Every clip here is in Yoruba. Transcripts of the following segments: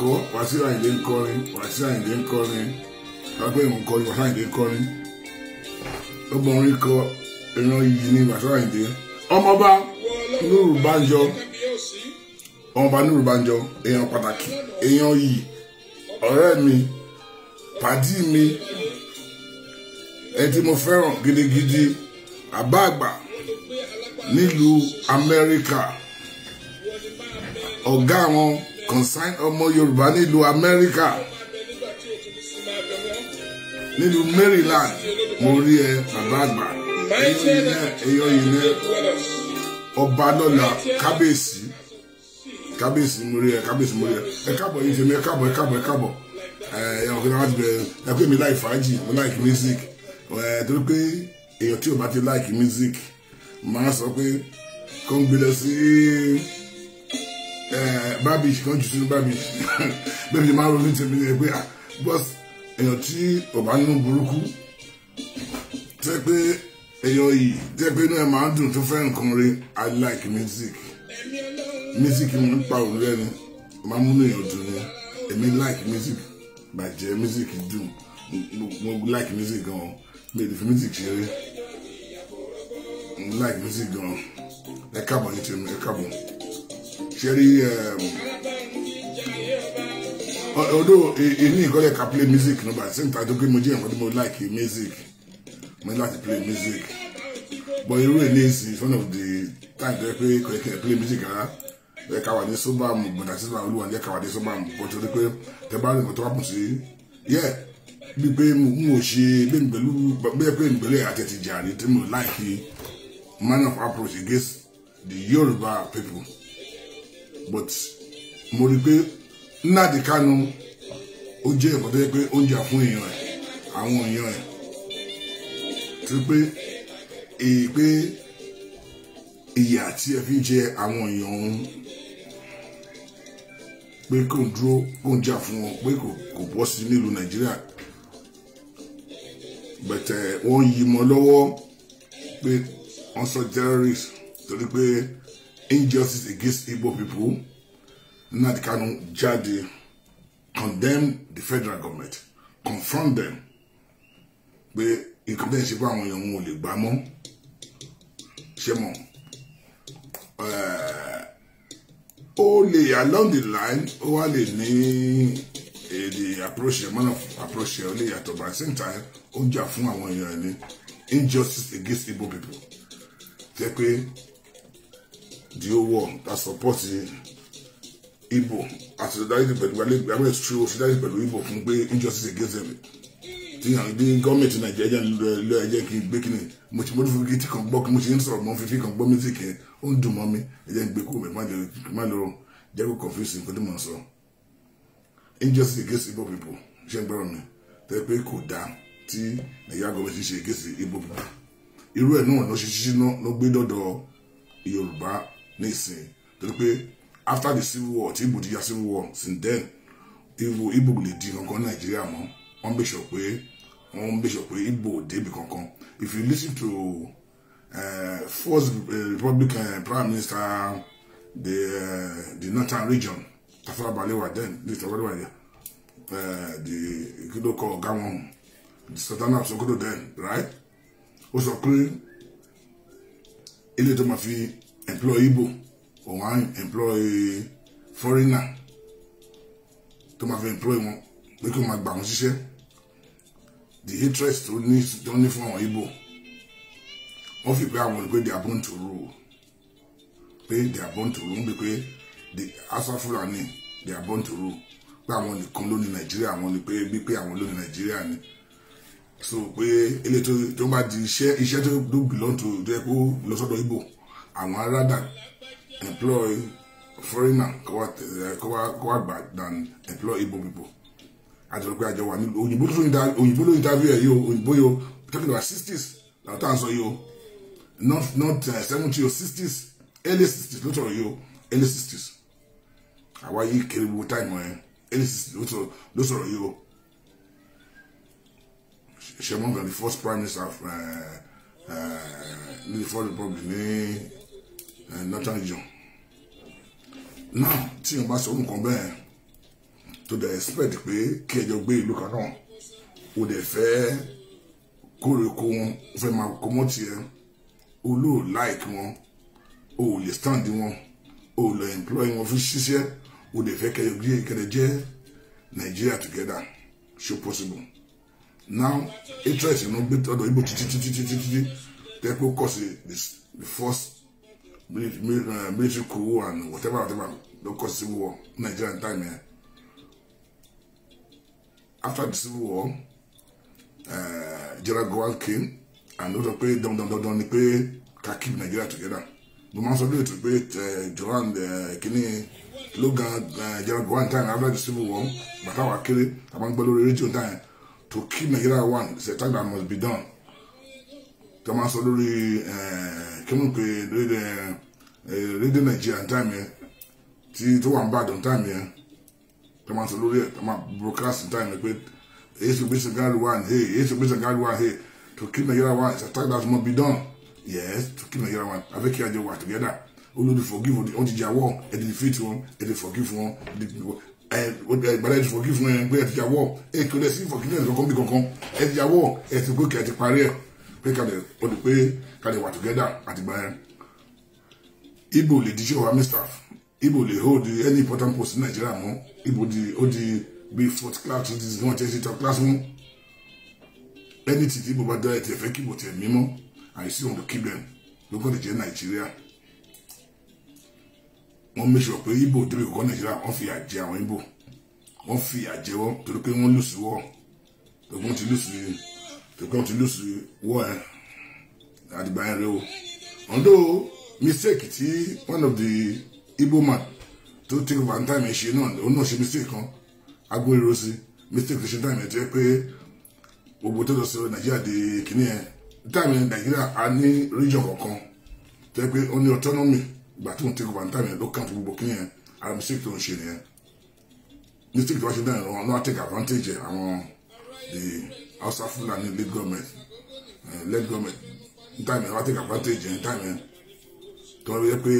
kọ́ Wasiu Ayinde ń kọrin Wasiu Ayinde ń kọrin lágbẹ́ ìmú kọrin Wasiu Ayinde ń kọrin ọmọ orin kọ ìran yìí ní Wasiu Ayinde ọmọọba Núrù Bánjọ ọmọọba Núrù Bánjọ èèyàn pàtàkì èèyàn yìí ọ̀rẹ́ mi pàdí mi ẹ tí mo fẹ́ràn gidigidi àbá àgbà nílùú Amẹ́ríkà ọ̀gá wọn concern ọmọ Yorùbá nílùú America, nílùú Maryland mo rí ẹ bàbá àgbà ẹyọ ilé ẹyọ ilé ọba lọ́la kábíyèsí kábíyèsí mo rí ẹ kábíyèsí mo rí ẹ ẹ káàbọ̀ yìí fèmí ẹ káàbọ̀ ẹ káàbọ̀ ẹ káàbọ̀ ẹ ọ̀gbìn náà wá ẹ pé mi láì fàájì mo láì music ẹ torí pé èèyàn tí o bá ti láì music máa sọ pé kó ń gbé lọ sí. Eh, brabish kan jù sínú brabish bẹ́ẹ̀ ni máa ronú tèmi ni pé ah, bọ́s èèyàn tí ọ̀bá nínú burúkú tẹ́ pé èèyàn yìí tẹ́ pé inú ẹ̀ máa ń dùn tó fẹ́ nǹkan rí i like music music ń pa òun lẹ́nu máa múnú èèyàn dùn ni èmi like music bàjẹ́ music dùn mo like music gan-an mi ò lè fi music ṣeré mo like music gan-an ẹ káàbọ̀ ní tèmi ẹ káàbọ̀ ṣẹ́rí ọdún ìní ìkọ́lẹ̀ ká play music nígbà tí n ta tó gbé mo jẹ́ ìwọ́n tí mo like music mo like láti play music but irú èlé is one of the time tó yẹ pé kò yẹ kí ẹ play music rárá ẹ ká wà ní sóbàmù gbọ̀dà sí ìgbà olúwa ní ẹ ká wà ní sóbàmù bọ́tú ni pé tẹ bá rí nǹkan tó bá pọ̀ sí yẹ bí pé n ò ṣe bí pẹ̀lú bẹ́ẹ̀ pé pẹ̀lú àtẹ̀tìjà ni tí mo like manner of approach against the Yoruba people but mo rí i pé Nnamdi Kanu ó jẹ́ ẹ̀kọ́ tó yẹ pé ó ń jà fún èèyàn ẹ̀ àwọn èèyàn ẹ̀ tí pé èyí pé ìyà tí ẹ fi ń jẹ àwọn èèyàn òun pé kò ń dúró kò ń jà fún wọn pé kò bọ́ sí nílùú Nàìjíríà bẹ̀tẹ̀ eh, wọ́n yí mọ́ lọ́wọ́ pé wọ́n sọ terrorist torí pé injustice against Igbo people, Nnamdi can judge, condemn the federal government, confront them. But in bẹ́ẹ̀ ṣe fún àwọn èèyàn wọn ò lè gbà mọ́. Only along the line, only wá lè approach the man of approach only at the same time only jà fún àwọn èèyàn ní injustice against Igbo people. Jẹ́ pé the whole world that support Igbo àti solidarity pẹ̀lú alẹ́gbẹ̀ẹ́ amẹ́ true solidarity pẹ̀lú Igbo fún pé injustice against them ti hàn bí gọ́ọ̀mẹ̀ntì Nàìjíríà lọ ẹ̀jẹ̀ kí n gbé kí ni mo ti mọ́tò fífi kan gbọ́ kí mo ti ń sọ̀rọ̀ mọ́ fífi kan gbọ́ mísìkì yẹn ó ń dùn mọ́ mi ẹ̀jẹ̀ ń gbé kó mi má lọ jẹ́ kó confusing kó tó mọ̀ sọ injustice against Igbo people ṣé ń gbọ́rọ̀ mi tẹ́ pé kò dáa tí Nàìjíríà gọ́ọ̀mẹ̀ntì ṣe against Igbo people irú ẹ̀ náà ló ṣe ṣíṣí náà ló gbé dọ́dọ̀ Yorùbá nísìn torí pé after the civil war tí Igbo ti ya civil war since then Igbo Igbo lè di kankan Nàìjíríà mọ́ wọ́n bẹ̀ sọ pé wọ́n bẹ̀ sọ pé Igbo ò débi kankan if you listen to uh, first uh, Republic eh, Prime Minister the uh, the northern region Tafawa Balewa then this Tafawa Balewa uh, the Ikido kọ ọ̀gá wọn the Southern of Sokoto then right ó sọ pé ilé tó máa fi employ Igbo kò wá employ foreigner to máa fi employ wọn pé kí wọ́n máa gbà the interest to need to only for àwọn Igbo wọ́n fi pé àwọn olùgbé they are born to rule they are born to rule because bẹ pé the Hausa Fulani they are born to rule I pé àwọn nìkan ló ní Nàìjíríà àwọn ni pé bí pé àwọn ló ní Nàìjíríà ni so pé eléyìí tó bá share, iṣẹ́ to do belong to the people, lọ sọ́dọ̀ Igbo àwọn rather employ foreigner kó wá eh, gbà than employ Igbo people àti rẹ̀ pé àjọ wà nílùú òyìnbó tó ń da òyìnbó ló interview ẹ̀ yìí o òyìnbó yìí o talking about sixties làwọn táwọn sọ yìí o not not eh, seventy o sixties early sixties ló sọ̀rọ̀ yìí o early sixties àwa yìí kiri gbogbo táìmù ẹ̀ early sixties ló sọ̀rọ̀ yìí o Shemon the first prime minister of uh, eh, uh, the first republic ní. Eh, natural religion now tí èèyàn bá sọ nǹkan bẹ́ẹ̀ tó dẹ̀ expect pé kí ẹjọ́ gbé ìlú kan náà o dẹ̀ fẹ́ kórèkó wọn fẹ́ máa kó mọ́ tiẹ̀ o lò like wọn o lè stand wọn o lè employ wọn fún ṣiṣẹ́ o dẹ̀ fẹ́ kẹjọ gbé kẹjọ jẹ́ Nigeria together so possible now interest inú gbé ọ̀dọ̀ ibo títí títí títí tẹ́ pé ó kọ̀ sí the first military coup and whatever, whatever, don't cause civil war, Nigerian time here. After the civil war, uh, eh, Gerald Gowon came and also played dum don't don't don't they play can keep Nigeria together. The man said to play uh, Johan uh, Logan, uh, eh, Gerald Gowon time after the civil war, but how I killed it, among Belo religion time, to keep Nigeria one, it's a time that must be done tó máa sọ lórí kí mo pè rédíò nàìjíríà táìmì yẹn tí tó wà ń bàdàn táìmì yẹn tó máa sọ lórí ẹ̀ tó máa broadcast táìmì pé èyí sì gbèsè gáàrí wà hey èyí sì gbèsè gáàrí wà hey to keep Nigeria one it's a task that must be done yes to keep Nigeria one afẹ́kí àjọ wà together olódì forgive wọn ti jà wọ ẹ ti defeat wọn ẹ forgive wọn ẹ gbàdá ẹ forgive wọn ẹ gbé ẹ ti jà wọ ẹ kí ọ lẹ sí forgiveness kankan bí kankan ẹ ti jà wọ ẹ ti gòkè ẹ ti parí ẹ pé kàdẹ̀ ó di pé kàdẹ̀ wà together àtìgbà yẹn Igbo lè di ṣòwò army staff Igbo lè hold any important post in Nigeria. mọ́ Igbo di ó di bí fourth class to ti wọ́n ti ṣe top class mú ẹni tí Igbo bá dá ẹ̀ tẹ̀ fẹ́ kí Igbo tẹ̀ mímọ́ I still want to keep them lókàn lè jẹ́ Nàìjíríà wọ́n make sure pé Igbo débi kọ́kọ́ Nàìjíríà wọ́n fi àjẹ àwọn Igbo wọ́n fi àjẹ wọ́n torí pé wọ́n lùsùwọ́ ogun ti lùsùwọ́ To going to lose well àdìgbà yẹn rẹ o although mistake ti one of the Igbo man to take over time ẹ̀ ṣe náà òun náà ṣe mistake kan agbóhìnrò sí mistake tó ṣe time ẹ̀ tó yẹ pé the tó lọ sọ Nàìjíríà di time in eh, Nigeria, any region kọ̀ọ̀kan tó yẹ pé ó ní autonomy ìgbà tó ń take over time ẹ̀ eh, ló kàn fún gbogbo kìíní eh, mistake to ń ṣe nìyẹn mistake tó wá ṣe dáhùn take advantage àwọn the. Hausa Fulani late government eh, late government ní táìmù yẹn take advantage yẹn táìmù yẹn tí wọ́n yẹ pé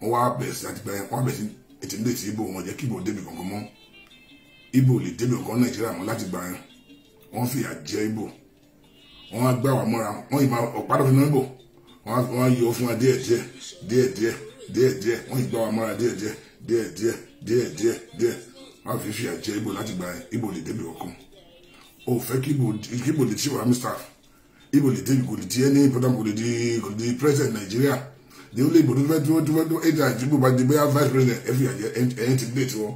wọ́n wá bẹ̀rẹ̀ sí àti gbà yẹn wọ́n bẹ̀rẹ̀ sí ètò ilé ti ibo wọn jẹ́ kí ibo débi kankan mọ́ ibo lè débi kankan Nigeria, mọ́ láti gbà yẹn wọ́n fìyà jẹ ibo wọ́n á gbà wá mọ́ra wọ́n yìí máa ọ̀pádọ́ fún ibo wọ́n á yọ fún wa díẹ̀ díẹ̀ díẹ̀ díẹ̀ díẹ̀ díẹ̀ wọ́n yìí gbà wá mọ́ra díẹ̀ díẹ̀ díẹ̀ díẹ̀ díẹ̀ díẹ̀ díẹ̀ wọ́n á fi fìyà jẹ ibo láti gbà yẹn ibo lè débi kankan o fẹ́ kí Igbo lè chief army staff Igbo lè di kò lè di any important kò lè di kò lè di president Nigeria ní olè Igbo tó fẹ́ tó tó fẹ́ tó ẹ̀dá àdúgbò bá di bẹ́yà vice president ẹ̀fì àjẹ ẹ̀yìn ti dé tiwọn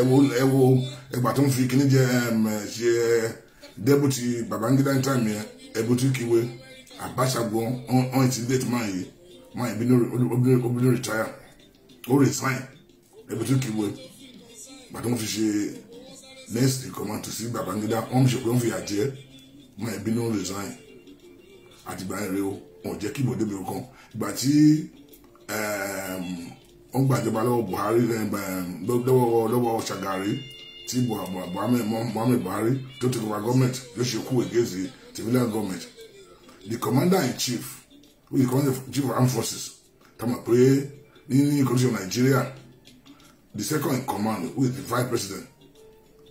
ẹ̀wọ̀ ẹ̀wọ̀ ẹgbà tó ń fi kíní jẹ ṣe deputy Babangida ní táìmù yẹn ẹ̀bù tó kíwe Abacha gbọ́n ọ̀n ti dé tiwọn yìí máa yẹn obìnrin retire ó resign ẹ̀bù tó kíwe gbà tó ń fi ṣe next in command to see Babangida wọn ṣe pé wọn fi àjẹ wọn ẹbí ló ń resign àtìgbà rẹ o wọn jẹ kí ìbòdó bìrù kan ìgbà tí wọn ehm, gbàjọba lọ́wọ́ Buhari ehm, lọ́wọ́ lọ́wọ́ Ṣàgàrí tí Muhammed Buhari tó ti kọba gọọmenti ló ṣe kú egézi civilian gọọmenti the commander in chief wey call the chief of armed forces tamọ pé ní ní constitution Nigeria the second in command wey the vice president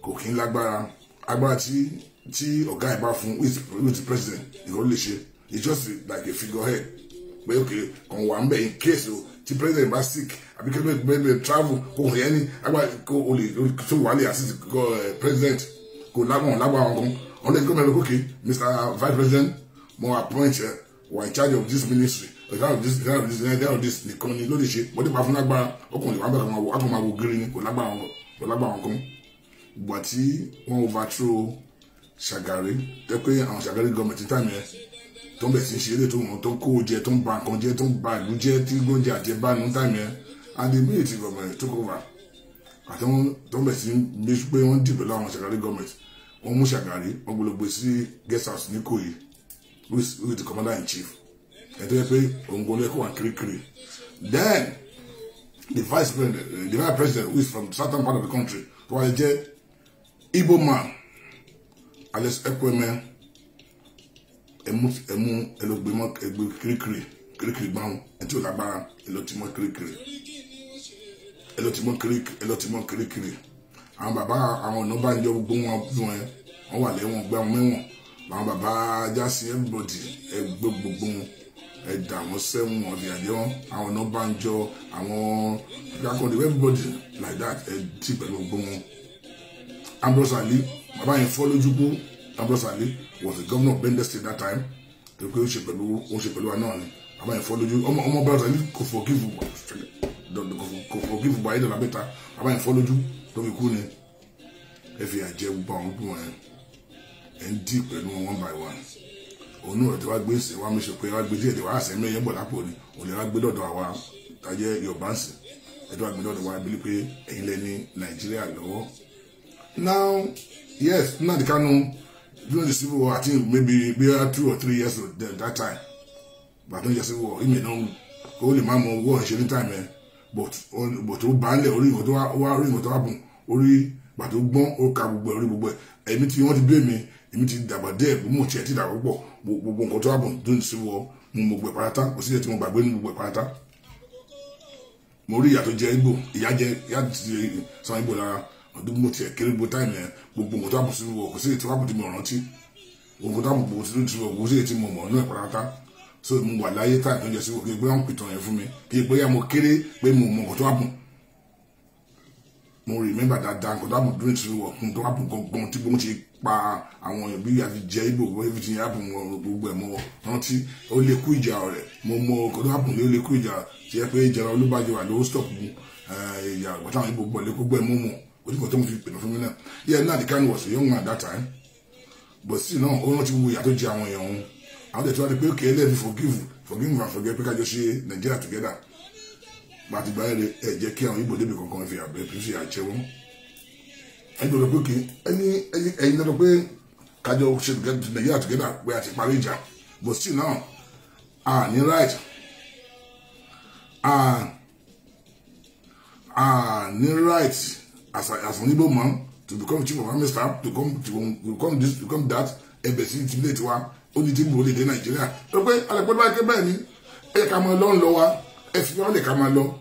kò kí ń lágbára agbára tí tí ọ̀gá ẹ̀ bá fún with president ìkọ́ lè ṣe it's just like a figurehead pé ok kàn wà ń bẹ̀ in case o tí president bá sick àbí kí president travel kò hàn yẹn ní agbára kó o lè tó wà lè assist eh, president kò lágbọ̀n lágbọ̀n àwọn kan ọ̀n lè gómìnà lókè mr vice president mo appoint ẹ eh, wà in charge of this ministry The of this the of this the of this nìkan ni ló lè ṣe wọ́n ti pa fún lágbára ọkùnrin wà bẹ̀rẹ̀ àwọn àgbọ̀n máa wo gírí ni kò lágbára àwọn kan ìgbà tí wọ́n overthrow Shagari tẹ́ pé àwọn Shagari gọọmenti táìmù yẹn tó ń bẹ̀ sí ṣe eré tó wọn tó ń kó jẹ tó ń ba nǹkan jẹ tó ń ba ìlú jẹ tí gbọ́njẹ àjẹbánu táìmù yẹn and the military government took over àti wọn tó ń bẹ̀ sí bí pé wọ́n dìbò láwọn Shagari gọọmenti wọ́n mú Shagari wọ́n gbọ́dọ̀gbọ́ sí guest house ní Who is the commander in chief ẹ̀ tó yẹ pé òun gbọ́dọ̀ wà kirikiri then the vice president the vice president who is from southern part of the country tó wà jẹ́ Igbo man, Alex Ekweme, ẹmú ẹmú ẹlògbémọ ẹgbẹ kirikiri kirikiri gbọn ẹtí ò lágbára ẹlòtìmọ kirikiri ẹlòtìmọ kirikiri ẹlòtìmọ kirikiri àwọn bàbá àwọn ọ̀nà bá ń jọ gbogbo wọn bí wọn wọn wà lẹ́wọ̀n gbá wọn mẹ́wọ̀n àwọn bàbá jásí everybody ẹgbẹ gbogbo wọn ẹdà wọn sẹ́wọ̀n ọ̀dẹ̀ àjẹ́ wọn àwọn ọ̀nà bá ń jọ àwọn jákòndé everybody like that ẹ ti pẹ̀lú gbogbo wọn. Ambrose Ali bàbá yẹn fọ́ lójúkú Ambrose Ali was the governor of Bendel state that time tó pé ó ṣe pẹ̀lú ó ṣe pẹ̀lú àná ni bàbá yẹn fọ́ lójú ọmọ ọmọ Ambrose Ali kò forgive kò forgive buhari dọ̀là bẹ́ta bàbá yẹn fọ́ lójú tó fi kú ni ẹ fi àjẹ gbogbo àwọn gbogbo wọn ẹ ń dì pẹ̀lú wọn one by one òun náà tí wàá gbé ṣe wàá mi ṣe pé wàá gbé díẹ̀ díẹ̀ wàá sẹ́mi ẹ̀yẹ́ bọ̀ lápò ni òun lè wàá gbé dọ̀dọ̀ àwa tàyẹ Yorùbá ń sìn ẹ̀dọ́ àgbẹ̀dọ̀ wa bí pé ẹ̀yin lẹ́ni Nàìjíríà lọ́wọ́ now yes Now the Kanu during the civil war I think maybe maybe two or three years old then that time but no just civil war he may don kó lè má mọ owó ọ̀hún ṣe time man. Eh. but ó bá ń lẹ̀ orí ìwọ̀n tó wá orí ìwọ̀n tó only bùn orí ìgbà tó gbọ́n ó ka gbogbo orí gbogbo ẹ̀ èmi tí wọ́n ti bí èmi èmi ti dàgbà dé ẹ̀gbọ́n mò ń tiẹ̀ ti dàgbà púpọ̀ gbogbo nǹkan tó wá bùn during the civil war mo mọ gbogbo ẹ̀ pátá kò sí ẹ̀ mo gbàgbé ní gbogbo ẹ̀ pátá mo rí ìyà tó jẹ Ìgbò ìyà jẹ ìyà ti san Ìgbò lára ọdún mo tiẹ̀ kéré gbogbo táìmù yẹn gbogbo nǹkan tó àbò sínú wọ̀ kò sí èyí tí wàá bò tí mo rántí gbogbo táàbò gbogbo sínú ti wọ̀ kò sí èyí tí mo mọ̀ náà pàrọ̀tà so mo wà láyé táìmù tó ń jẹ sí wọ̀ kí n pé wọ́n pìtàn yẹn fún mi kí n pé yà mo kéré pé mo mọ̀ nǹkan tó àbò mo rìmẹ́bà dáadáa nǹkan tó àbò dúró ti wọ̀ kún tó àbò gbọ̀ngbọ̀n tí gbọ́n ti pa àwọn èèyàn bí àti jẹ ibo everything happen gbogbo ẹ̀ mọ́ rántí ó lè kú ìjà rẹ̀ mo mọ nǹkan tó àbò ó lè kú ìjà tí pé ìjà olúbàjẹ́ wà ló stop mu ìyà àgbàtà àwọn ibo lè kó gbẹ̀ mọ́ mọ́ oníkòtò fi pẹ̀lú fún mi náà yeah Nnamdi Kanu was a young man at that time but still náà ó rántí gbogbo ìyà tó jẹ àwọn èèyàn òun àwọn tẹ̀tí wá ní pé ó kéré lẹ́ẹ̀fi forgive forgive and forget pé kájọ ṣe Nigeria together bàtí báyìí rẹ ẹ jẹ́ kí àwọn Igbo débi kankan fi àbẹ fi fi àjẹ wọn ẹni tó pé kí ẹni ẹyin lọ́dọ̀ pé kájọ ṣe Nigeria together pé àti parí ìjà but still náà a ní right a a ní right as, a, as an Igbo man to become chief of army staff to come to become this to become that ẹ̀bẹ̀ sí intimidate wa Only thing tí mo lè dé nàìjíríà ló pé alẹ́pẹ́ bá ké bẹ́ẹ̀ I come alone, lower. If you only come alone,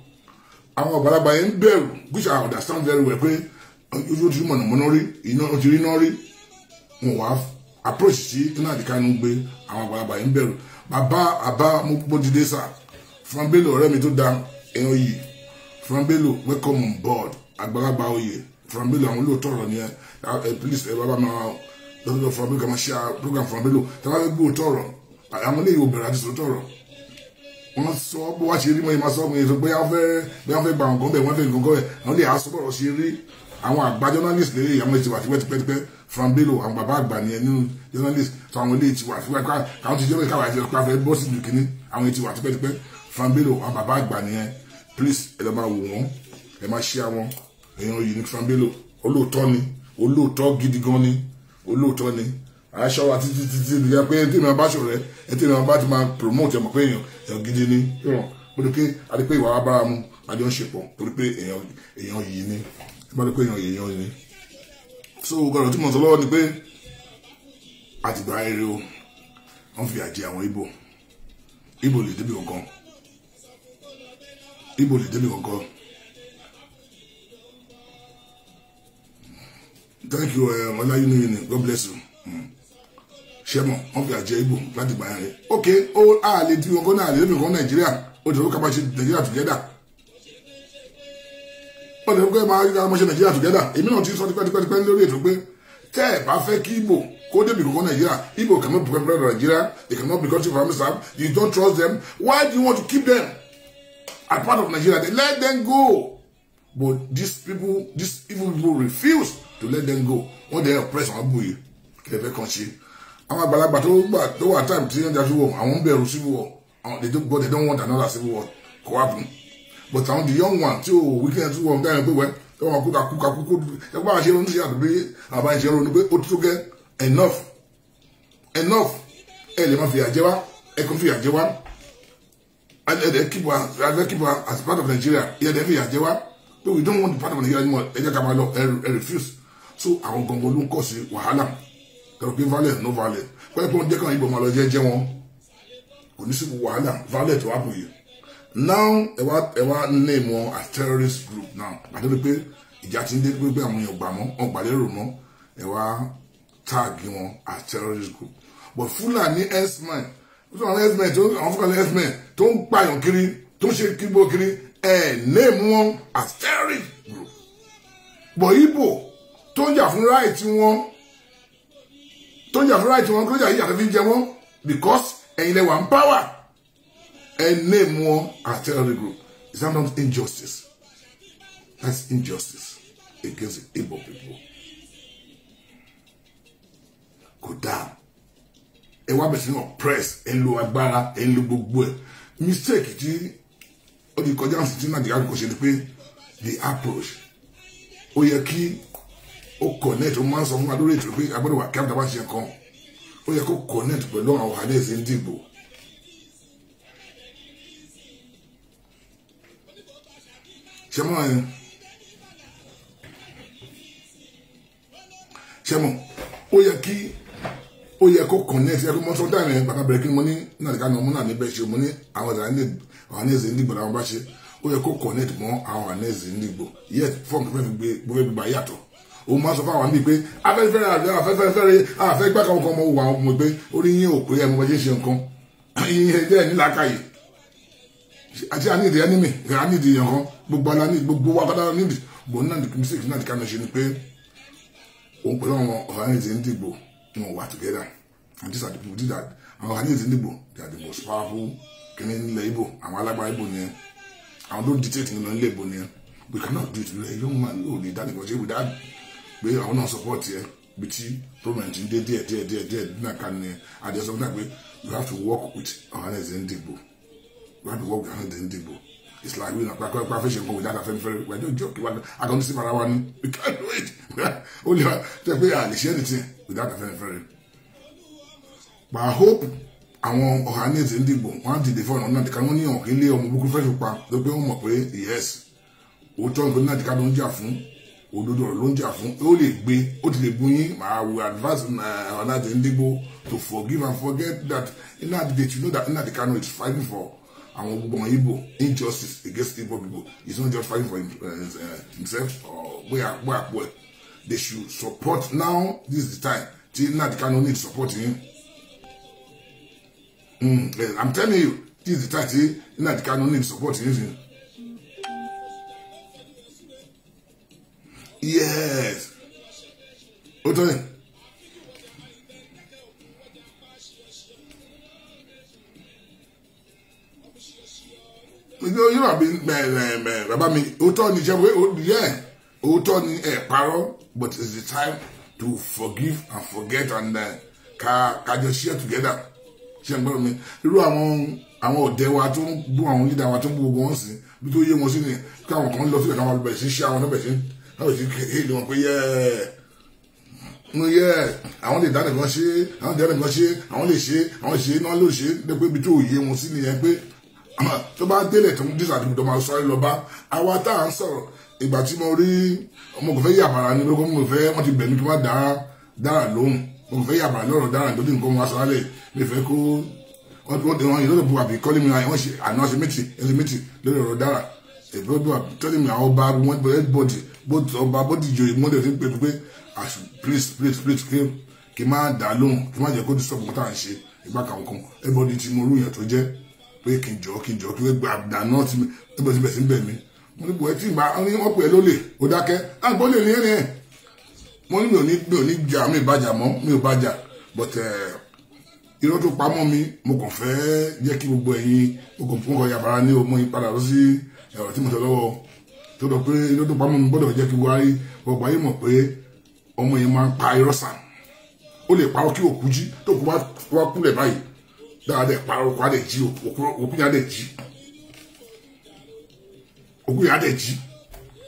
I'm wọn lè ká máa lọ which I understand very well pé ojú ojú mọ̀nàmọ́ná rí iná ojú rí iná rí wọn you approach sí iná àdìkánu gbé àwọn ọ̀gbàlagbà yẹn ń bẹ̀rù bàbá àbá abba, dìde sà Frank Bello ọ̀rẹ́ mi tó da ẹ̀yàn yìí From below, welcome on board àgbàlagbà oyè Frank àwọn olóòótọ́ ọ̀rọ̀ nìyẹn please ẹ bàbá máa lọ́dọ̀ Frank Bello ṣe ah, program Frank Bello tàbá fẹ́ gbé òótọ́ ọ̀rọ̀ àwọn eléyìí obìnrin àti sòótọ́ ọ̀rọ̀ wọ́n sọ bó wá ṣe rí mọ́ ìmọ̀ sọ́kùnrin ètò pé wọ́n fẹ́ gba nǹkan bẹ́ẹ̀ wọ́n fẹ́ nǹkan bẹ́ẹ̀ àwọn lè aṣọ bọ̀rọ̀ ṣe rí àwọn àgbà journalist lè àwọn ètò àti pẹ́tipẹ́tipẹ́ Frank Bello àwọn bàbá àgbà nìyẹn nínú journalist tó àwọn ilé ìtiwà fíwá káwọn ti jẹ́ káwọn àti ọ̀pá fẹ́ bọ́ sí àwọn ìtiwà àti pẹ́tipẹ́ Frank àwọn bàbá àgbà nìyẹn please ẹ lọ máa wò wọ́n ẹ máa ṣíà wọn èèyàn Unique Fambilò olóòótọ́ ni olóòótọ́ gidi gan ni olóòótọ́ ni aṣọ wa títí títí bí i pé ẹtí ìmọ̀ bá ṣọ̀rẹ́ ẹtí ìmọ̀ bá ti máa promote ẹ̀mọ̀ pé èèyàn èèyàn gidi ni ìrọ̀ mo rí pé adé pé ìwà wa bára mu adé ń ṣepọ̀ torí pé èèyàn yìí ni ìbá rí pé èèyàn èèyàn ni so gbọdọ̀ tí mo sọ lọ́wọ́ ni pé àtìgbà eré o wọ́n fi àjẹ àwọn ibo ibo lè débi kankan ibo lè débi kankan. thank you eh, ọláyínú yìí ni god bless you hmm. ṣẹmọ wọn fi àjẹ igbó láti gbà yẹn ok ó a lè ti wọn kọ náà lè lómi kan nàìjíríà ó dẹ̀rọ ká máa ṣe nàìjíríà together ó dẹ̀rọ ká máa ṣe nàìjíríà together èmi náà ti sọ tipẹ́tipẹ́ lórí ètò pé tẹ́ ẹ̀ bá fẹ́ kí igbó kó débi kankan nàìjíríà igbó cannot become president of nigeria they cannot be country for amsterdam you don't trust them why do you want to keep them as part of nigeria they let them go but these people these evil people refuse to let them go wọ́n dẹ̀ oppress àwọn abúlé kí lè fẹ́ kàn ṣe àwọn àgbàlagbà tó gbà tó wà time tí wọ́n jajú I won't be a civil war they don't but they don't want another civil war kò wá but I'm the young one tí ò weekend tí wọ́n dáhùn pé wẹ́ tí wọ́n kú kakú kakú kú ẹgbẹ́ àṣẹ ronú sí àdúgbò I'm ìṣe ronú pé ó tó gẹ́ enough enough ẹ lè má fìyà a wá ẹ kò fìyà jẹ wá ẹ dẹ keep wa ẹ dẹ keep wa as part of Nigeria ẹ dẹ fìyà jẹ wá pé we don't want the part of Nigeria anymore ẹ just come máa lọ refuse so àwọn gangan ló ń kọ̀ sí wàhálà tẹ̀rọ pé valet no valet pẹ́ẹ́pẹ́ wọn jẹ́ káwọn ibò máa lọ jẹ́jẹ́ wọn kò ní sí wàhálà valet wà bòye now ẹ wá ẹ wá name wọn as terrorist group now àti pé ìjà ti ń dé pé àwọn èèyàn gbà mọ́ wọn ẹ wá tag wọn as terrorist group but Fulani herdsmen wọ́n sọ àwọn herdsmen tó àwọn Fulani herdsmen tó ń pààyàn kiri tó ń ṣe kígbó kiri ẹ̀ name wọn as terrorist group but Igbo tó ń jà fún ráìtì wọn tó ń jà fún ráìtì wọn kí ló jà yíyà tó fi ń jẹ wọn because ẹ̀yin lẹ wà ń power ẹ̀ name wọn as terrorist group is that not injustice that's injustice against the Igbo people kò dáa ẹ wá bẹ̀sẹ̀ náà press ẹ ń lo agbára ẹ ń lo gbogbo ẹ mistake tí ó di kọjá sí ti nàìjíríà kò ṣe ni pé the approach ó yẹ kí O connect ó máa ń sọ fún wa lórí ètò pé agbọ́dọ̀ wà kí abúlé wa ṣe kan ó yẹ kó connect pẹ̀lú àwọn ọ̀hánà ẹ̀sìn ń dìbò. ṣé mọ́ ẹ ṣé mọ́ ó yẹ kí ó yẹ kó connect ẹ kó mọ́ sọ́dọ̀ ẹ̀ bàbá bẹ̀rẹ̀ kí ni mo ní náà nìkan náà mo náà níbẹ̀ ṣe mo ní àwọn ọ̀hánà ẹ̀sìn ń dìbò làwọn bá ṣe ó yẹ kó connect mọ́ àwọn ọ̀hánà ẹ̀sìn ń dìbò yẹ fọ́ọ̀mù tó fẹ́ fi gbé gbogbo ẹgbẹ́ gbà yàtọ̀ òun máa sọ fún àwọn míì pé afẹ́fẹ́rẹ́ àfẹ́ afẹ́fẹ́rẹ́ àfẹ́ gbà kankan ọmọ wà ọmọ pé orí yín ò pé ẹ̀ mo bá ṣe ṣe nǹkan yín ẹ jẹ́ ẹ̀ ní làákàyè àti àníìdì ẹnìmì àníìdì nǹkan gbogbo ala ní gbogbo wa kọ́tà níìdì bò náà ní mistake náà ti ká mẹ́ṣe ni pé òun pẹ̀lú àwọn ọ̀hánìtì ń dìbò wọn wà together and these are the people did that àwọn ọ̀hánìtì ń dìbò they are the most powerful kìnnì nílẹ̀ Ìgbò àwọn alágbára Ìgbò nìyẹn àwọn tó dictate nínú ilé Ìgbò nìyẹn we cannot do it nílẹ̀ yóò máa lò ní ìdánìkan ṣe without pé àwọn náà support yẹ bí tí problem ti ń dé díẹ̀ díẹ̀ díẹ̀ díẹ̀ nínú àká ni àdéhùn náà pé you have to work with Ohanaeze Ndigbo you have to work with Ohanaeze Ndigbo it's like we na pàápàá pàápàá ṣe nǹkan wò dáadáa fẹ́mi fẹ́mi wẹ́n jọ kí wà ní sí para ni we can do it ó lè wá tẹ́ pé à lè ṣe anything without fẹ́mi fẹ́mi but I hope àwọn Ohanaeze Ndigbo wọn á dìde fún ọ̀nà náà dìkan wọn ní ọ̀hún kí ilé ọmọ burúkú fẹ́ẹ́ fi pa ló wọn mọ̀ pé yes òótọ́ nǹkan náà dìkan ló ń jà fún òdodo ọ̀rọ̀ ló ń jà fún ó lè gbé ó ti lè bu yín màá we advise eh, Ọ̀nàdì Ndigbo to forgive and forget that Nnamdi that you know that Nnamdi Kanu is fighting for àwọn gbogbo àwọn Igbo injustice against Igbo people he is not just fighting for eh, himself or bóyá bóyá pọ̀ ẹ̀ they should support now this is the time Now Nnamdi Kanu need support yín mm, I'm telling you this is the time tí Nnamdi Kanu need support yín. yes ó tó yẹn. ní oyún àbí mẹ́ẹ̀mẹ́ eh, eh, eh, bàbá mi òótọ́ ni jẹ́ wé yẹ́ òótọ́ ni ẹ̀ parọ́ but it's the time to forgive and forget and ká kájọ share together ṣe ń gbọ́dọ̀ mi irú àwọn àwọn òde wa tó ń bú àwọn leader wa tó ń bú gbogbo wọn sí bí tó yé wọn sí ni káwọn kan lọ sílẹ̀ káwọn bẹ̀rẹ̀ sí ṣe àwọn náà bẹ̀rẹ̀ sí láwọn sì kéèlè wọn pé yẹ mo yẹ àwọn lè dá nìkan ṣe àwọn lè dá nìkan ṣe àwọn lè ṣe àwọn lè ṣe náà lè ṣe dẹ́pẹ́ ibi tí òye wọn sí nìyẹn pé tó bá délẹ̀ tó ń dísà tó ń dọ́ máa sọ́rí lọ bá àwa tá à ń sọ̀rọ̀ ìgbà tí mo rí ọmọ kò fẹ́ yàmàrà ní lóko mo fẹ́ wọ́n ti bẹ̀ mí kí wọ́n dára dára lóhùn mo fẹ́ yàmàrà lọ́rọ̀ dára nítorí nǹkan wọn aṣọ́lẹ̀ mi fẹ́ kó wọ́n ti wọ́n ti wọ́n yìí lọ́dọ̀ bu àbíkọ́lé mi wọ́n ṣe àná ṣe méjì ẹ̀ṣẹ̀ méjì lórí ọ̀rọ̀ dára the brother are telling me àwọn ọba wọn everybody both ọba both ìjòyè wọn lè fi pè mí pé please please please kí kí má dá lóhùn kí má jẹ́ kó disturb nǹkan tá à ń ṣe ìgbà kan kan everybody ti mọ orú yẹn tó jẹ́ pé We n jọ kí n jọ kí wọ́n gba àdáná tí everybody bẹ̀ sí bẹ̀ mí mo ní bọ̀ ẹ́ tí ìgbà wọ́n pè é lólè ó dákẹ́ àgbọ̀ ah, lè ní ẹ̀rìn ẹ̀ mo ní mi ò ní mi ò ní jà mi ò bàjà mọ́ mi ò bàjà but eh, irọ́ tó pamọ́ mi mo kàn fẹ́ jẹ́ kí gbogbo ẹ̀yin mo kàn fún ọkọ̀ yàrá ní ọmọ yín padà lọ sí ọ̀rọ̀ tí mo sọ lọ́wọ́ tó lọ pé inú tó pamọ́ mi gbọ́dọ̀ jẹ́ kí wáyé gbogbo ayé mọ̀ pé ọmọ yẹn máa ń pa irọ́ sàn ó lè parọ́ kí òkú jí tó kú wá kúlẹ̀ báyìí dáadáa parọ́ òkú adẹ̀ jí òkú yẹn adẹ̀ jí òkú yẹn adẹ̀ jí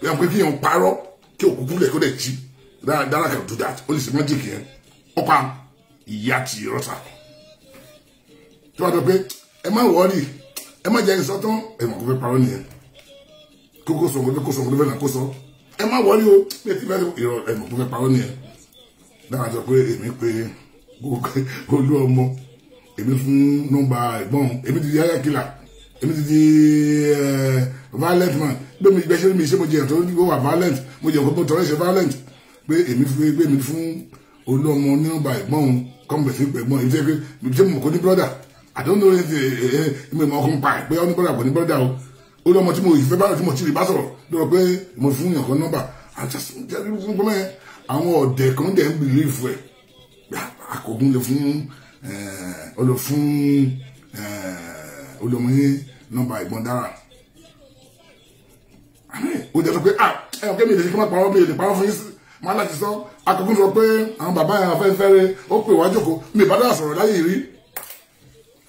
yẹn pé kí yẹn parọ́ kí òkú kúlẹ̀ kó dẹ̀ jí dáadáa kan do that ó lè ṣe magic yẹn ọ̀pá ìyá ti irọ́ sàn tó bá dọ̀ pé ẹ má wọ́ọ̀rì ẹ má jẹ́ ìsọ́tán ẹ mọ̀ kó fẹ́ parọ́ nìyẹn kókó sọ̀rọ̀ ní kó sọ̀rọ̀ níbẹ̀ là kó sọ ẹ má wọlé o pé tí bẹ́ẹ̀ ìrọ̀ ẹ̀mọ̀ pé parọ́ ni ẹ̀ dára sọ pé èmi pé olú ọmọ èmi fún nọ́mbà ẹ̀gbọ́n èmi ti di yáyà èmi ti di eh, violent man bí mi gbẹ́sẹ̀ mi ṣe mo jẹ́ ìtọ́jú wà violent mo jẹ́ ọ̀pọ̀ tọ́lẹ̀ ṣe violent pé èmi fún pé èmi fún olú ọmọ nọ́mbà ẹ̀gbọ́n kọ́mbẹ̀ sí ẹ̀gbọ́n èmi ṣe mo kọ́ ní brọ́dà I don't know if eh, eh, mi mọ̀ ọkùnrin pa ẹ̀ pé ọ́ ní brọ́dà kò ní brọ́dà o ó lọ́mọ tí mo ìfẹ́ bá tí mo ti rí bá sọ̀rọ̀ lọ́wọ́ pé mo fún yàn kan nọ́mbà àwọn ọ̀dẹ̀ kan dẹ̀ ń bìlífù ẹ̀ àkọ́gún lè fún ọlọ eh, fún olómọyé eh, nọ́mbà ìbọn dára ó dẹ̀ sọ pé ah, ẹ ọ̀kẹ́ mi lè ṣe kí wọ́n parọ́ mi lè parọ́ fún yín máa láti sọ àkọ́gún sọ pé àwọn bàbá yẹn afẹ́fẹ́ rẹ ó pè wá jókòó mi ìbádọ́ àsọ̀rọ̀ láyé rí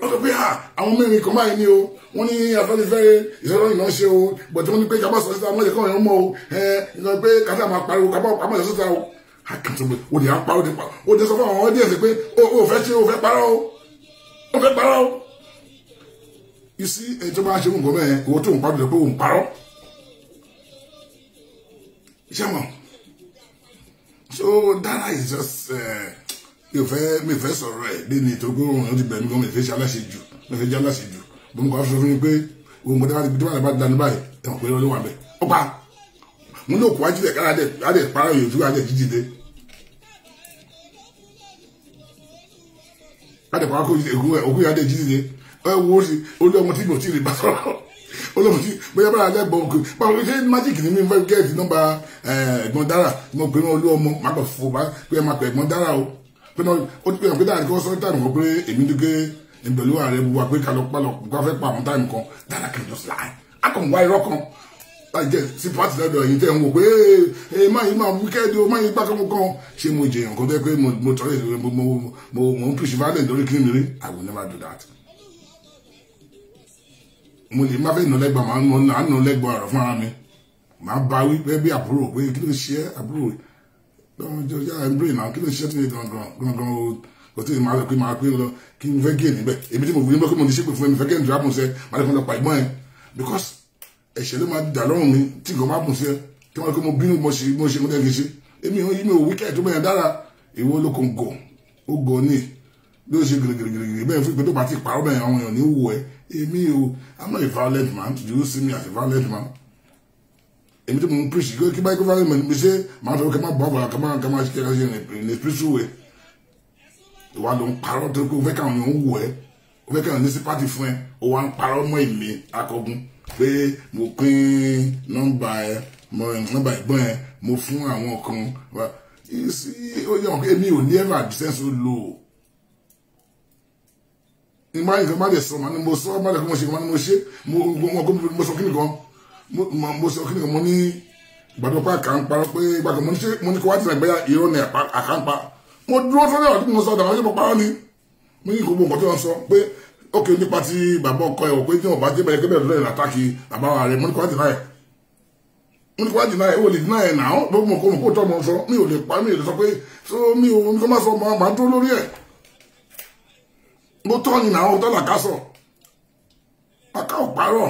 lọ́kọ̀ pé ah, àwọn mẹ́rin kan báyìí ni o wọ́n ní afẹ́nifẹ́re ìṣòro ìná ṣe o bọ̀dé wọ́n ní pé jábọ̀ sọ síta wọ́n lè kọ́ ìrún mọ́ o ìgbà pé kátà máa pariwo kábọ̀ pamọ́ sọ síta o àkàtúntò ah, o lè apá o lè pa o lè sọ fún àwọn audience pé o ò fẹ́ ṣe o fẹ́ parọ́ o o fẹ́ parọ́ o. isi èyí tó máa ṣe nǹkan mẹ́rin owó tó ń parọ́ lè pé o ń parọ́. ṣé mo so Dara is just. Eh, mi ò fẹ́ mi fẹ́ sọ̀rọ̀ ẹ̀ dé ní ìtòkó òun yóò ti bẹ̀rù gan mi fẹ́ ṣe aláṣejù mi fẹ́ jẹ́ aláṣejù bó ń kọ́ sọ fún mi pé òun kò dábàá dábàá dábàá dání báyìí ẹ̀wọ̀n pé lọ́wọ́ àbẹ̀ ó pa mo ní òkú wájú kára adẹ̀ para yòó fún adẹ̀ jíjì dé adẹ̀ para kó òkú yà adẹ̀ jíjì dé ẹ wo si olú ọmọ tí mo ti rí bá sọ̀rọ̀ olóòtú bóyá bára alẹ́ bọ̀ òkè báwo ṣe magic ni mi fẹ́ gẹ́ẹ̀tì nọ́mbà ẹ̀gbọ́n dára mo pè mọ́ olú ọmọ má kàn fò bá pé ẹ má pẹ̀ ẹ̀gbọ́n dára o pẹ̀lú ọdún pé dáadáa kí wọ́n sọ táìmù kan pé èmi dúkẹ́ èmi pẹ̀lú ààrẹ buwa pé kálọ̀ pálọ̀ kó fẹ́ pa àwọn táìmù kan dáadáa kìí just lie akọ̀ǹwá irọ́ kan láì jẹ́ sí pàtì lọ́dọ̀ yìí tẹ̀ ń wò pé ee má yìí máa wíkẹ́ẹ̀dì o má yìí gbá kankan kan ṣé mo jẹyàn kan tó yẹ pé mo tọ́ èso mo mo mo mo ń pèsè violent lórí kí ni mi rí I will never do that. mo lè má fẹ́ nà lẹ́gbàá màá nà lẹ́gbàá ọ̀rọ̀ fún ara mi màá bá wí pé bí àbúrò pé kí ló ṣe é àbúrò yìí jọjọ ẹgbẹ́ ìnáwó kí ló ṣiṣẹ́ tí mi gangan gangan o kò tí ì máa lọ kí máa pé lọ kí n fẹ́ gé níbẹ̀ èmi tí mo fi níbẹ̀ kí mo ti ṣépè fún mi fẹ́ gé nítorí àbùnsẹ́ máa lè fún lọ pa ìgbọ́n yẹn because ẹ̀ṣẹ̀ ló máa dà lọ́rùn mi tí nǹkan bá bùn sí ẹ kí wọ́n kí mo bínú mo ṣe mo ṣe mo dẹ́gi ṣe èmi yìí mi ò wíkẹ́ tó bẹ́yẹn dára ìwọ ló kàn gọ̀ ó gọ̀ ní bí ó ṣe gìrìgìrìgìrì bẹ́ẹ̀ fún ìpẹ́tọ́ bá ti pàrọ̀ bẹ́yẹn àwọn èèyàn I'm not a violent man do you see me as a violent man èmi tí mo ń preach kí báyìí kó fáwọn èèyàn mi ṣe máa sọ pé ká má bọ́ àbàrà ká má ká má ṣe kẹ́kẹ́ ṣe ní spiritual way ìwà ló ń parọ́ tó kó fẹ́ káwọn èèyàn wù ẹ́ ó fẹ́ káwọn ní sípàtì fún ẹ ó wá ń parọ́ mọ́ èmi akọgun pé mo pín nọ́mbà ẹ mọ nọ́mbà ìgbọ́n ẹ mo fún àwọn kan ó yẹ wọn pé èmi ò ní ẹ̀rọ àdìsẹ́ so lò ó ní kan má lè sọ ma ni mo sọ má lè kó mo ṣe kó ma ni mo ṣe mo sọ kí nìkan mo sọ kí ni mo ní ìgbàdàn pa àkànpá pé ìgbàdàn mo ní ṣe mo ní kí wá ti nàgbẹ́yà ìró ni àkànpá mo dúró sọ́dọ̀ ọ̀rọ̀ tí mo sọ dàwọn ṣe mo parọ́ ni mo ní gbogbo nǹkan tí wọ́n sọ pé ókè nípa ti bàbá ọkọ ẹ̀ wò pé tí wọ́n bá dé bẹ̀rẹ̀ kébẹ̀rẹ̀ lọ́yìn àtàkì bàbá rẹ̀ mo ní kí wá ti náà ẹ̀ mo ní kí wá jìnnà ẹ̀ o lè dínà ẹ̀ náà ló mọ̀ kó mọ̀ kó tọ́ mọ̀ sọ mi ò lè pa mi ò lè sọ pé so mi ò ní kó má sọ máa dúró lórí ẹ̀ mo tọ́ ni náà ó tọ́ làkásọ̀ àká ò parọ́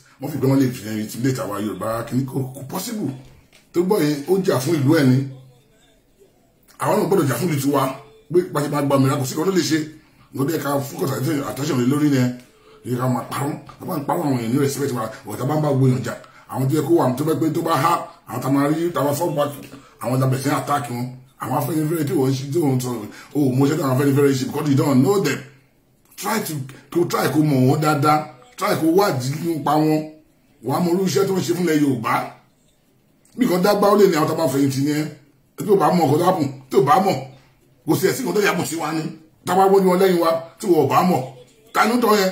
wọ́n fi gbọ́n lè fi intimidate àwa yorùbá kìíní kò kò possible tó gbọ́ yẹn ó jà fún ìlú ẹ̀ ni àwọn náà gbọ́dọ̀ jà fún ìlú tiwa pé pàṣẹ máa gba mìíràn kò sí kan ló lè ṣe nǹkan bí ẹ̀ka fúkọ̀tà àtọ́ṣe òní lórí yẹn ní ká máa parọ́ tó bá ń parọ́ àwọn èèyàn ní respect wa ọ̀tá bá ń bá gbó èèyàn jà àwọn tó yẹ kó wà tó bẹ́ pé tó bá há àwọn tá máa rí táwa fọ́ bá àwọn tá bẹ̀sẹ̀ attack wọn àwọn afẹ́nifẹ́re tí wọ́n ṣe tí wọ́n sọ oh mo ṣe tí àwọn afẹ́nifẹ́re ṣe because you don't know them try to to try kó mọ̀ wọ́n dáadáa try kó wádìí nípa wọn wàá mọ irú iṣẹ́ tó ń ṣe fúnlẹ̀ Yorùbá bíkan dágbà ó lè ní àwọn tó bá fẹ̀yìntì ni ẹ tó bá mọ̀ kó tó hàpùn tó bá mọ̀ kò sí ẹ̀sìn kan tó yàpọ̀ sí wa ni táwa wọ́n ní wọn lẹ́yìn wa tí wọ́n bá mọ̀ tanú tọ́ yẹn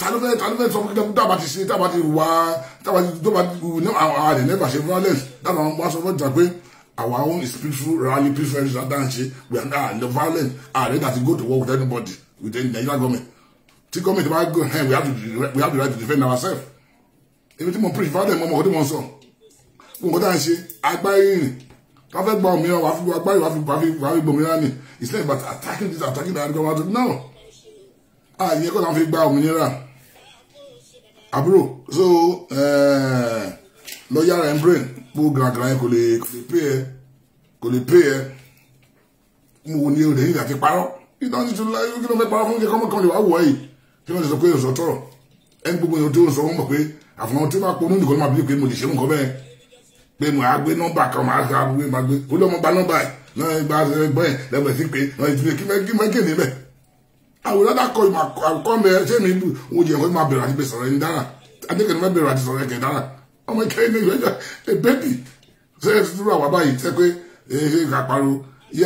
tanú fẹ́ tanú fẹ́ sọ fún táwa ti ṣe táwa ti wà táwa ti tó bá ní àwọn àrẹ never ṣe violence táwa wọn bá sọ fún ìjà pé our own is peaceful rally peaceful and danse we are not violent àrẹ that go to war with anybody with the Nigerian government tí gọ́ọ̀mẹ̀ntì bá go we have to we have the right to defend ourselves èmi tí mo preach fáwọn ẹ̀mọ́ ọmọ tí wọ́n sọ fún nǹkan tá à ń ṣe agbáyé rìn wọ́n fẹ́ gba òmìnira wàá fi agbáyé fi wàá fi gbòmìnira ni it's not about attacking this attacking that government to no àyè kọ́ náà fi gba òmìnira àbúrò so lọ́ọ́yà rẹ̀ ń brain kó gàràgàrà yẹn kò lè pay ẹ kò pay mo ní o lè ní ìdàtí parọ́ ìdáhùn tuntun láyé kí ló fẹ́ parọ́ fún kí kọ́mọkànlẹ̀ wàá wọ̀ ẹ́ yìí kí wọ́n ti sọ pé òsọ tọ̀rọ̀ ẹni gbogbo èèyàn tó ń sọ wọ́n mọ̀ pé àfọwọ́n tí wọ́n pọ̀ nínú ìkọ́ni máa bí pé mo lè ṣe nǹkan bẹ́ẹ̀ pé mo á gbé nọ́mbà kan máa ṣe àgbé máa gbé ó lọ́mọ gba nọ́mbà ẹ̀ náà gba ẹgbẹ́ ẹ̀ lẹ́gbẹ̀ẹ́ sí pé náà ìdílé kí mẹ́ ṣé mi wo jẹ́ nǹkan máa bẹ̀rẹ̀ àti sọ̀rọ̀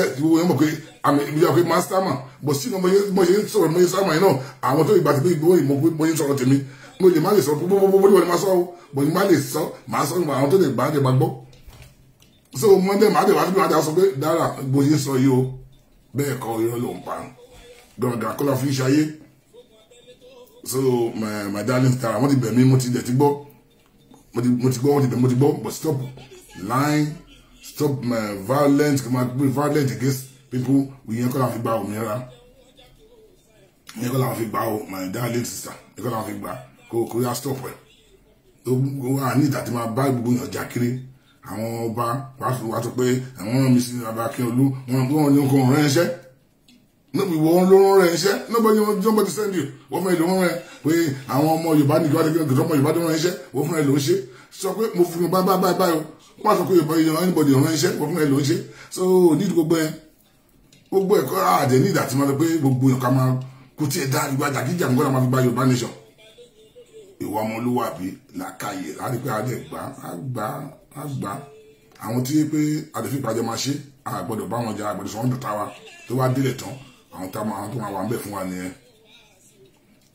ẹni àmì ìgbìyà pé máa sáàmà bọ̀ sínú mo ṣe ń sọ̀rọ̀ mo ṣe sáàmà yìí náà àwọn tó ìgbà tí gbogbo ìmọ̀ mo ṣe ń sọ̀rọ̀ tèmi mo lè má lè sọ gbogbogbò ní wọn máa sọ ọ bọ̀ ní má lè sọ máa sọ àwọn tó lè gbà á lè gbàgbọ́. so mo ń bẹ màá dẹ̀ wá síbi wájà sọ pé dára bó ṣe sọ yìí o bẹ́ẹ̀ kọ́ irọ́ ló ń pa gbọ̀ngàn kọ́lá so my my darling tara wọ́n ti bẹ̀ mí mo ti dẹ̀ ti gbọ́ mo ti but stop lying stop my eh, violent my violent against people ìyẹn kọ́ làwọn fi gba òmìnira ìyẹn kọ́ làwọn fi gba o my darling sister ìyẹn kọ́ làwọn fi gba kó kó yá stop ẹ̀ tó wà ní ìdá tí máa bá gbogbo èèyàn jà kiri àwọn ọba wàásù wàásù pé àwọn ọmọ mi sí baba Akínolú wọn pé wọn ní nǹkan ọ̀rẹ́ iṣẹ́ níbi ìwọ ló ń rẹ iṣẹ́ nobody nobody send you wọ́n fún ẹ ló ń rẹ pé àwọn ọmọ Yorùbá nìkan wọ́n ti gbé ọmọ Yorùbá tó ń rẹ iṣẹ́ wọ́n fún ẹ ló ń ṣe sọ pé mo fún un báyìí báyìí báyìí wọ́n sọ pé Yorùbá anybody ọ̀rẹ́ iṣẹ́ wọ́n fún ẹ ṣe so nídìí gbogbo yẹn gbogbo ẹ̀kọ́ àdé ní ìdàtí máa lọ pé gbogbo nǹkan máa kú tí ẹ dá ìgbà jàgíjà nǹkan máa fi gba yorùbá nation ìwà ọmọlúwàbí làkàyè láti pé adé gbà á gbà àwọn tí pé adèfín ìpàjọ máa ṣe àgbọ́dọ̀ bá wọn jà àgbọ́dọ̀ sọ wọn dọ̀tá wa tó bá délẹ̀ tán àwọn tó máa wà ń bẹ̀ fún wa nìyẹn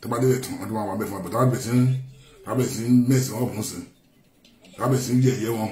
tó bá délẹ̀ tán àwọn tó máa wà ń bẹ̀ fún wa bàtà bẹ̀ sí ń mẹsàn-án ọ̀bùn sí tàbẹ̀ sí ń wọn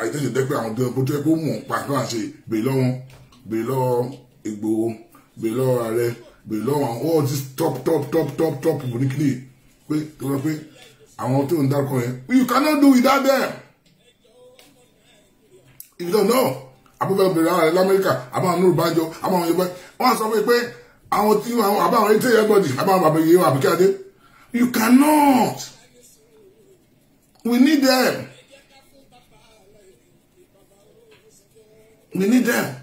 àìtẹ́sí dẹ́pẹ́ àwọn tó ẹ̀kọ́ tó ẹ̀kọ́ mọ̀ pa tó à ń ṣe bèè lọ́wọ́ Ìgbòho bèè ààrẹ bèè àwọn all these top top top top top people ní kílì pé tó lọ pé àwọn tó ń dárúkọ yẹn you cannot do without them if you don't know abúgbàgbà bèrè ààrẹ lamẹ́ríkà àbáwọn nínú ìbájọ àbáwọn yorùbá wọn sọ pé àwọn tí àwọn àbáwọn ètò everybody àbáwọn bàbá yìí àbíkẹ́ adé you cannot we need them. we need them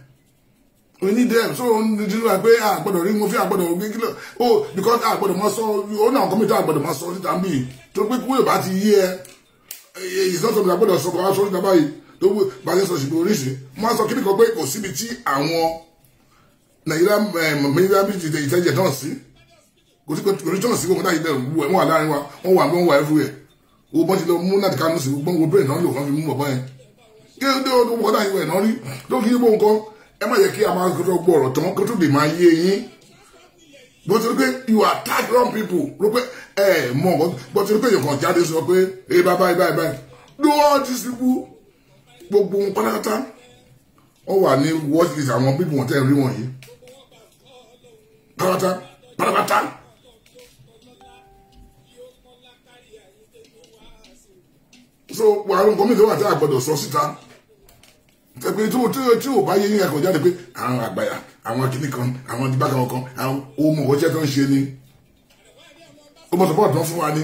we need them so nítorí wa pé a gbọ́dọ̀ rí mo fi a gbọ́dọ̀ rí kílọ o because a gbọ́dọ̀ máa sọ ó náà kọ́mítà a gbọ́dọ̀ máa sọ níta ń bì í tó pé kúrò bá ti yé ẹ something a gbọ́dọ̀ sọ kọ́ aṣọ níta báyìí tó bàjẹ́ sọ ṣùgbọ́n oríṣi wọ́n á sọ kíni kan pé kò síbi tí àwọn nàìjíríà méjì ìtẹ́jẹ̀ náà sí kò sí kò ní jọ́ọ̀sì wọn dáyé bẹ́ẹ̀ wọ́n wà láàrin wa wọ́n wà wọ́n wà everywhere owó bọ́n ti lọ mú náà kánú sí kí ló dé ọdún ìwẹ̀ náà rí tó kí bó nǹkan ẹ má yẹ kí a máa gbọ́dọ̀ gbọ́ tán kó tó lè máa yé yín bó ti rí pé you attack wrong people ló pé ẹ mọ nǹkan bó ti rí pé yọkàn jáde sọ pé ẹ bá báyìí báyìí báyìí do all these people gbogbo wọn pátákátá wọn wà ní watch list àwọn people wọn tẹ́ rí wọn yìí pátákátá pátákátá. so wàá ló ń kọ́ mi tó wà tí a gbọ́dọ̀ sọ síta pé tí o tí o bá yé yín ẹ̀kọ́ jáde pé àwọn àgbàyà àwọn akíní kan àwọn adibákan kan àwọn ohun ọ̀ṣẹ́ tó ń ṣe ni ó mọ̀ sọ́pọ̀ tó ń fún wa ní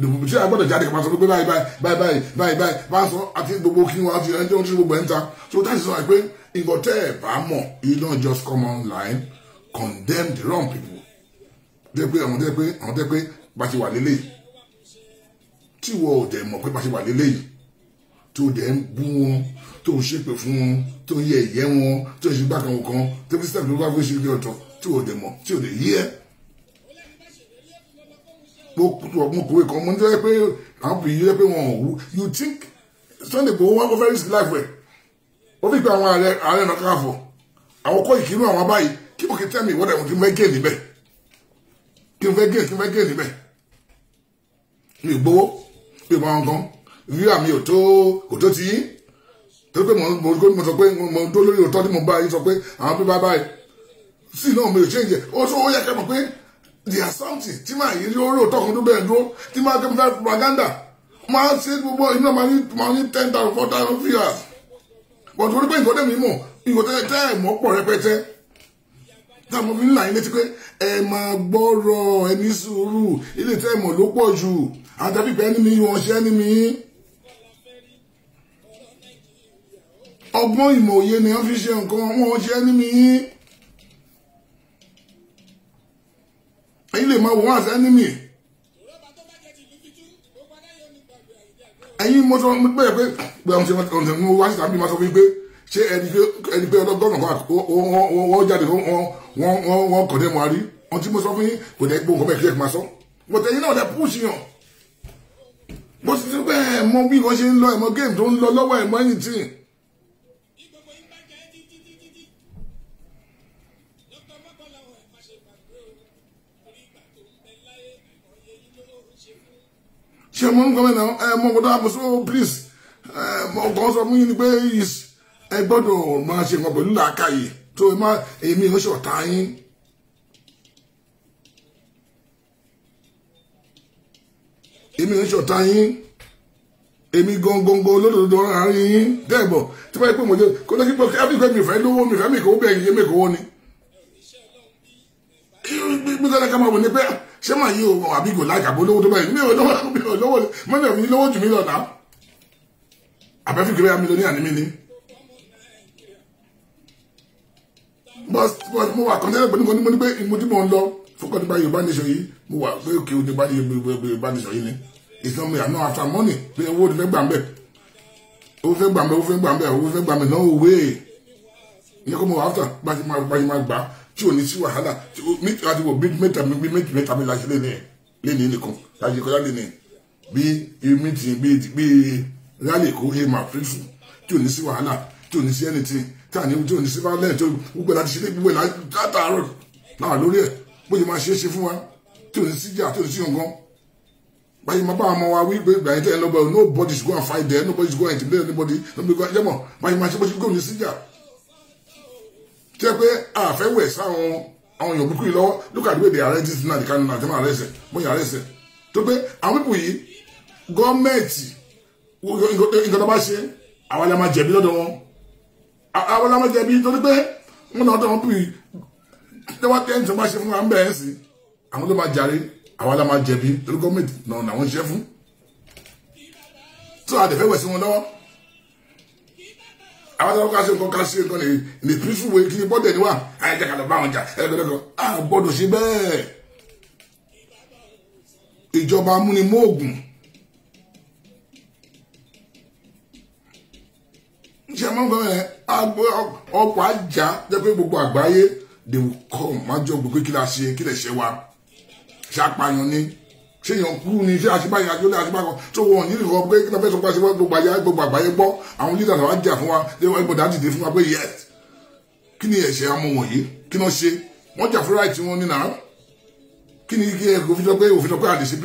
dùbùbù tí a gbọ́dọ̀ jáde kí n máa sọ pé báyìí báyìí báyìí báyìí báyìí bá sọ àti gbogbo kí wọn àti ẹni tí wọn ti gbogbo ẹ̀ ń ta so that's why pé nǹkan tẹ́ ẹ̀ bá mọ̀ you don't just come online condemn the wrong people tẹ́ pé àwọn tẹ́ pé àwọn tẹ́ pé bá ti wà lélẹ̀ tí wọ́n ò dẹ̀ mọ̀ pé bá ti wà lélẹ̀ yìí tó dẹ̀ ń bú wọn tó ń ṣépè fún wọn tó ń yẹ ìyẹ́ wọn tó ń ṣe gbàkan kan tó fi step ló bá fi ṣe kí ọ̀tọ̀ tí ò dẹ̀ mọ̀ tí ò lè yí ẹ́. mo kúrò kan mo ń jẹ́ pé àwọn kò yí ẹ́ pé wọn ò wú you think Sunday Igboho wọn kò fẹ́ risk life rẹ̀ ó fi gba àwọn ààrẹ ààrẹ náà káàfọ̀ àwọn kọ́ ìkírú àwọn báyìí kí mo kì í tẹ́mi ìwọ́dà mo kì í fẹ́ gé níbẹ̀ kí n fẹ́ gé kí n fẹ́ gé níbẹ̀ mi ò gbowó mi ò máa ń kan rí àmì ò tó kò tó ti yín tó pé mo sọ pé mo dó lórí òótọ́ tí mo bá yín sọ pé àwọn pé bábá yìí sí náà mi ò change ó tún ó yẹ kẹ́ mọ̀ pé the assumption tí màá yí lórí òótọ́ kan tó bẹ̀rẹ̀ dúró tí màá kẹ́ mi fẹ́ propaganda máa ń ṣe gbogbo iná máa ní ten thousand four thousand three hours but torí pé ìkọ́tẹ́ mi mọ̀ ìkọ́tẹ́ tẹ́ ẹ̀ mọ́ pọ̀ rẹpẹtẹ táwọn fi ń là yín létí pé ẹ máa gbọ́rọ̀ ẹni sùúrù ilé tẹ́ ẹ̀ mọ̀ ló pọ̀ jù àtàbí pé ẹni mi wọ́n ṣe ẹni mi yín. ọgbọ́n ìmọ̀ òye ni wọ́n fi ṣe nǹkan wọn ṣe ẹni mi yín ẹ̀yin lè máa wò wọ́n àṣẹ ẹni mi ẹ̀yin mo sọ pé pé pé àwọn ṣe ọ̀nà mú wá síta bí ma sọ fún mi pé ṣé ẹni pé ọlọ́gọ́nà kan wọ́n jáde wọ́n kọ̀ dé mọ́ àrí ohun tí mo sọ fún yín kò dẹ́ gbóhùn bẹ́ẹ̀ kí máa sọ but ẹ̀yin náà dẹ́ púùsì yàn bó ti ti bẹ́ẹ̀ mọ bí wọ́n ṣe ń lọ ẹ̀mọ géèmù tó ń lọ lọ́wọ́ ẹ̀mọ ẹ̀yìn chairman come now eh mo go da so please eh mo go so mu yin pé is ẹ gbọ́dọ̀ máa ṣe nǹkan pẹ̀lú làákàyè tó ẹ má èmi ò ṣe ọ̀tá yín èmi ò ṣe ọ̀tá yín èmi gangangan olódodo àárín yín dẹ́gbọ̀ tí wọ́n yẹ pé mo jẹ́ kó lókè pé ẹ fi pé mi fẹ́ lówó mi fẹ́ mi kò bẹ̀ yín mi kò wọ́n ni. bí sọ́dọ̀ ká máa wọ̀ ni pé ṣé mà yí o àbí kò láìka bó lówó tó báyìí mi ò lówó mi ò lówó mọ́nà mi lówó jù mí lọ náà àbẹ́fì kí bẹ́ẹ̀ mi ló ní àní mi ni. bọ́s mo wà kọ́ńtẹ́lẹ̀ pẹ̀lú mo ní mo ní pé mo tí mo ń lọ fọkàn nípa Yorùbá nation yìí mo wà pé òkè òde bá Yorùbá nation yìí ni ìsìnàmù àná after money pé owó ti fẹ́ gbà ń bẹ̀ owó fẹ́ gbà ń bẹ̀ owó fẹ́ gbà ń bẹ̀ owó fẹ́ gbà ń bẹ̀ náà òwe ìyẹn kó mo wà after bá ti gbà á tí ò ní sí wàhálà láti wò mẹ́ta méjì mẹ́ta mi láti lẹ́nu ẹ̀ lẹ́nu nìkan láti kọjá lẹ́nu ẹ̀ bí mítì bí rálì kó hé máa fi fún tí ò ní sí wàhálà tí o ní sí ẹni tí tí à ní tí ò ní sí violence tí gbogbo láti ṣe lé gbogbo látàárọ̀ náà lórí ẹ̀ bó ṣe máa ṣe é ṣe fún wa tí ò ní sí jà tí ò ní sí nǹkan báyìí máa bá ọmọ wa wí pé ìgbà yẹn tẹ́ ẹ lọ́bọ̀ nobody should go and fight there nobody should go and intimidate anybody báyìí máa ṣe bó ṣe gómìnà síjà tó yẹ pé àfẹ́ wẹ̀ sáwọn àwọn èèyàn burúkú yìí lọ́wọ́ look at the way they arrest this man the kanu na dem arrest ẹ̀ mo yàn arrest ẹ̀ tó pé àwọn pípù yìí gọ́ọ̀mẹ̀ntì nǹkan tó bá ṣe àwa la máa jẹ̀bi lọ́dọ̀ wọn àwa la máa jẹ̀bi torí pé wọn náà dọ̀wọ́n pípù yìí tẹ́wọ́ tẹ́ni tó bá ṣe fún wa ń bẹ̀rẹ̀ sí àwọn tó bá jàre àwa la máa jẹ̀bi torí gọ́ọ̀mẹ̀ntì náà làwọn ṣe fún tó àdẹ̀fẹ́ wẹ̀ sí wọn lọ́wọ́ àwọn tó kásí nǹkan kásí nǹkan lè lè pírífù wé kí ni bọ́dẹ̀ ni wà àìjẹ́ kàlọ́ bá wọn jà ẹlẹ́gbẹ̀rẹ́gbẹ̀ à gbọ́dọ̀ sí bẹ́ẹ̀ ìjọba amúnimóògùn ṣe máa ń fẹ́ mẹ́rin ọkọ̀ ajá jẹ́ pé gbogbo àgbáyé they will come májọ gbogbo kí la ṣe kí lè ṣe wa ṣàpàyàn ni ṣé èèyàn kú ni ṣé àṣìbáyé àjọlé àṣìbákan tó wọn ní ìrọ̀ pé kí ló fẹ́ sọ pé àṣìbáyé gbogbo àyà gbogbo àgbáyé gbọ́ àwọn leader náà wá jà fún wa ẹgbọ̀dá dìde fún wa pé yes kí ni ẹ̀ṣẹ̀ ọmọ wọ̀nyí kí ló ṣe wọ́n jà fún right wọn nínà kí ni kí òfin sọ pé òfin sọ pé àlè ṣe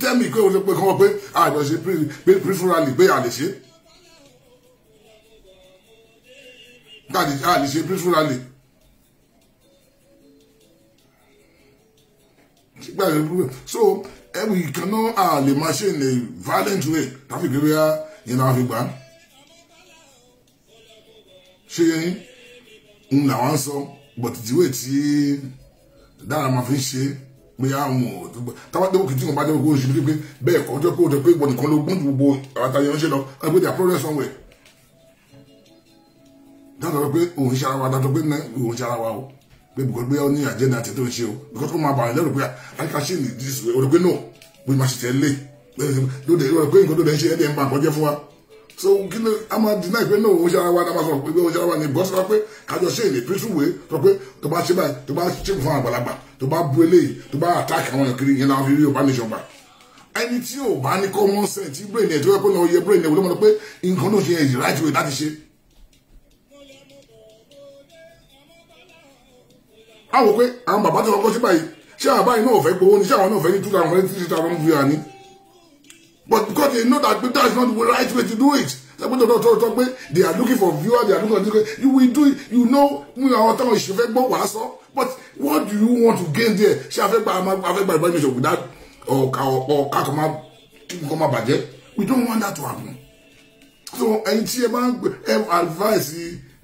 tẹ́mi kí òfin sọ pé kọ́ pé àjọ ṣe peaceful rally pé àlè ṣe so we cannot uh, lè máa ṣe in a violent way tàbí gbé bóyá yẹn náà fi gbà á ṣe ń làwọn ń sọ bọ̀tìtìwé tí dára máa fi ń ṣe pé àwọn táwọn tó kìtì wọn bá dẹ́wọ́ kó ń ṣe pé bẹ́ẹ̀ kọ́ ọjọ́ kó o jẹ pé ìwọ nìkan ló gún ju gbogbo àtàyè ń ṣe lọ ẹ pé they are progress somewhere dáadáa pé òun ṣe ara wa dáadáa pé òun ṣe ara wa o pé because bóyá ó ní agenda àti tó ń ṣe o because kó máa bàa lẹ́rù pé àyíká dis way olùgbé náà bó ma ṣe tẹ̀lé lóde olùgbé nǹkan tó lè ṣe ẹ̀dẹ̀ ń ba àkọ́jẹ́ fún wa so kí ló a máa deny pé náà ó ṣara wa náà máa sọ pé ó ṣara wa ní bọ́sí wa pé kájọ ṣe ìlè pírísù wé sọ pé tó bá ṣe báyìí tó bá ṣe fún àgbàlagbà tó bá bu eléyìí tó bá àtàkì àwọn èèyàn kiri yẹn náà fi rí Yorùbá nation gbà ẹni tí ò bá ní common sense tí brain ẹ̀ tó yẹ kó lọ yẹ brain ẹ̀ wọlé mọ́ pé nǹkan náà ṣe ẹ̀ right way láti ṣe á wò pé àwọn bàbá tó kọ́kọ́ sí báyìí ṣé àbá yìí náà fẹ́ gbowó ni ṣé àwọn náà fẹ́ ní two thousand three thousand naira but because they know that that is not the right way to do it they are looking for viewer they are looking for this you will do it you know we are talking ìṣe fẹ́ gbọ́ wàá sọ but what do you want to gain there She ṣé afẹ́gbà afẹ́gbà ìbánisọ̀ without ọ̀ka or kò máa kò máa bàjẹ́ we don't want that to happen so any tí ẹ bá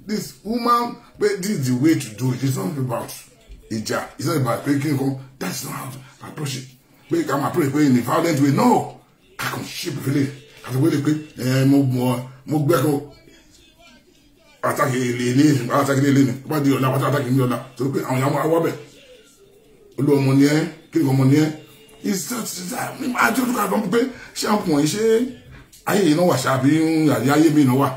this woman this is the way to do it it's not about ìjà it's not about pé kí n kan that's not how to approach it pé ká máa pray pé in a violent way no a kàn ṣe ìbílẹ̀ àti wẹ́lẹ̀ pé mo mọ mo gbẹ́kọ̀ àtàkì ilé ní àtàkì ilé ní bá di ọ̀la pátá àtàkì ní ọ̀la torí pé àwọn ìyàwó awọ́ bẹ̀ olú ọmọ ni ẹ kí ni ọmọ ni ẹ àti olùkọ́ àgbọn pé ṣé àwọn ọkùnrin ṣé ayé yìí náà wà ṣáà bí ayé mi náà wà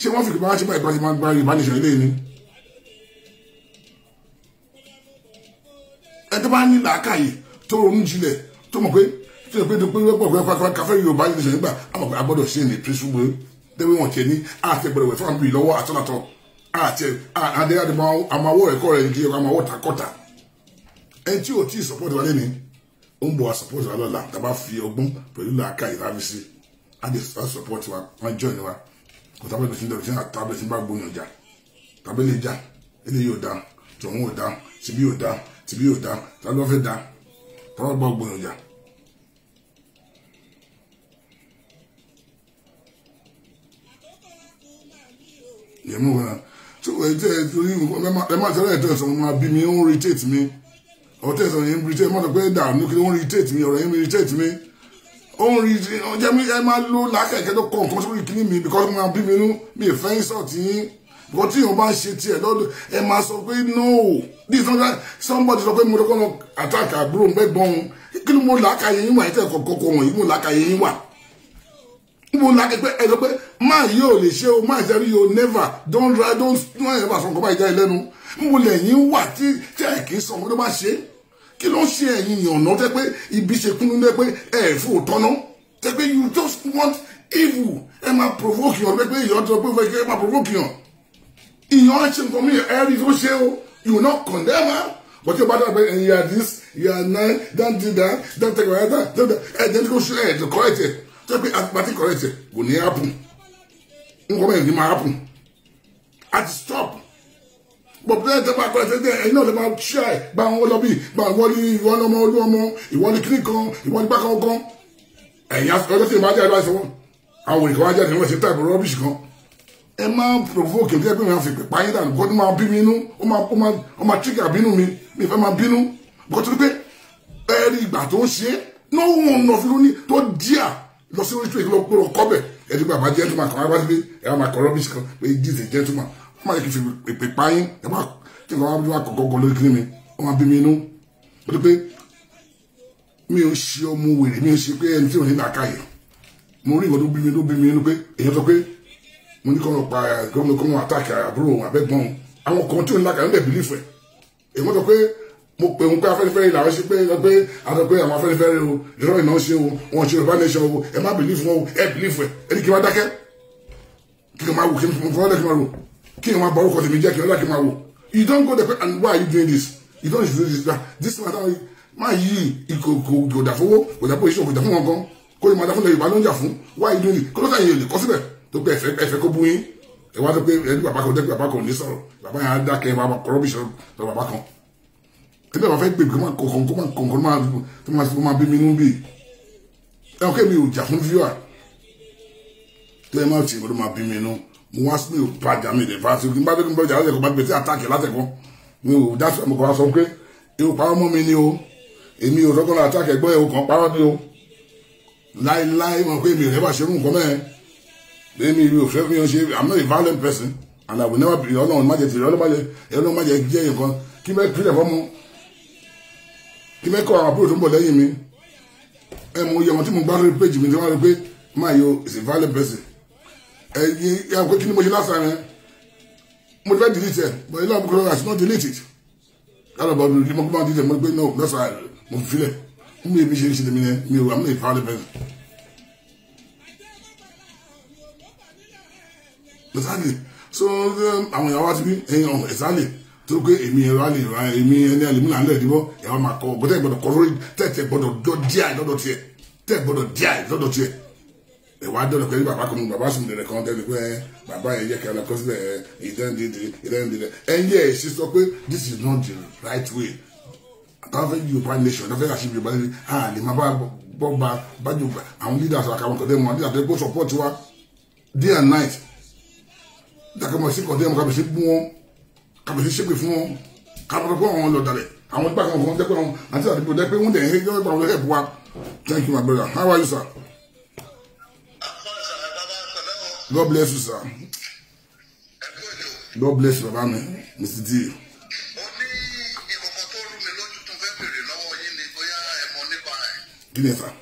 ṣé wọ́n fi kí bá wá ṣe báyìí bá ṣe máa gba ìbánisọ̀ ilé ni. ẹ tó bá ní làákàyè tó ronú jinlẹ̀ tó mọ̀ pé tó yẹ pé tó pé wẹ́pọ̀ wẹ́pọ̀ káfẹ́ yorùbá yìí ṣẹ̀yìn gbà àmọ̀ pé agbọ́dọ̀ ṣe ní pírísù gbé dẹ́wé wọn tiẹ̀ ní àti ẹgbẹ̀rẹ̀ wẹ̀ fáwọn bíi lọ́wọ́ àtọ́nàtọ́ àti adé àmàwọ̀ ẹ̀kọ́ rẹ̀ kí àmàwọ̀ takọ́ta ẹni tí ò tí ì sọ́pọ́tì wálé ni ó ń bọ̀ wá sọ́pọ́tì wa lọ́la tàbá fi ọgbọ́n pẹ̀lú làákàyè láfi sí adé sọ́pọ́tì wa wọ́n jọ́ìn wa kò tábìlì tó ti ń dọ̀tí náà tábìlì tó ń bá gbóyàn jà tábìlì ìjà eléyìí ò dáa tòun ò dáa síbí ò dáa tìbí ò dá ta ló fẹ́ dá tọ́wọ́ gbọ́ gbòòjà. yẹmu wọn tí wọ́n ti ẹ̀ torí ẹ má tẹ́lẹ̀ tẹ́ sọ ma bí mi ó ń irritate mi ọ̀tẹ́ sọ yẹn ń irritate má sọ pé dààmú kí ó ń irritate mi ọ̀rọ̀ yẹn ń irritate mi ó ń irritate ọjọ́ mi ẹ máa lo làákàkẹ́ tó kọ̀ nǹkan sórí kíní mi because mo máa bí mi nú mi ì fẹ́ insult yín. But tí yóò bá ṣe tiẹ̀ lọ́dọ̀ ẹ máa sọ pé no this is not somebody sọ pé mo rẹ́ kọ́ mọ attack àbúrò mbẹ́ gbọ́n kí ni mo làákàyè yín wà ẹ̀ tẹ́ kọ̀ọ̀kan kọ̀ wọ̀nyí mo làákàyè yín wà mo làákàyè pé ẹ sọ pé má yóò lè ṣe o má ìṣẹ́rí yóò never don't try don't don't ever sọ nǹkan bá ìjà ìlẹ́nu mo lẹ̀yìn wà tí tí ẹ̀ kì í sọ ọmọ tó bá ṣe kí ló ń ṣe ẹ̀yìn ìyànná tẹ́ pé ibi ṣe kúnnú tẹ́ pé ẹ̀ fún òtọ́nà you just want evil ẹ máa provoke yàn pé ìyàn tó pé ẹ máa provoke yàn ìyàn ṣe nǹkan mi ẹ rí tó ṣe o you not condemn her but you bada bẹ ẹyin ya this ya nine dan di dan dan tẹ kọrẹ dan dan dan ẹ jẹ kó ṣe ẹ jẹ correct ẹ jẹ pé àtìpàtì correct ẹ kò ní happen nǹkan mẹ́rin ní máa happen At stop but bí ẹ jẹ bá correct ẹ jẹ ẹyin náà lè máa ṣe ẹ bá wọn lọ bí bá wọn ní ìwọ ní ọmọ olú ọmọ ìwọ ní kiri kan ìwọ ní bákan kan ẹyin ọjọ́ tí ìbájá ìbáṣẹ wọn àwọn ìkọ́wájà ni wọ́n ṣe táìpù rọ́bìṣì kan ẹ máa provoke bí ẹ pé mi àfi pípa yín dànù kó máa bí mi inú ó máa ó máa ó máa trigger bínú mi mi fẹ́ máa bínú bó ti rí pé ẹ rí ìgbà tó ń ṣe é náà wọn nà fi lóní tó díà lọ sí orí tó ìlọ pé ọ kọ́bẹ̀ ẹ ti bàbá gentleman kan wá sí pé ẹ máa kọ rubbish kan pé he is a gentleman ó máa yẹ kí n fi pèpè pa yín ẹ máa tí nǹkan wá bí wá kọ̀ọ̀kan gan lórí kí mi ó máa bí mi inú ó ti pé mi ò ṣe ọmọ wèrè mi ò ṣe pé ẹni tí ò ní làákàyè mo rí ìwọ́n tó bí mi inú bí mi inú pé èèyàn sọ pé mo ní kọ́nà pa gómìnà gómìnà àtàkì àbúrò àbẹ́gbọ́n àwọn kan tí ò ní lákàá níbẹ̀ bìlíf ẹ̀ èmi sọ pé mo pè ń pé afẹ́nifẹ́re làwọn ṣe pé lọ pé àwọn afẹ́nifẹ́re o ìrọ̀ ìnáwó ṣe o wọn ṣe Yorùbá nation o ẹ má bìlíf wọn o ẹ bìlíf ẹ ẹni kí n má dákẹ́ kí n má wò kí n fọwọ́ lẹ́kí n wò kí n má bọ̀ orúkọ tèmi jẹ́ kí n lọ́dà kí wò you don go there and why are you doing this you don do this that this matter má yí ìkòkò òdàfowó òdàfowó ìṣòwò òdàfowó wọn gan kó ìmọ̀ àdàfún lẹ́yìn ìbálòjà fún why you doing it kó ló tà yẹn lè kọ́ síbẹ̀ tó pé ẹ̀fẹ́ ẹ̀fẹ́ kó bú yín ẹ wá tó pé ẹni bàbá kan dẹ́pẹ́ bàbá kan ò ní sọ̀rọ̀ bàbá yẹn á dákẹ́ ẹ máa kọ́rọ́ bí sọ̀rọ̀ sọ̀rọ̀ bàbá kan ẹgbẹ́ bàbá fẹ́ gbè kó máa kọ̀ọ̀kan kó máa kọ̀ọ̀kan tó máa tó máa bí mi nú bí ẹ ọkẹ́ mi ò jà fún fíwà tó ẹ máa ṣe ìgbọ́dọ̀ máa bí mi nú mo wá sí mi ò bàjá mi lè fa sí mi bá tó kí n bá jà látẹ̀kọ́ bá gbèsè àtàkì látẹ̀kọ́ mi ò dá sí ọmọkọ̀ wa sọ pé ewu parọ́ mọ́ mi ni o èmi ò rọ́gọ́lá àtàkì ẹgbọ́n ẹ̀wò kan parọ́ ni o láéláé wọn pé mi ò rẹ́ ṣerú nǹkan mẹ́rin èmi mi ò fẹ́ fi ṣe i'm not a violent person and i will never be ọlọ́run má jẹ tèrè ọlọ́run má jẹ ọlọ́run má jẹ jẹ́ nǹkan kí mẹ́ pílẹ̀ fọ́mọ kí mẹ́ kọ́ àwọn àbúrò tó ń bọ̀ lẹ́yìn mi ẹ mọ iye wọn tí mo gbá lórí péjì mi tí wọ́n rí pé máa yọ is a violent person ẹ yí ẹ pé kí ni mo ṣe lásán rẹ mo fẹ́ delete ẹ but ilé àbúkọ rẹ àti not delete it kálọ̀ bọ̀ mi mo kọ́ delete ẹ mo gbé no lọ́sàn-án mo fi filẹ̀ mo mi èmi ṣe é ṣe lèmi yẹn mi ò àmì ìfàlẹ́ bẹ́ẹ̀. exactly so um, àwọn ìyàwó àti bí ẹyin ọmọ um, exactly tó pé èmi ẹ̀rọ àlè ìrà èmi ẹni àlè múlà ńlẹ̀ ìdìbò ìyàwó máa kọ ọgbọ́n tẹ̀ gbọ́dọ̀ kọ lórí tẹ̀tẹ̀ gbọ́dọ̀ dọ́ díà lọ́dọ̀ tiẹ̀ tẹ̀ gbọ́dọ̀ díà lọ́dọ̀ tiẹ̀ ẹ̀wà dọ́dọ̀ pẹ̀lú bàbá kan bàbá sùn dẹ̀rẹ̀ kan tẹ́lẹ̀ pé eh, bàbá yẹn yẹ kẹlẹ́ kọ́ sílẹ̀ ìdẹ́ndìdì eh, ìdẹ́ndìdì ẹ̀yẹ ẹ̀ṣin sọ pé this is not the right way àtàwọn Yorùbá nation àtàwọn àṣìṣe Yorùbá nation à lè má bá bọ́ bá bá Yorùbá àwọn leaders àkàwọn kọ̀dẹ́ mọ́ àwọn leaders tó support wa day and night dàkẹ́mọ̀ sí kọ̀dé ọmọ kàbẹ̀sí bú wọn kàbẹ̀sí ṣépè fún wọn kàbẹ̀sí fún àwọn lọ́dàlẹ̀ àwọn ìgbà kan fún dẹ́pẹ́ àti àdìgbò dẹ́pẹ́ wọn dẹ̀ yọ ìgbà wọn lẹ́kẹ̀ẹ́ bu wa thank you my brother how are you sir. God bless you sir. God bless you baba mi Mr. D. kí ni sir.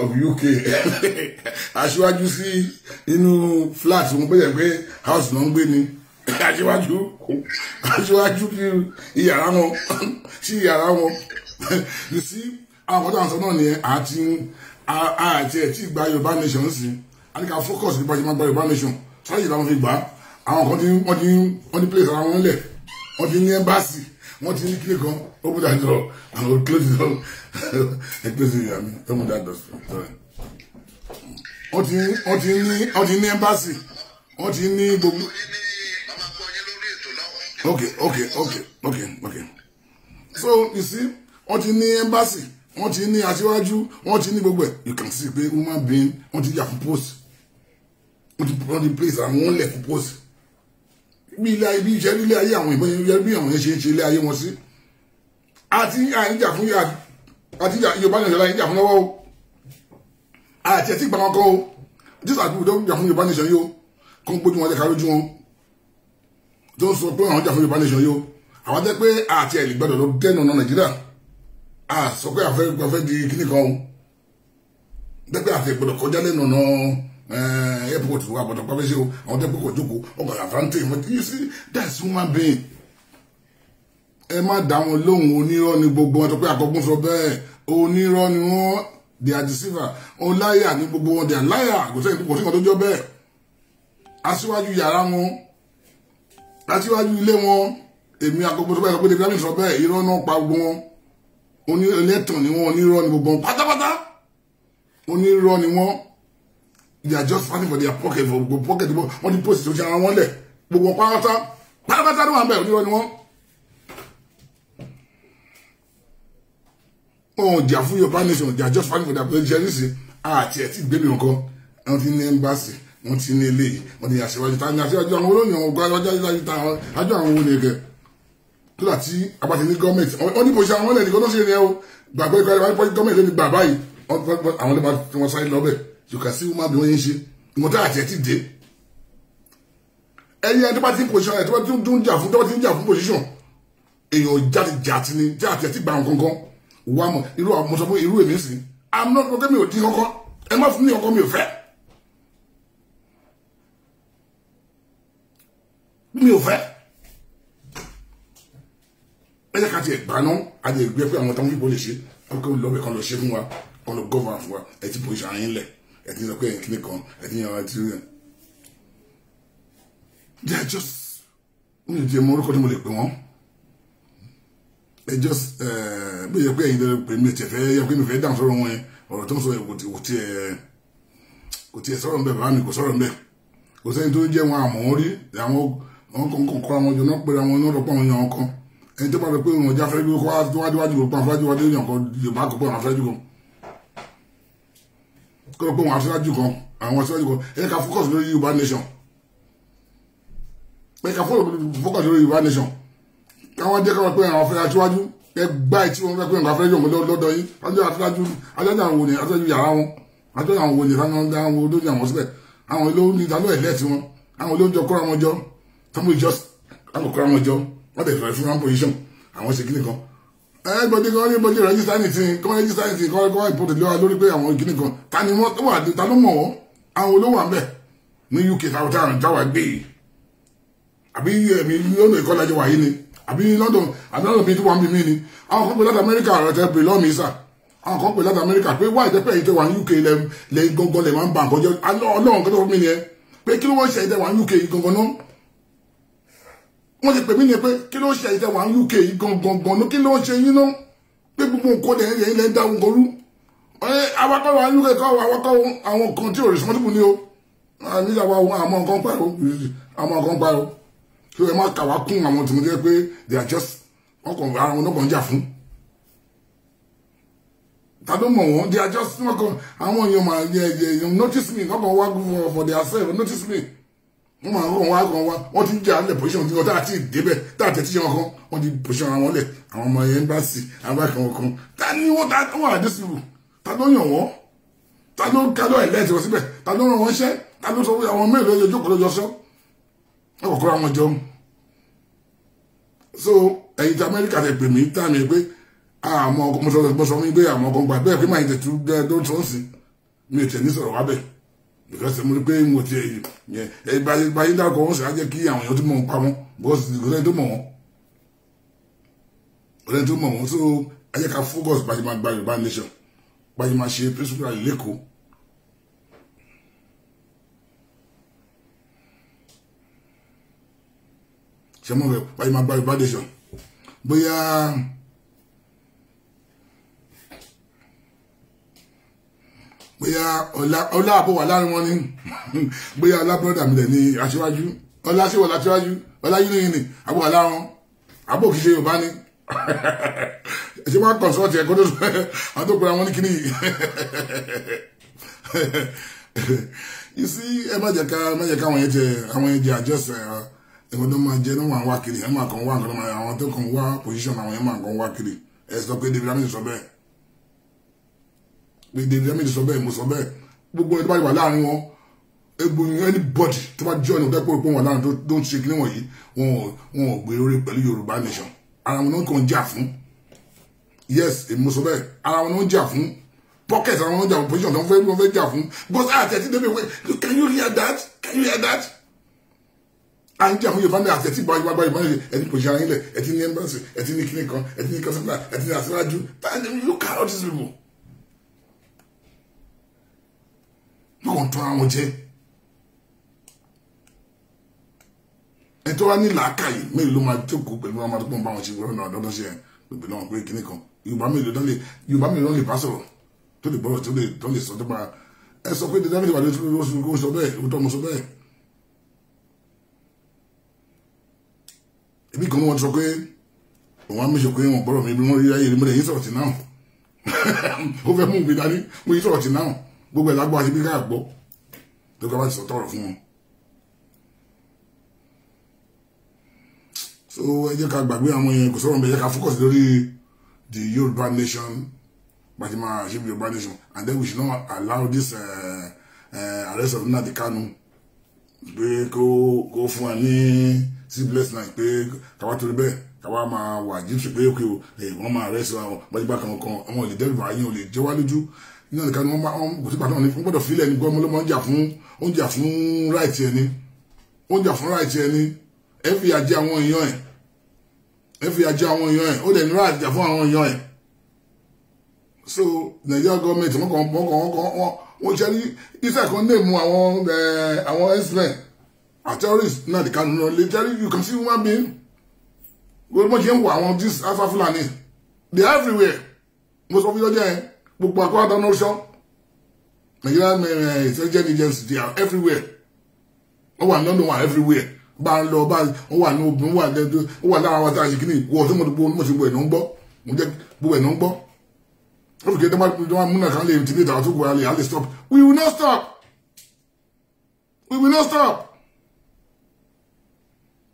of UK aṣíwájú sí inú flat wọn bẹ́ẹ̀ pé house náà ń gbé ni aṣíwájú aṣíwájú kí iyàrá wọn sí iyàrá wọn you see àwọn ọ̀dọ́ àwọn sọ náà nìyẹn àti àti ẹ̀ tí gba Yorùbá nation sí a ní ká focus nípa ṣe máa gba Yorùbá nation sọ́yìn làwọn fi gbà á àwọn kan tí wọ́n ti wọ́n ti place ara wọn lẹ̀ wọ́n ti ní ẹ́mbáàsì wọ́n ti ní kílé kan ó put that door and we close it up ẹ pèsè ìyá mi ó that door sorry. wọ́n ti wọ́n ti ní wọ́n ti ní embassy wọ́n ti ní gbogbo. okay okay okay okay okay so you see wọ́n ti ní embassy wọ́n ti ní aṣíwájú wọ́n ti ní gbogbo ẹ̀ you can see pé woman being wọ́n ti yà fún post wọ́n ti place àwọn wọn lẹ̀ fún post bí ilé ayé bí iṣẹ́ nílé ayé àwọn ìbọn yẹn bí àwọn yẹn ṣe ń ṣe ilé ayé wọn sí àti àyíjà fún yà àti Yorùbá nìṣẹ́ láyé ìjà fún lọ́wọ́ o àti ẹtí gbàgbọ́n kan o jésù àti ìbùdó jà fún Yorùbá nìṣẹ́ yìí o kó ń gbójú wọn jẹ́ ká lójú wọn tó ń sọ pé àwọn jà fún Yorùbá nìṣẹ́ yìí o àwọn jẹ́ pé àti ẹ̀lì gbọ́dọ̀ ló dẹ́nu ọ̀nà Nàìjíríà à sọ pé àfẹ́ gbọ́fẹ́ di kíníkan o jẹ́ pé àti ìgbọ́dọ̀ kọjá lẹ́nu ọ̀nà Eh, airport wa gbọ́dọ̀ pàbẹ ṣe o àwọn tẹpẹ kò jókòó ọkọ àfáǹtẹ ìmọ you see that's human being ẹ má dá wọn lóhùn onírọ́ ni gbogbo wọn tó pé àkọkún sọ bẹ́ẹ̀ onírọ́ ni wọn they are deceiver ọláyà liar gbogbo wọn they are liar Go say kò sẹ́yìn kò sí nǹkan tó jọ bẹ́ẹ̀ aṣíwájú yàrá wọn you ilé wọn èmi àkọkún sọ bẹ́ẹ̀ sọ pé david hamilton sọ bẹ́ẹ̀ irọ́ náà pa gbogbo wọn onírọ́ ẹlẹ́tàn ni wọn onírọ́ ni gbogbo wọn pátápátá onírọ́ ni wọn they are just fighting for their pocket for go pocket wọn wọn ní post ìṣòṣe ara one lẹ gbogbo pátá pátá ló wà ń bẹ onírọ́ ni wọn. oh they are fún Yorùbá nation they are just fighting for their position nísìnyí àti ẹ̀ tí gbẹ̀mí nǹkan wọ́n ti ní ẹ́mbásì wọ́n ti ní eléyìí wọ́n ti ní aṣèwájú ta ní aṣèwájú àwọn olóyìn àwọn ọgbà ajá ìdájú ta àwọn ajọ àwọn owó nìkẹ́ tó dà tí abáṣe ní gọ́ọ̀mẹ̀tì wọ́n ní bòṣe àwọn ẹ̀nìkan tó ṣe ní ẹ o gbàgbé ìkọ́lẹ̀ wáyé pọ́jú gọ́ọ̀mẹ̀tì ló ní gbà báyìí àwọn ọlọ́pàá tí wọ́n sáré lọ́bẹ̀ẹ́ you can see woman bí wọ́n yẹn ṣe ìwọ̀n tá àti ẹ̀ ti dé ẹni ẹni tó bá ti ń position ẹ̀ tó bá ti ń jà fún tó bá ti ń jà fún position èèyàn jáde jàti ni tí àti ẹ̀ ti gba àwọn kankan wà mọ̀ irú àwọn mọ̀sán fún irú èmi sí i'm not okay mi ò dín kankan ẹ má fún mi kankan mi ò fẹ́ mi ò fẹ́ ẹ jẹ́ ká ti ẹ̀ gbaná a lè gbé pé àwọn táwọn yìí bó lè ṣe o kan lọ́wọ́ ẹ̀ kan lọ ṣe fún wa kan lọ gọ́ọ̀mù àfọwà ẹ̀ ti position àyín lẹ̀ ẹ sọ pé kíni kan ẹ ti yan àti rẹ they are just mi ti mọ orúkọ tí mo lè pè wọn ẹ just eh, bí yẹ pé ẹ̀yin lè pè mí tiẹ̀ fẹ́ yẹ pé mi fẹ́ dáhùn sọ̀rọ̀ wọn ọ̀rọ̀ tó ń sọ kò tiẹ̀ kò tiẹ̀ eh, sọ̀rọ̀ nbẹ bàbá mi kò sọ̀rọ̀ nbẹ kò sẹ́ni tó jẹ́ wọn àmọ́ rí àwọn àwọn kankan kọ́ra wọn jọ náà pèrè àwọn náà rọpò àwọn èèyàn kan ẹni tó bá rẹ pé wọn jáfẹ́ bí wọn kọ́ wájú wájú gbogbo àwọn afẹ́jú wájú èèyàn kan Yorùbá kọ́ pọ̀ àwọn afẹ́jú kan kọ́ pé àwọn aṣáájú kan àwọn aṣáájú kan ẹ ká focus lórí Yorùbá nation ẹ ká focus lórí Yorùbá nation káwọn jẹ́ káwọn pé àwọn afẹ́ aṣáájú ẹ gbá ẹ tí wọ́n fẹ́ pé nǹkan afẹ́ yọ̀mọ́ lọ́dọ̀ yín aṣáájú aṣáájú aṣáájú àwọn wòlíì aṣáájú yàrá wọn aṣáájú àwọn wòlíì àwọn olóyìn àwọn sílẹ̀ àwọn olóyìn ìdánwò ẹ̀lẹ́ tí wọn àwọn olóyìn kọ́ra wọn jọ tọ́mú ìjọ kọ́ra wọn jọ wọ́n ẹgbẹ́dé kan ní bọ́jú rẹ́jísítà nìsín kọ́ rẹ́jísítà nìsín kọ́ kọ́ ìpòtò lọ́wọ́ lórí pé àwọn ìkíni kan ta ni wọ́n wà ta ló mọ̀ wọ́n àwọn olówó àbẹ̀ ní UK south town jáwà gbé yìí àbí ẹ̀mí lọ́dọ̀ ìkọ́lá jẹ́ wàyí ni àbí lọ́dọ̀ àbí lọ́dọ̀ mi tó wà ń bí mí ni àwọn kan pè láti Amẹ́ríkà rẹ̀ tẹ́ pè lọ́mí sà àwọn kan pè láti Amẹ́ríkà pé wáyé tẹ́pẹ́ yìí tẹ́ wà ní UK lẹ́ gangan lẹ̀ máa ń ba nǹkan jẹ́ ọlọ́run kẹ́tọ́ fún mi ni ẹ pé kí ló wọ́n ṣe ìdẹ́wà ní UK gangan náà wọ́n ti pè mí ní pé kí ló ṣe àyíká wà ní UK gangan ní kí ló ṣe yín náà pé gbogbo nǹkan lè yẹn lè ń dá wọn rú awakọ̀ wà ní UK kọ́ awakọ̀ àwọn kan tí òrìṣà mọ́tò ní o àmì ìjà wa àmọ́ nǹkan pààrọ̀ àmọ́ nǹkan pààrọ̀ kí ẹ má kàwá kún àwọn tí mo jẹ́ pé they are just ọkàn ara wọn lọ́kàn jà fún ta mọ̀ wọ́n they are just ọkàn àwọn èèyàn mà notice me lọ́kàn wá for their self notice me wọ́n máa ń rọ̀ wọ́n á gan wa wọ́n ti ń jẹ́ àlẹ̀ pòṣíṣàn tí wọ́n àti ìdébẹ̀ tá àtẹ̀ tíṣe wọn wọ́n ti pòṣíṣàn àwọn lẹ̀ àwọn ọmọ ẹ̀ńbáàsì abákan kan ta ni wọ́n ta wọ́n àdé sí ìlú ta ló yàn wọ́n ta ló ta ló ẹ̀lẹ́ẹ̀tì wọ́n síbẹ̀ ta ló ràn wọ́n ṣẹ́ ta ló sọ pé àwọn mẹ́rin lóye jókòó lójọ sọ ẹ̀ because mo rí pé mo ti ẹ báyìí dákọ̀ wọ́n sì á jẹ́ kí àwọn èèyàn tó mọ̀ wọn pamọ́ because kò sẹ́ni tó mọ̀ wọn kò sẹ́ni tó mọ̀ wọn so ẹ jẹ́ ká focus báyìí máa gba Yorùbá nation báyìí máa ṣe principal lẹ́kọ̀ọ́. ṣe mọ̀ báyìí máa gba Yorùbá nation yeah. bóyá ọlá ọlá àbò wà láàrin wọn ni bóyá ọlá bọ́dà mi lẹ̀ ní aṣíwájú ọlá sí wọlá aṣíwájú ọlá yìí nìyí ni àbò wà láàrin àbò kìí ṣe yorùbá ni ṣé wọn consult ẹ kó tó sọ àwọn tó pera wọn ní kíní yìí you see ẹ má jẹ ká má jẹ ká àwọn yẹn jẹ àwọn yẹn jẹ àjọsẹ ẹ̀wọ̀n tó máa jẹ ní wọn wá kiri ẹ máa kàn wá nǹkan àwọn tó kàn wá position àwọn yẹn máa kàn wá kiri ẹ sọ pé david amí sọ bẹ́ẹ̀. David Emi sọ bẹ́ẹ̀ mo sọ bẹ́ẹ̀ gbogbo ẹni tó bá wà láàrin wọn egbò anybody tó bá jẹ́ ọ̀nà ìdẹ́pọ̀ ìpọ̀ wà láàrin tó ń ṣe kí wọ̀nyí wọn ò gbé orí pẹ̀lú Yorùbá nation ara wọn náà kàn jà fún yes èmi mo sọ bẹ́ẹ̀ ara wọn náà jà fún pocket ara wọn náà jà fún position tó ń fẹ́ wọn fẹ́ jà fún because àti ẹtí débi wẹ́ can you hear that can you hear that à ń jà fún Yorùbá náà àti ẹtí báyìí báyìí báyìí ẹtí position ara yín lẹ̀ ẹtí ní embassy ẹtí ní kíní kan ẹtí ní kásánà ẹtí ní àṣírájú look at all these people. má wọn tán àwọn jẹ ẹ tó wá ní làákàyè mélòó ló máa jókòó pẹ̀lú àwọn àdúgbò bá wọn ṣe gbọ́dọ̀ náà dandan ṣe gbègbè náà pé kíní kan yorùbá mélòó ló lè yorùbá mélòó ló lè bá sọ̀rọ̀ tó lè bọrọ tó lè tó lè sọ tó máa ẹ sọ pé dídá mélòó ló sọ bẹ́ẹ̀ ó tọ́ mo sọ bẹ́ẹ̀. ebi kan wọn sọ pé òun á mẹsọ pé wọn gbọ́dọ̀ mi bí wọn rí ayé mi lẹ́yìn sọ̀rọ̀ tì náà ó fẹ́ mú mi dání mo yí sọ̀rọ̀ tì náà gbogbo ẹ̀ lágbára sí pé tó ká bá ti sọ tọrọ fún wọn. so ẹ jẹ́ ká gbàgbé àwọn yẹn kò sọ̀rọ̀ mbẹ́ ẹ jẹ́ ká focus lórí the Yorùbá nation gbajúmọ̀ àṣẹ Yorùbá nation and then we should not allow this eh, eh, arrest of Nnamdi Kanu pé kó kó fún wa ní sleepless night pé káwá torí bẹ́ẹ̀ káwá máa wà jíjù pé kí eh, wọ́n máa arrest wa bájú bá kan kan àwọn olè dẹ́rù bá yín olè jẹ́wá lójú iná nìkan ni wọ́n bá kò sí pàtàkì ní wọ́n gbọ́dọ̀ fílẹ̀ ní gbọ́mọ ló máa ń jà fún oúnjà fún ráìtì ẹni oúnjà fún ráìtì ẹni ẹ fi àjẹ àwọn èèyàn ẹ̀ ẹ fi àjẹ àwọn èèyàn ẹ̀ ó dẹ̀ ní ráìtì jà fún àwọn èèyàn ẹ̀ so Nigeria government wọ́n kàn wọ́n kàn wọ́n kàn wọ́n ṣe ní iṣẹ́ kan lè mú àwọn àwọn x-men àti terrorists náà nìkan nínú lè jẹ́rí you can see human being gbogbo ṣe ń wọ àwọn dis alpha Fulani they are everywhere mo sọ fún yọjọ́ yẹn. Gbogbo Akwata Notion, Nigerian eh, intelligence agency, they are everywhere. Wọ́n wà London wà everywhere. Bá ń lọ bá wọ́n wà ní obìnrin wà lẹ́dọ́ wọ́n wà lára wa tá a ṣe kí ni ìwọ tó mọ̀ gbogbo ṣe gbogbo ẹ̀ ló ń gbọ́. Mo jẹ́ gbogbo ẹ̀ ló ń gbọ́. Ó fi kí ẹ dẹ́gbàá múnà kan lè ti ní ìtàwọn tó gbọ́ alẹ́ stop. We will not stop. We will not stop.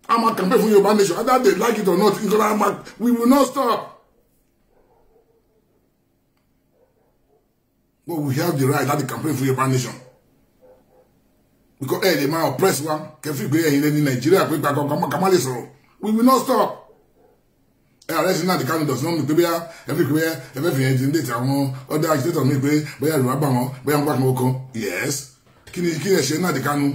I'm a campaign for Yoruba nation. Either they like it or not, we will not stop. But we have the right that láti campaign for Yorùbá nation. Because ẹ lè máa oppress wa kẹfí pé ẹ̀yin lè ní Nàìjíríà pé gbàgbọ́ gbàmọ́ kàmá lè sọ̀rọ̀. We will not stop. Ẹ ààrẹ sí náà ti kánú dọ̀sán mi pé bóyá ẹbí pé ẹbí fi ẹni dé ti àwọn ọ̀dà agitator mi pé bóyá Yorùbá bà wọ́n bóyá ń pàtàkì ọkọ. Yes. Kí ni kí ni ẹ̀ṣẹ̀ náà ti kánú?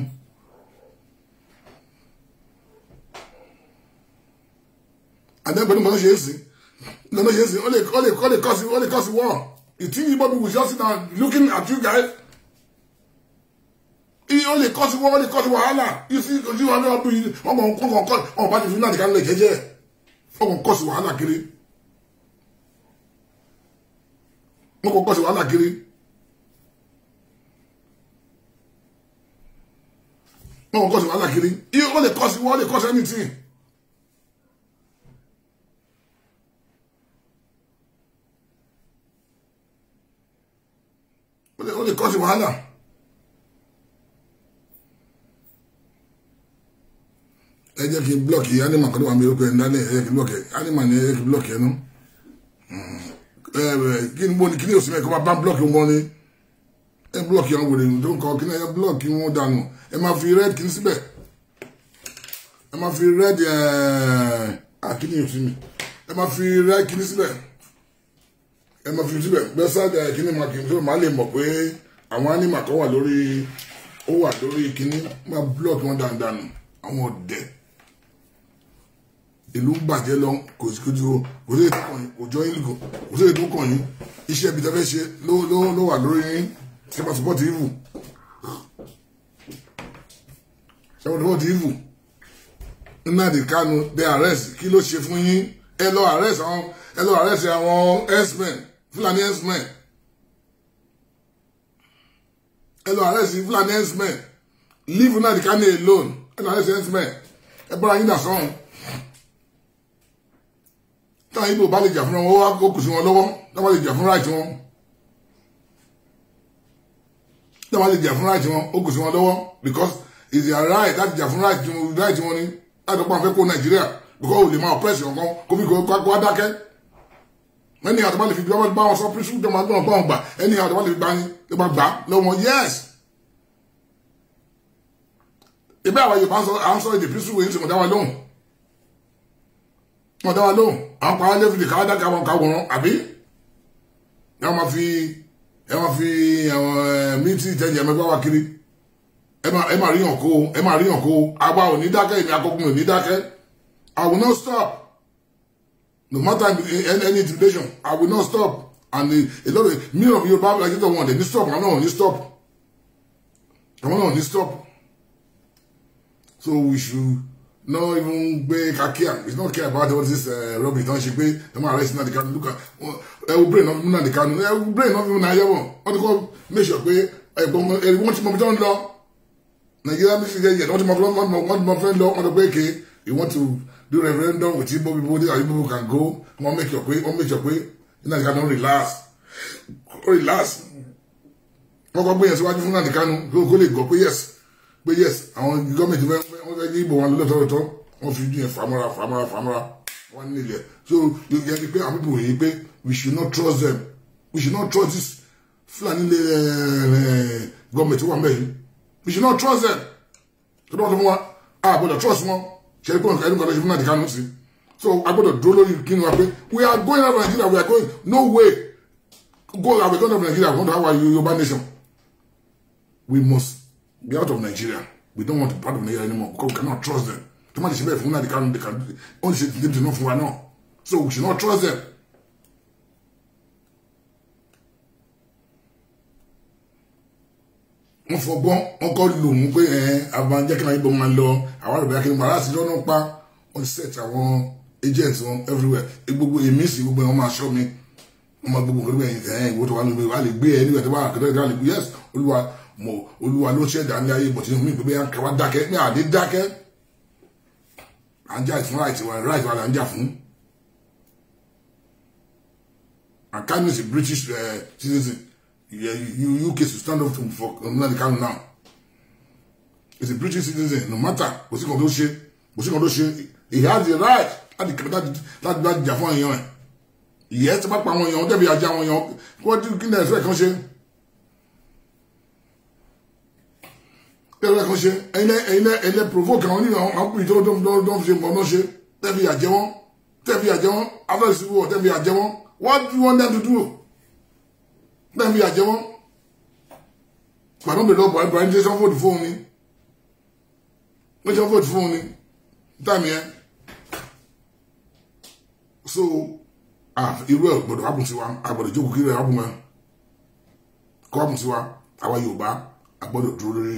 Àdẹ́gbẹ̀rún kan ṣe é sí. Lọ́nà ṣe é sí. Ó lè kọ́ sí wọ́ọ̀. You think Igbo was just now looking at you guys? He only cause you only cause you wahala. You see, because you are not doing ọmọ Oh, but ọmọ bá ti fi náà nìkan lè jẹjẹ. Ọmọ nǹkan sí wàhálà kiri. Mo kò kọ́ sí wàhálà kiri. Mo kò kọ́ sí wàhálà kiri. You only cause you only cause anything. wàhálà ẹ jẹ́ kí blọ́ọ̀kì anima kan wà mí ó pé ẹ̀ ńlá ní ẹ̀ kí blọ́ọ̀kì anima ní ẹ̀ kí blọ́ọ̀kì ẹnu kí ni mo ní kí ni òsì mẹ́kọ́ bá blọ́ọ̀kì wọn ni ẹ blọ́ọ̀kì wọn wèrè tó ń kọ kí ni ẹ blọ́ọ̀kì wọn dànù ẹ fi red kì í síbẹ̀ ẹ fi red àkíní òsì mi ẹ máa fi red kì í síbẹ̀ ẹ máa fi síbẹ̀ àwọn animal kan wà lórí ó wà lórí kínní máa block wọn dandanù àwọn ọ̀dẹ̀ ìlú ń bàjẹ́ lọ kò sí kò dúró kò sí ètò kàn yín kò jọ ìlú kò sí ètò kàn yín iṣẹ́ ibi tẹ́fẹ́ ṣe ló wà lórí yín ṣe máa support evil ṣe máa support evil dé arrest kí ló ṣe fún yín ẹ lọ arrest àwọn ẹ lọ arrest àwọn herdsmen Fúlàní herdsmen. Hello, lọ arrest even an herdsmen leave una the canny alone ẹ lọ arrest herdsmen ẹ bọ́ra yín dà sọ́hun táwọn ibo bá lè jà fúnra wọn ó wá kókò sí wọn lọ́wọ́ táwọn lè right fúnra ti wọn táwọn lè right fúnra Oh, wọn ó kò because wọn lọ́wọ́ because it's their right láti jà fúnra ti wọn ni láti ọgbọ́n fẹ́ kó Nàìjíríà because olè máa oppress Come kó come kó come dákẹ́ ẹni àti one if you bí wọ́n bá wọn sọ pírísù tó máa gbọ́n báwọn gbà ẹni àti wọ́n lè fi gbà yín tó máa gbà lọ́wọ́ yes. ìbẹ́ àwọn Yorùbá à ń sọ èdè pírísù wẹ̀ ń sìn wọ́n dá wa lóhùn wọ́n dá wa lóhùn àwọn pa alẹ́ fìdí káwá dákẹ́ àwọn kàwòrán àbí ẹ máa fi ẹ máa fi míìtì ìtẹ́jẹ́ mẹ́gbẹ́ wa kiri ẹ máa ríyàn kó ẹ máa ríyàn kó àgbà ò ní dákẹ́ ìmì akọkùnrin I will not stop. No matter any, any intimidation, I will not stop. And a, uh, a lot of many of you Bible like you don't want them. You stop. I'm not on you stop. I'm not on you stop. So we should not even be care. We not care about all this uh, rubbish. Don't she pay? The man arresting the can look at. Ẹ wo brain of the can. Ẹ wo brain of the can. What do you call? Make sure pé ẹ̀gbọ́n tí mo fi dán Nigeria, Nàìjíríà mi fi jẹ́ yẹ̀. Wọ́n ti mọ̀ fẹ́ lọ. Wọ́n ti mọ̀ You want to do referendum with Igbo people. These are Igbo people can go. One make your way. One make your way. You Nnamdi Kanu relax. Relax. Wọ́n kọ́ pé yẹn síwájú fún Nnamdi Kanu kó lè gbọ́ pé yes pé yes àwọn gọ́ọ̀mẹ̀ntì wọ́n fẹ́ yí Igbo wọn lọ́tọ̀ lọ́tọ̀ wọ́n fi yẹn fàmọ́ra fàmọ́ra fàmọ́ra wọ́n nílẹ̀. So yẹ kí pé àwọn people yìí pé we should not trust them we should not trust this Fulani eh, eh, gọ́ọ̀mẹ̀ntì wọn bẹ́ẹ̀ yìí we should not trust them. Tó bá tó mú wa, a gbọ́dọ̀ trust wọn ṣe pé ẹnu kan ṣe fún nàìjíríà nù sí so a gbọ́dọ̀ dúró lórí kíni wa pé we are going out of Nigeria we are going no way go out of Nigeria we want to have our Yoruba nation we must be out of Nigeria we don't want to be part of Nigeria anymore because we cannot trust them tó má ti ṣe bẹ́ẹ̀ fún nàìjíríà nù they can only ṣe the same thing fún wa náà so we should not trust them. wọ́n fọgbọ́n wọ́n kọ́ lò mú pé ẹ̀ abanjẹ́kẹ́lá yìí bọ́ máa lọ àwọn àrùbá kí ni màá sì lọ́nà pa wọ́n set àwọn agents wọn everywhere gbogbo èmi sì gbogbo wọn máa ṣọ́ mi wọ́n máa gbogbo gbogbo ẹ̀yìn ẹ̀yìn ìwọ́n tó wà lóbi wà lè gbé ẹni ìwẹ̀ tó wà kẹ́tẹ́ tó wà lè gbé yes olúwa mọ̀ olúwa ló ṣẹ̀dá ní ayé bọ̀tí mi pé bẹ́ẹ̀ kẹwàá dákẹ́ ní àdé dákẹ́ à ń jà fún right wa right wa là ń jà fún and kindness british uh, citizen You, you UK should stand up for Nnamdi um, Kanu now. He's a British citizen. No matter, kò sí kan tó ṣe, kò sí kan tó ṣe. He has the right láti that that that jà fún èèyàn ẹ̀. Ìyẹn ti bá pa àwọn èèyàn débi ajá àwọn èèyàn. Wọ́n ti kí ni ẹ̀sùn that ṣe? that ẹ̀kan ṣe? Ẹ̀yin ẹ̀yin ẹ̀yin provoke àwọn onílù àwọn àpò ìjọba tó ń dán ṣe nǹkan náà ṣe. Tẹ́bi àjẹwọ́n. Tẹ́bi àjẹwọ́n. Afẹ́ ìsìnkú wọ̀ tẹ́bi àjẹwọ́n. What do you want them to do? náà fi àjẹwọ́ gbàdán bèèrè lọ́wọ́ Buhari ní sọ́fọ́ọ̀dù fóun ni wọ́n jẹ́ fọ́ọ̀dù fóun ni dàmí ẹ́ so it. ẹ̀ gbọ́dọ̀ wá bùn sí wa àgbọ́dọ̀ to kí rẹ̀ wá bùn wa kọ́ bùn sí wa àwa Yorùbá àgbọ́dọ̀ dúró lórí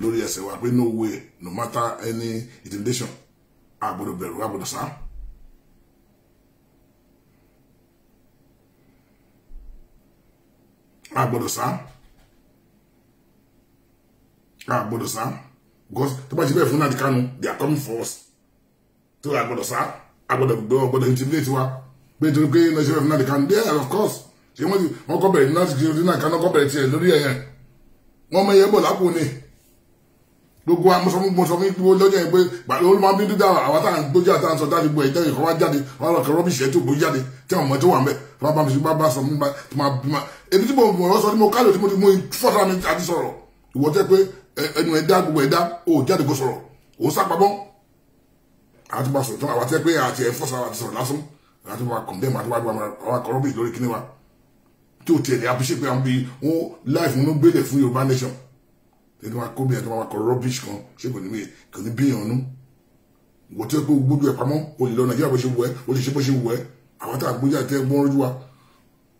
lórí ẹsẹ̀ wa pé no way no matter any intimidation àgbọ́dọ̀ bẹ̀rù àgbọ́dọ̀ sáà. a gbọ́dọ̀ sá a gbọ́dọ̀ sá because tó bá ti bẹ́ẹ̀ fún Nnamdi Kanu they are coming for us tó a gbọ́dọ̀ sá a gbọ́dọ̀ gbọ́ a gbọ́dọ̀ intimidate wa pé nítorí pé lọ́sẹ̀ bẹ́ẹ̀ fún Nnamdi Kanu there of course ṣé wọ́n kọ́ bẹ̀rẹ̀ Nnamdi Kanu kọ́ bẹ̀rẹ̀ tiẹ̀ lórí ẹ̀yẹn wọ́n mọ iye bọ̀ lápò ni gbogbo wa mo sọ fún gbogbo lọ́jọ́ yẹn pé olú máa ń bínú dára àwọn táwọn gbójú àti àwọn sọdá gbogbo ìtẹ́yìn kan wá jáde wọn lọ kẹ rọ́bìṣì ẹ̀ tó gbójú jáde tí àwọn ọmọ tó wà ń bẹ̀ tó bá mi sọ bá sọ nípa tó máa bímọ ebi tí mo mọ̀ sọ ni mo kálò tí mo ti mú fọ́tà mi àti sọ̀rọ̀ ìwọ tẹ́ pé ẹnu ẹ̀dá gbogbo ẹ̀dá ò jáde kó sọ̀rọ̀ ò sápamọ́ àti bá sọ̀rọ̀ tó àwọn tẹ́ pé àti ẹ̀ fọ́sà àti sọ̀rọ̀ lásán àti wà kọ̀ndẹ́mù àti wà kọ̀rọ̀bì lórí kíní wa tí ò tiẹ̀ ní apíṣe pé àwọn bíi wọn láìfún un gbélé fún Yorùbá nation ẹni wàá kó mi ẹni wàá kọ rubbish kan ṣé kò ní mi kò ní bí ìyànnú wọ́n tẹ́ pé gbójú ẹ̀ pamọ́ o lè lọ nàìjíríà bó ṣe wù ẹ́ o lè ṣe bó ṣe wù ẹ́ àwọn tá a gbójú àti ẹgbọ́n ojú wa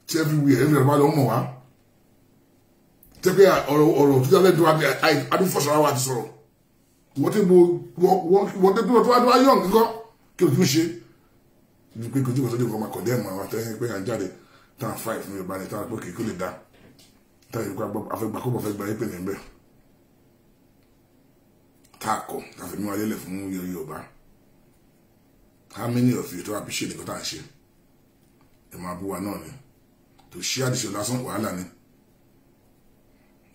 tí everywhere everywhere bá lọ mọ̀ wá tẹ́ pé ọ̀rọ̀ ọ̀rọ̀ tó dábẹ́ dùn adúfọ̀sọ̀rọ̀ wa ti sọ̀rọ̀ wọ́n tẹ́ bó wọ́n tẹ́ tó wá yọ̀ nǹkan kí o tún ṣe ju pé kojú kọ̀sọ́jú kan máa kọ̀ dẹ́ẹ̀mọ̀ àwọn àtẹ́yìn pé à ń jáde tán five ní ìbáni tán pé kì í kó lè dá tán ìgbà afẹ́gbà kó bọ̀ fẹ́ gbà yín pè ní bẹ́ẹ̀ tá a kọ tá a fi mú wa lélẹ̀ how many of you to appreciate nǹkan tá à ń ṣe ẹ máa bú wa náà ni tó ṣí àdìsọ lásán wàhálà ni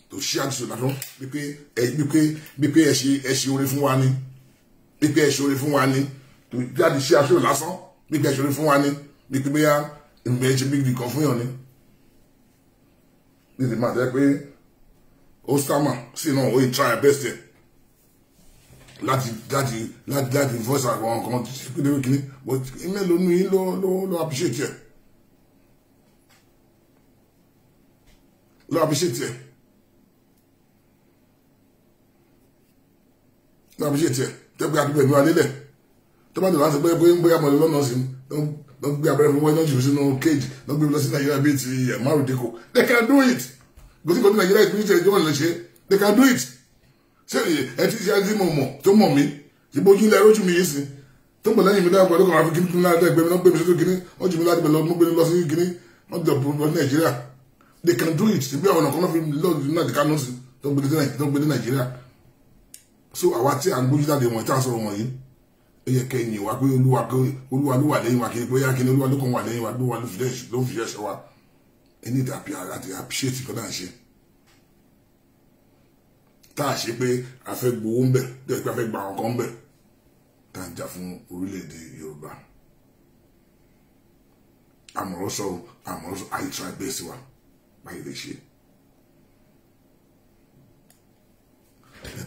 tó ṣí àdìsọ lásán wípé ẹ wípé wípé ẹ ṣe ẹ ṣe oore fún wa ni wípé ẹ ṣe oore fún wa ni tó jáde ṣí àdìsọ lásán wípé ẹ ṣe oore fún wa ni wípé bóyá ìgbẹ́ ẹ ṣe bí nǹkan ni ní ti máa jẹ́ pé ó sámà sí náà try best ẹ̀ láti láti láti láti voice àwọn kan ti ṣe pé lórí kìíní but mélòó nu yín ló ló ló appreciate ẹ̀ ló appreciate ẹ̀ ló appreciate ẹ̀ tẹ́gbẹ́ àdúgbò ìlú alẹ́lẹ̀ tó bá dùn láti pé bóyá mọ̀ lọ́nà sí lọ gbé abẹ́rẹ́ fún wẹ́nà jù sínú cage lọ gbé lọ sí nàìjíríà bíi ti márùndínkù they can do it gbèsè gbèsè nàìjíríà ìpínlẹ̀ ìjọba lè ṣe they can do it ṣé ẹ ti ṣe ẹtí mo mọ̀ tó mọ̀ mí ìbójú ilẹ̀ rójú mi yìí sí tó ń bọ̀ lẹ́yìn mi dáhùn pẹ̀lú kan àfi kíní láti ẹgbẹ́ mi náà gbé mi sókè kíní wọ́n jù mí láti bẹ̀rẹ̀ lọ́dún gbé mi lọ sí kíní wọ́n ti dọ̀bù lọ sí nàìjíríà they can do it ṣùgbọ́n àwọn ọ̀nà kan náà fi lọ́ọ̀dù náà ti kánú sí tó ń gbé dé nàìjíríà so àwa tí à ń gbójú jáde wọ̀nyí tá a sọ̀rọ̀ wọ̀nyí ó yẹ kẹyìn wa pé olúwa pé olúwa ló wà lẹ́yìn wa kiri pé yákin olúwa ló kàn wà lẹ́yìn wa ló wà ló fi ẹ̀ṣẹ̀ wa ẹni ìdàpẹ́ àti àpíṣẹ́tì kan náà ṣe tá a ṣe pé a fẹ́ gbowó ń bẹ̀ tó yẹ pé a fẹ́ gba ọkàn ń bẹ̀ tá a jà fún orílẹ̀-èdè Yorùbá àmọ̀rọ́sọ àmọ̀rọ́sọ àìtura gbèsè wa báyìí lè ṣe.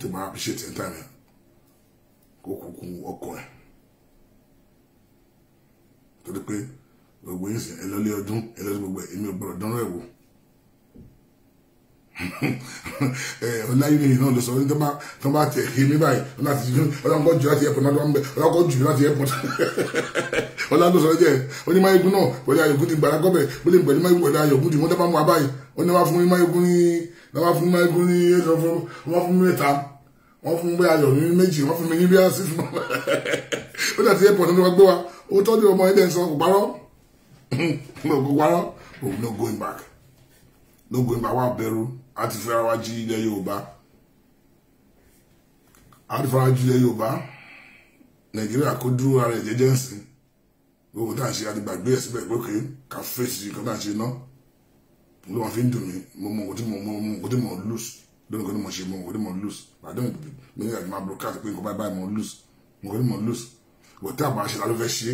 ẹ máa appreciate ẹ̀ ń tàn yẹn kó kúkú ọkọ ẹ̀ torí pé gbogbo yín sìn ẹ lọ́lé ọdún ẹ lọ́sí gbogbo ẹ̀ èmi ò gbọ́dọ̀ dánwó ẹ̀ wò ọláyílẹ̀ eh, yìí lọ sọ tó bá tẹ̀ kí mi báyìí láti jù ọlọ́nkọ́ jù láti ẹ̀pọ̀ náà bẹ̀ ọlọ́nkọ́ jù láti ẹ̀pọ̀ ọlọ́nkọ́ sọ jẹ́ onímáyégún náà pẹ̀lú ayọ̀gún ti gbàrà gọ́bẹ̀ pẹ̀lú pẹ̀lú pẹ̀lú ayọ̀gún ti wọ́n tẹ́ bá mú wọ́n náà fún imáyégún ní ní ẹ̀sọ́ fún fún mẹ́ta wọ́n fún bẹ́ẹ̀ ayọ̀ ní méjì wọ́n fún mi ní bí a sì fún wọn ó dàtí ẹ̀pọ̀ nínú ọgbẹ́ wa ó tọ́jú ọmọ ẹ̀dẹ̀ sọ kò parọ́ kò parọ́ no going back no going back wà bẹ̀rù a ti fẹ́ra wa jí ilẹ̀ Yorùbá a ti fẹ́ra jí ilẹ̀ Yorùbá Nàìjíríà kó dúró ara ẹ̀ jẹ́jẹ́ ń sìn gbogbo tá à ń ṣe àti gbàgbé ẹ̀ síbẹ̀ pé kìí ká fèsì nǹkan tá à ń ṣe náà ló wà fi ń dùn mí mo mọ nǹkan tí mo mọ nǹkan tí mo lose lónìí nǹkan tí mo ṣe mo nǹkan tí mo lose àdéhùn mi nígbà tí máa broadcast pé nǹkan báyìí báyìí mo lose nǹkan tí mo lose wọ́n tí àbá ṣe ta ló fẹ́ ṣe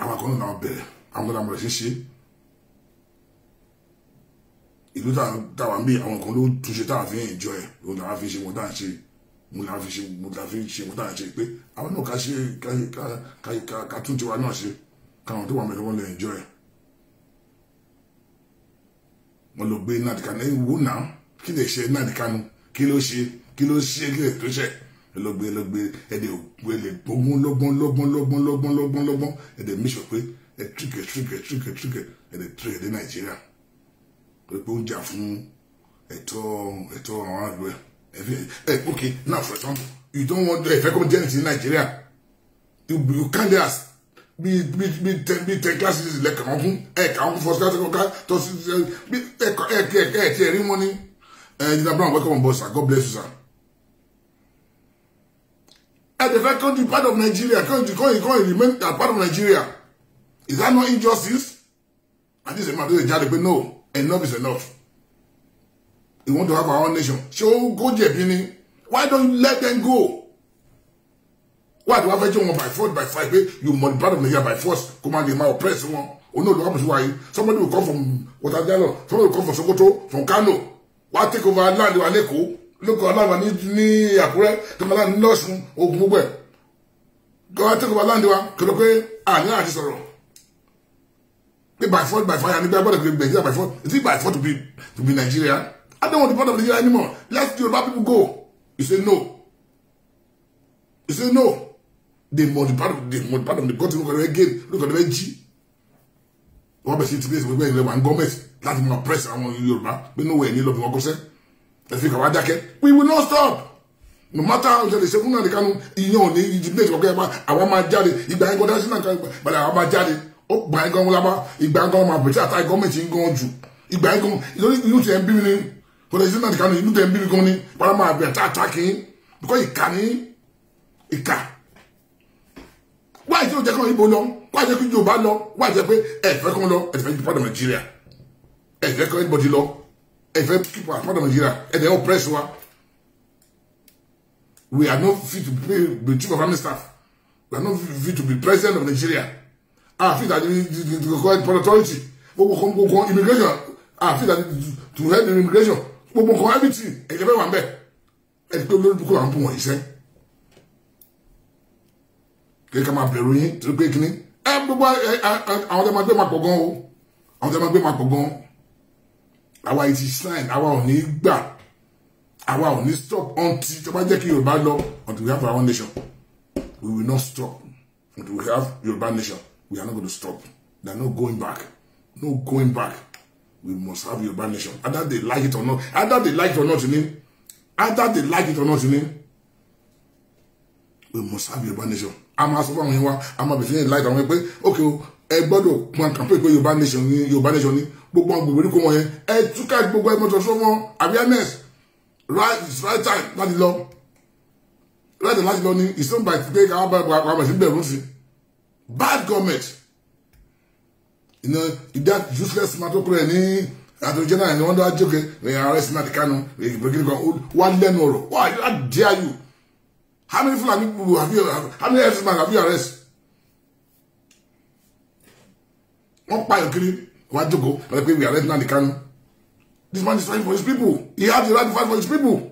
àwọn akọ́nà náà bẹ̀rẹ̀ àwọn akọ́nà àmọ̀ràn ṣe ṣe ìlú táwa ń bí àwọn kan ló túnṣe táwa fi ń ìjọ ẹ̀ lóun táwa fi ṣe wọn táà ń ṣe mo la fi ṣe mo la fi ṣe wọn táà ń ṣe pé àwọn náà ká ṣe ká tún tiwa náà ṣe káwọn tó wà mẹ́rin wọn lè ìjọ ẹ̀ wọn lọ gbé náà dìkan ẹ wò náà kí lè ṣe náà dìkan nu kí ló ṣe kí ló ṣe kí lè tó ṣe ẹ lọ gbé ẹ lọ gbé ẹ lè gbé lè gbógun lọ́gbọ́n lọ́gbọ́n lọ́gbọ́n lọ́gbọ́n lọ́gbọ́n lọ́gbọ́n ẹ lè mí sọ pé ẹ tírìkẹ tírìkẹ tírìkẹ tírìkẹ ẹ lè tírìkẹ nàìjíríà pé ó ń jà fún ẹ̀tọ́ ẹ̀tọ́ àwọn àgbẹ̀ ẹ̀ okay now for example you don't want ẹ̀fẹ́ kọ́ jẹ́ ní Nàìjíríà you can dey as bí bí bí ten bí ten classes lẹ kàn án fún ẹ kàn án fún first class kọ́ká tó sí bí ẹ ẹ ẹ ẹ tiẹ̀ rí wọn ní ẹ brown welcome on board sir God bless you sir. ẹ dey fẹ́ kọ́ part of Nigeria kọ́ di kọ́ di kọ́ remain part of Nigeria is that not injustice? àti ìsèmí àti ìsèmí jáde pé no enough is enough. We want to have our own nation. Show go Jebini. Why don't you let them go? Why do I have you by force, by five? You must part of Nigeria by force. Command them out, oppress one. Oh no, look how much Somebody will come from what Watajalo. Somebody will come from Sokoto, from Kano. Why take over land? You are Leko. Look, Allah, I need me. Akure. The man lost. Oh, go away. Go and take over land. You are. Kò ló pé àní àti sọ̀rọ̀. Hey, by force, by fire, and if I bother to be by force, is it by force to be to be Nigeria? I don't want to be part of Nigeria anymore. Let the Yoruba people go. You say no. You say no. They must be part of they must be part of the country. Look at the again. Look at them G. Wọ́n bẹ̀ sí ti gbèsè gbẹ̀gbẹ̀ ìlẹ̀wà gọ́ọ̀mẹ̀t láti máa press àwọn Yorùbá pé no way ní lọ́bì wọn kọ́sẹ́. Ẹ fi kàwá We will not stop. No matter how they say, ṣe lè ṣe fún Nàìjíríà nù, ìyẹn ò ní ìdílé ìṣọ̀kẹ́ àwọn máa jáde. Ìgbà yẹn kọjá sí Nàìjíríà, I want my daddy ó gbà ẹ́ gan lábá ìgbà gan máa bẹ̀tẹ̀ àtàrí gọ́ọ̀mẹ̀ntì ń gan jù ìgbà ẹ́ gan ìdórí inú tiẹ̀ ń bí mi ni kòtẹ́sí náà nìkan inú tiẹ̀ ń bí mi gan ni bàbá máa bẹ̀ àtà àtàkì bíkọ́ ìkà ní ìkà wáyé tí ó jẹ́ kán ibo lọ wáyé jẹ́ kí Yorùbá lọ wáyé jẹ́ pé ẹ̀fẹ́ kan lọ ẹ̀fẹ́ kí pàdé Nàìjíríà ẹ̀fẹ́ kan ibodì lọ ẹ̀fẹ́ kí pàdé Nàìjíríà ẹ̀dẹ̀ ọ̀pẹ́sì wa we are not fit to be the chief of army staff we are not fit to be president of Nigeria. Ah. àfi ìdájọ́ productivity gbogbo kan gbogbo kan immigration àfi ìdájọ́ to help immigration gbogbo kan everything ẹ̀jẹ̀ bẹ́ẹ̀ wà ń bẹ̀ ẹ̀jẹ̀ pé olórí bukú à ń bù wọ̀nyí sẹ́ kí ká máa bẹ̀rù yín torí pé kíní ẹ gbogbo àwọn ọdẹ máa gbé máa pọ̀ gan o àwọn ọdẹ máa gbé máa pọ̀ gan àwa ìtì sign àwa ò ní gbà àwa ò ní stop until tó bá jẹ́ kí Yorùbá lọ until we have our own nation we will not stop until we have Yorùbá nation. We are not going to stop. They are not going back. No going back. We must have your Yoruba nation. Either they like it or not. Either they like it or not, you mean? Either they like it or not, you mean? We must have your Yoruba nation. A máa sọ fún àwọn wa, a máa bẹ̀rẹ̀ sí ní láìka àwọn pé, ok o, ẹ your pọn nation. Your Yoruba nation ni Yoruba nation ni gbogbo àwọn gbogbo oríkó wọn yẹn, ẹ túká gbogbo ẹ mọ̀tọ̀ sọ́wọ́n awareness right is right time láti lọ. Right time láti lọ ni ìsọ́nba ìpínlẹ̀ káwọn bá ẹ̀kọ́ àwọn ẹ̀sìn bẹ̀rù sí i bad government you know that useless matokure ní àtúntò general ni wonder dá jókè ní arrest náà ti kánú ìgbẹ́gìrì go? One then ọ̀rọ̀ Why? á dare you how many people have you how many man have you arrest wọn pààyàn kiri wọn jókòó But lè pe we arrest náà the kánú this man is fighting for his people he has the right to fight for his people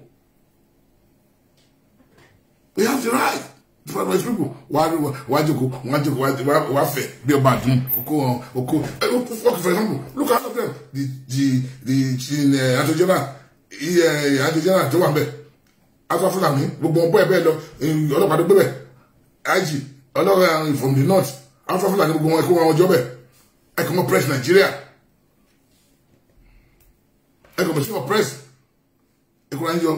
We have the right private people wàá rí wàá jókòó wàá jókòó wàá fẹ bí ọba àdún okó Oko okó work for example look at them the the the uh, atọjọba uh, atọjọba tó wà ń bẹ afọ fúlàní gbogbo ọgbọ ẹ bẹ́ẹ̀ lọ um, ọlọ́pàá tó gbé bẹ ig ọlọ́pàá um, from the north afọ fúlàní gbogbo wọn ẹkọ wọn ọjọ bẹ ẹkọ wọn press Nigeria ẹkọ bẹ sí wọn press ẹkọ wọn yọ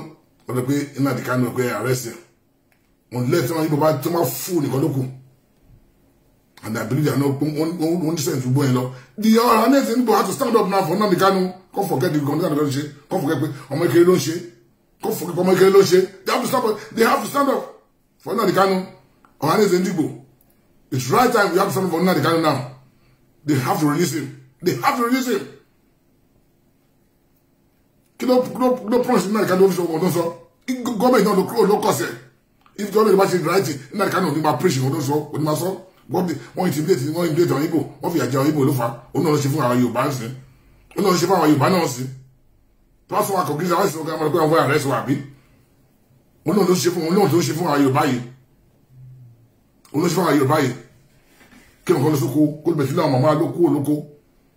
ọlọ́pàá iná àdìkánú ẹkọ ẹ arrest yẹn unless wọn yíbo bá tí wọn fún nìkan and i believe they are not one sense gbogbo yẹn lọ the honest thing people have to stand up now for The Kanu come forget the condition of the ṣe come forget pé ọmọ ìkéré ló ń come forget ọmọ ìkéré ló ń they have to stand up they have to stand up for Nnamdi Kanu honest thing digbo it's right time we have to stand up for Nnamdi Kanu now they have to release him they have to release him kí ló kí ló kí ló promise Nnamdi Kanu ló fi ṣe ọmọ tó ń sọ gọ́ọ̀mẹ̀ntì náà ló kọ́ sẹ́ẹ̀ if you bá ṣe writing, nígbà that kind of thing, òní sọ òní máa sọ wọ́n intimidate What the one Igbo one fi àjẹ àwọn Igbo ló fa òní lọ́ọ́ ṣe fún àwọn Yorùbá sí òní lọ́ọ́ ṣe fún àwọn Yorùbá náà sí tó bá sọ wọn àkọ́kí sáwọn ìṣòro kan máa pé àwọn fẹ́ àrẹ́sọ àbí òní lọ́ọ́ ṣe fún òní lọ́ọ́ ṣe fún àwọn Yorùbá yìí òní lọ́ọ́ ṣe fún àwọn Yorùbá yìí kí wọn kọ́ lọ sóko kó lè bẹ̀sílẹ̀ àwọn màmá lóko olóko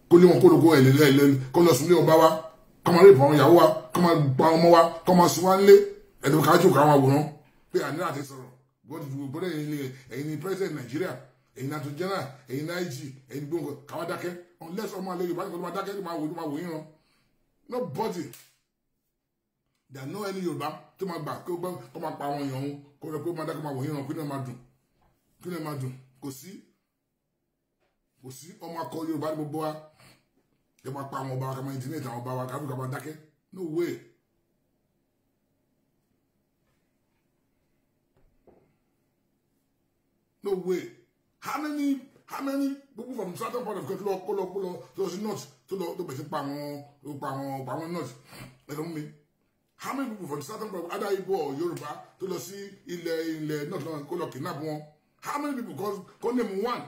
kó lé wọn kó lóko ẹ̀lẹ́lẹ́ ẹ̀lẹ́ kó lọ sùn lé ọba wa kó máa rí ìbọn ìyàwó wa kó máa gba ọmọ wa kó máa sùn wá nílé ẹ̀dùn káwọn àwòrán pé àní láti sọ̀rọ̀ gbọ́dọ̀ gbogbo bọ́dọ̀ ẹ̀yin ni ẹ̀yin ni president Nigeria ẹ̀yin náà tó jẹ́ náà ẹ̀yin náà ig ẹ̀yin gbogbo káwá dákẹ́ unless ọmọ alẹ́ Yorùbá nìkan tó máa dákẹ́ tó máa wò ó máa wò yín rán nobody there are no any Yorùbá tó máa gbà kó gbọ́ kó máa pa àwọn èèyàn òun kó rẹ pé ó máa dákẹ́ máa wò yín rán kí ni máa dùn kí ni máa dùn kò sí kò sí ọmọ akọ Yorùbá ní gbogbo wa ẹ máa pa àwọn ọba wa ká máa ìdílé ìtàn ọba wa ká máa dákẹ́ no way. No way. How many how many people from certain part of country lọ kó those kó lọ tó lọ sí north tó lọ tó bẹ̀sẹ̀ pa wọn tó pa wọn how many people from certain part of either Igbo or Yoruba, to lọ sí ilẹ̀ ilẹ̀ north lọ kó lọ kidnap how many people cause call name one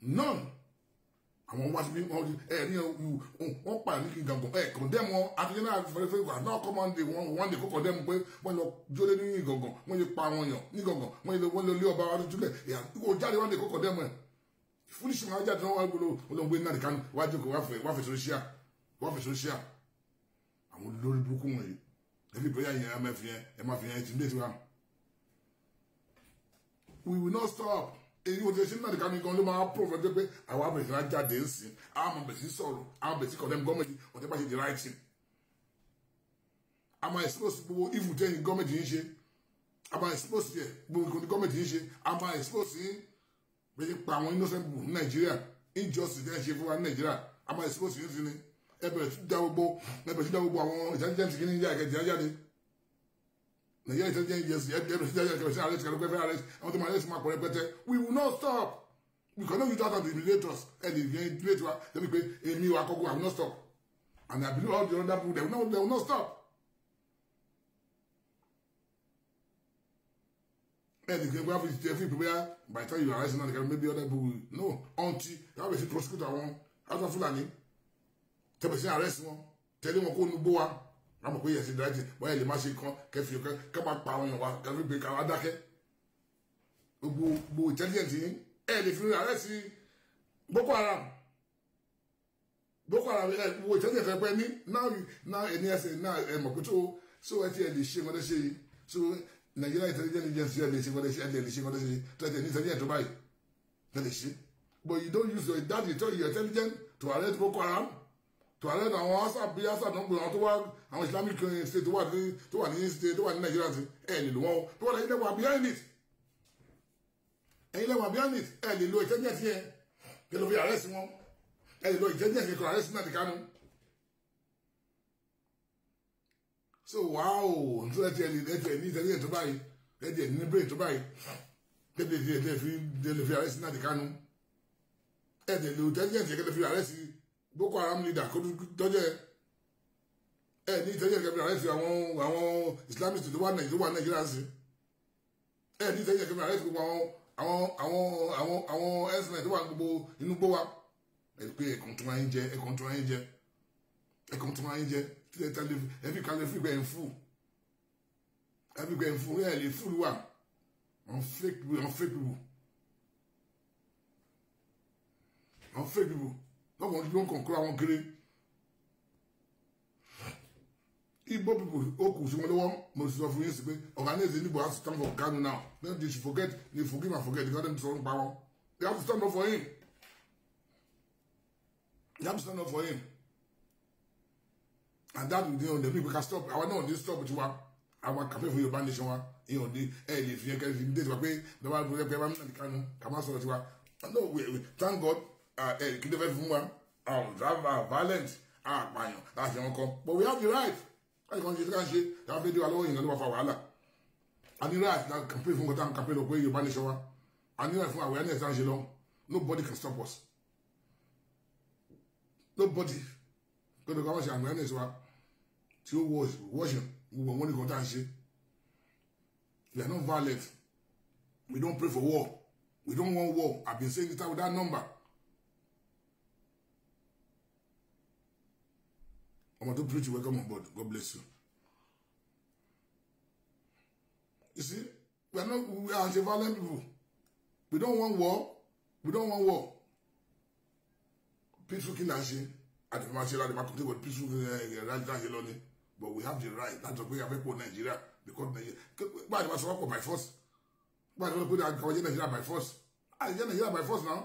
none àwọn wá sí bí wọn ẹ̀rí wọn pa ní kí gangan ẹ̀ kàn dẹ́mọ akíndé náà fẹ́rẹ́fẹ́ wà náà kọ́ máa wọn wọn lè kọ́kọ́ dẹ́mu pé wọ́n lọ jólé ní gangan wọ́n lè pa wọn yàn ní gangan wọ́n lè wọ́n lè lé ọba wa lójúlẹ̀ ìyá ìwọ jáde wọn lè kọ́kọ́ dẹ́mu ẹ̀ fúnisì máa jáde wọn wá gbolo olóńgbé náà nìkan wá jókòó wá fẹ́ wá fẹ́ sọ́ṣíà wá fẹ́ sọ́ṣíà àwọn lórí burúkú wọn yìí ẹbí we will not stop èyí wo ti ṣe náà nìkan nìkan ló máa pọ̀ fẹ́ pé àwọn abẹ̀sí náà jáde ń sìn àwọn abẹ̀sí sọ̀rọ̀ àwọn abẹ̀sí condemn gọ́ọ̀mẹ̀ntì ọ̀tẹ́ bá ṣe the right thing. a máa expose gbogbo evil tẹ́yìn gọ́ọ̀mẹ̀ntì ń ṣe a máa expose yẹ gbogbo nǹkan gọ́ọ̀mẹ̀ntì ń ṣe a máa expose yín bẹ́ẹ̀ ṣe pa àwọn innocent people ní nàìjíríà injustice tẹ́ ń ṣe fún wa ní nàìjíríà a máa expose yín sí ni ẹ bẹ̀rẹ̀ sí dá gbogbo àwọn ìṣàjẹ́jẹ́ we will not stop we cannot use that as imitators ẹni ìyẹn ìdílé tiwa débi pé èmi wa i will not stop and i believe all the other people they will not, they will not stop. ẹni kí n gbá fi by the time you arrest náà maybe other people will know until yàrá bẹ̀ sí prosecutor wọn out of him? tẹ̀bẹ̀ sí arrest him. tẹ̀lé wọn kó nu gbó wa àmọ́ pé yẹn ti dájú bóyá lè má ṣe kán kẹfì kan ká má pa àwọn wa kẹfì gbé káwá dákẹ́ gbogbo gbogbo intelligence yín ẹ lè fi ààrẹ sí Boko Haram Boko Haram ẹ gbogbo intelligence ẹ pẹ ní now now ẹni ẹsẹ náà ẹ mọ̀ pé tó so ẹ ti ẹ lè ṣe wọn lè ṣe so Nigeria intelligence agency ẹ lè ṣe wọn lè ṣe ẹ lè ṣe wọn lè ṣe tó ẹ tẹ ní intelligence tó báyìí ẹ lè but you don't use your to your intelligence to arrest Boko Haram toilet àwọn asap bí asap náà ń pè àwọn tó wá àwọn islamic eh, state tó wà ní tó wà ní state tó wà ní nàìjíríà ti ẹ lè lò wọn o tó wà lẹ́yìn lẹwà behind it ẹ̀yin behind it ẹ lè lo intelligence yẹn kí ló fi arrest wọn ẹ lè lo intelligence yẹn kí ló náà ti kánú. so wow nítorí ẹtì ẹni ẹtì ẹni intelligence tó báyìí ẹtì ẹni ní brain tó báyìí kí ló fi arrest náà ti kánú ẹ lè lo intelligence yẹn kí ló fi arrest yìí. Boko Haram leader kó tọ́jọ́ ẹ ẹ ní ìtẹ́jọ́ ìkẹ́bí àrẹ́sì àwọn àwọn Islamist tó wà Nàìjíríà sí ẹ ní ìtẹ́jọ́ ìkẹ́bí àrẹ́sì gbogbo àwọn àwọn àwọn àwọn àwọn ẹ̀sìn tó wà gbogbo inú gbó wa ẹ pé ẹ̀kan tó máa ń jẹ ẹ̀kan tó máa ń jẹ ẹ̀kan tó máa ń jẹ ẹ̀fí kalẹ̀ fún ìgbẹ́ ẹ̀ ń fún ẹ̀fí ìgbẹ́ ẹ̀ ń fún ẹ̀ lè fún wa on fake people on fake people on fake people wọn ló ń kọ̀ǹkọ́ àwọn kiri Igbo people ó kù sí wọn lọ́wọ́ mo sọ fún yín sí to stand for Kanu now then they should forget they forgive and forget because dem sọ nípa wọn they have to stand up for him they have to stand up for him and that will dey on them we can stop our náà dey stop tiwa our campaign for Yorùbá nation wa ìyàn ní ẹ lè fi ẹkẹ fi dé tiwa pé bẹ́ẹ̀ bá bẹ́ẹ̀ bá ń nà Come Kanu so that you tiwa no we we thank God Ah, eh, kí fẹ́ fún wa ọ̀dàbà ah, violence ah, àpàyàn láti ẹ̀wọ̀n kan but we have the right láti kan ṣe ká ṣe tí fẹ́ dé lọ́wọ́ yìnyín ló fa wàhálà a ní right láti campaign fún kọ́tà campaign lọ pé Yorùbá ní ṣọwa a ní right fún awareness tá ṣe lọ nobody can stop us nobody kí ló kọ́ wọ́n ṣe awareness wa tí ó wọ́ṣẹ̀ gbogbo wọn ní kan ṣe we are not violent we don't pray for war we don't want war I've been saying it out with that number. Omatu Preach, welcome on board. God bless you. You see, we are not we are anti-violent people. We don't want war. We don't want war. Peaceful kinashi, and the material the country with peaceful uh, uh, right But we have the right. That's why we have people Nigeria because Nigeria. Why do was up my force? Why don't we put Nigeria by force? I Nigeria by force now.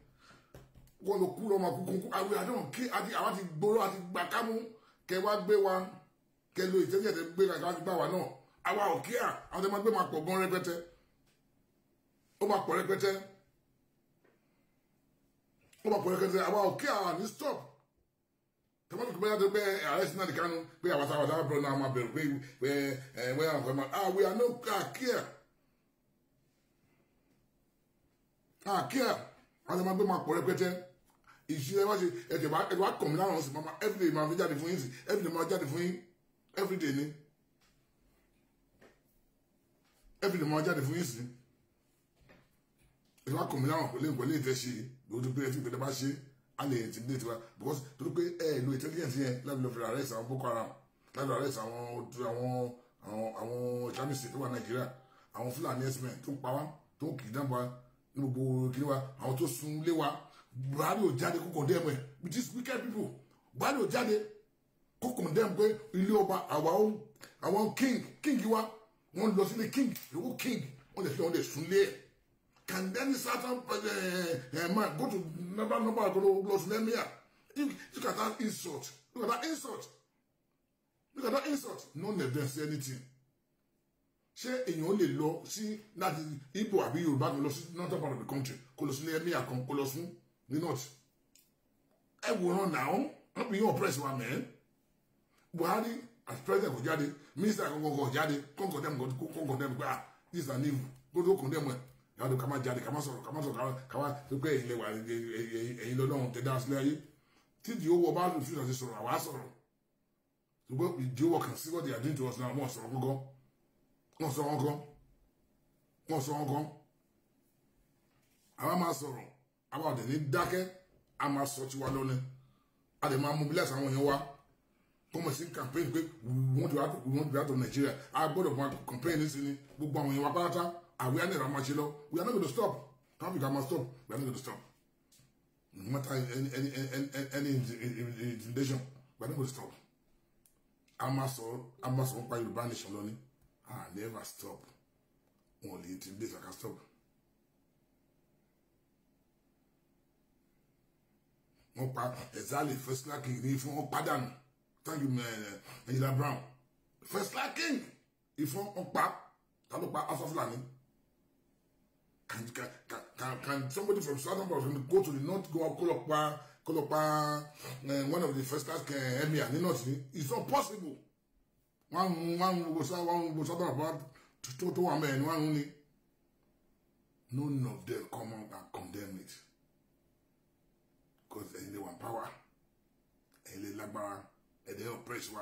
wọ́n ló kú lọ́mọ kúkú kú àwọn àdéhùn kí àwọn ti gbóró àti gbà kámú kẹ wá gbé wa kẹ lo ìtẹ́jẹ́ tẹ gbé kàkà wá wa náà àwa ò kíà àwọn tẹ gbé máa pọ̀ gan rẹpẹtẹ ó máa pọ̀ rẹpẹtẹ ó máa pọ̀ rẹpẹtẹ àwa ò kíà àwa ní stop tẹmọ́tò kúmẹ́yà tó gbé ààrẹ sinna di kánú pé àwọn sáwọn sáwọn bọ̀rọ̀ náà máa pé wọ́n yà nǹkan máa ah we are no kíà ah kíà àwọn tẹ máa gbé máa pọ̀ rẹpẹtẹ ìṣúná wá ṣe ẹ̀jẹ̀ wá ẹ̀jẹ̀ wá kàn mí láwọn ọ̀sìn mama everyday máa fi jáde fún yín sí day, máa jáde fún yín everyday ni everyday máa jáde fún yín sí ẹ̀jẹ̀ wá kàn mí láwọn pẹ̀lú ìpẹ̀lú ìfẹ́ ṣe lórí pé ẹ̀fí ìpẹ̀lú bá ṣe á lè ti dé tiwa because torí pé ẹ̀ lo intelligence yẹn láti lọ fi arrest àwọn Boko Haram láti lọ arrest àwọn àwọn Islamic State tó wà Nàìjíríà àwọn Fúlàní ẹ̀sìn mẹ́ tó ń pa wá tó ń kì í dáàbò wa ní gbogbo kí wa àwọn tó sun lé wa buhari ò jáde kó condemn ẹ with these wicked people buhari ò jáde kó condemn pé ilé ọba àwọn àwọn king king wa wọn lọ sílé king ìwú king wọn lè fi wọn lè súnlé ẹ can any certain uh, eh, eh, man go to number number agolo lọ sílé look at that insult look at that insult look at that insult no never say anything ṣé èèyàn lè lọ sí láti ibo àbí yorùbá kan lọ sí northern part of the country kó lọ sílé mìíràn kan kó lọ sún ní north ẹ wòran náà wọn fi yàn press wa mẹ́ Buhari as president kò jáde minister kankan kò jáde kankan dem kankan dem pé ah this na new gbọdọ kàn dem ẹ yàtọ̀ ká má jáde ká má sọ̀rọ̀ ká má sọ̀rọ̀ ká má tó pé ẹ̀yin lẹ́wà ẹ̀yin lọ́dọ̀ tẹ̀dá sílẹ̀ ayé tí di owó ọba lùsùn àti sọ̀rọ̀ àwa sọ̀rọ̀ ṣùgbọ́n ìdí owó kan sí wọ́n di àdín tó ọ̀sán àwọn ọ̀sọ̀rọ̀ gángan wọ́n sọ wọ́n gan wọ́n sọ wọ́n gan àwa máa sọ̀rọ̀ àwọn àdè ní dákẹ́ a máa sọ tiwa lọ́nà a lè máa mobilize àwọn èèyàn wa kọ́mọ̀ sí campaign pé wọ́n ti wá wọ́n ti wá tó Nàìjíríà a gbọ́dọ̀ máa campaign ní sinmi gbogbo àwọn èèyàn wa pátá àwẹ́ àná ìlànà máa ṣe lọ we are not going to stop káfí ká máa stop we are not going to stop no matter any any any any any intimidation we are not going to stop a máa sọ a máa sọ nípa Yorùbá nation lọ ni ah never stop wọn ò lè intimidate can stop. wọ́n pa Ezali First King ní Ifọ̀n wọ́n pàdánù thank you eh, Angela Brown First King Ifọ̀n wọ́n pa ta pa Hausa Fulani can, can, can, somebody from southern part go to the north go up Kolopa Kolopa uh, eh, one of the first class uh, eh, emir ní north ni it's not possible one one go south one go southern part to to one man one only none of them come out and condemn it power ẹ lè lágbára ẹ lè oppress wa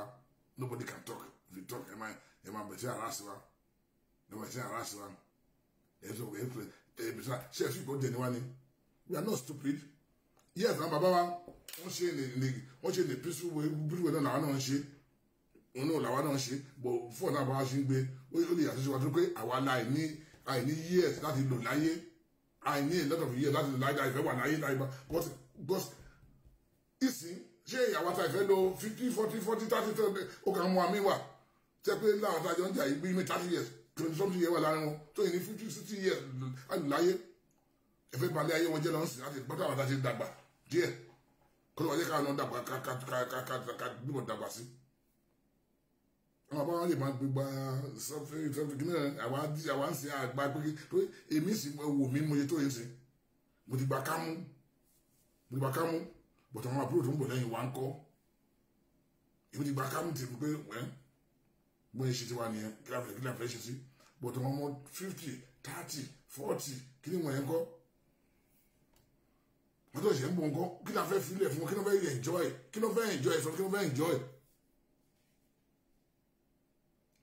nobody can talk if you talk ẹ máa ẹ máa bẹ̀sẹ̀ harass wa ẹ máa bẹ̀sẹ̀ harass wa ẹ sọ ẹ fẹ ẹ bẹ̀sẹ̀ ṣé ẹ sì kò we are not stupid yes I'm bàbá wa wọ́n ṣe ní wọ́n ṣe ní peaceful way peaceful way náà làwọn náà ń ṣe wọn náà làwọn náà ń ṣe bọ̀ fún ọ̀nà àbáwá ṣe ń gbé ó lè yàtọ̀ I wa tó pé àwa láì ní àìní years láti lò láyé àìní a lot of years láti lò láyé láì fẹ́ wà láyé láì bá but ìsìn ṣé ìyàwó ta ìfẹ́ lo fifty forty forty thirty thirty ó kàn mú àmì wà tẹ́ pé láwọn tájọ ń jà yìí bí ní thirty years twenty something years wà láàrin wọn tó yìí ní fifty sixty years alùláyé ẹ̀fẹ́ balẹ̀ ayé wọn jẹ́ lọ́n sìn láti gbọ́dọ̀ àwọn àtàṣe dàgbà díẹ̀ kó lọ́wọ́ jẹ́ káwọn náà dàgbà ká gbìmọ̀ dàgbà sí àwọn bá wọn lè máa gbégbá sọfíìsọfíìsì náà àwọn àwọn àǹsí àgbà pé pé èmi sì wò mí mo yẹ tó yẹ sí mo ti gbà ká mú mo ti gbà ká mú but àwọn àbúrò tó ń bọ̀ lẹ́yìn wa ń kọ́ èmi ti gba kámú tèmi pé wẹ́n bóyá ṣe ti wá nìyẹn kí láfẹ́ kí láfẹ́ ṣe sí but àwọn ọmọ fifty thirty forty kí ni wọ́n yẹn kọ́ wọ́n tó ṣe ń bọ̀ ń kọ́ kí láfẹ́ filẹ̀ fún wọn kí ló fẹ́ enjoy kí ló fẹ́ enjoy sọ kí ló fẹ́ enjoy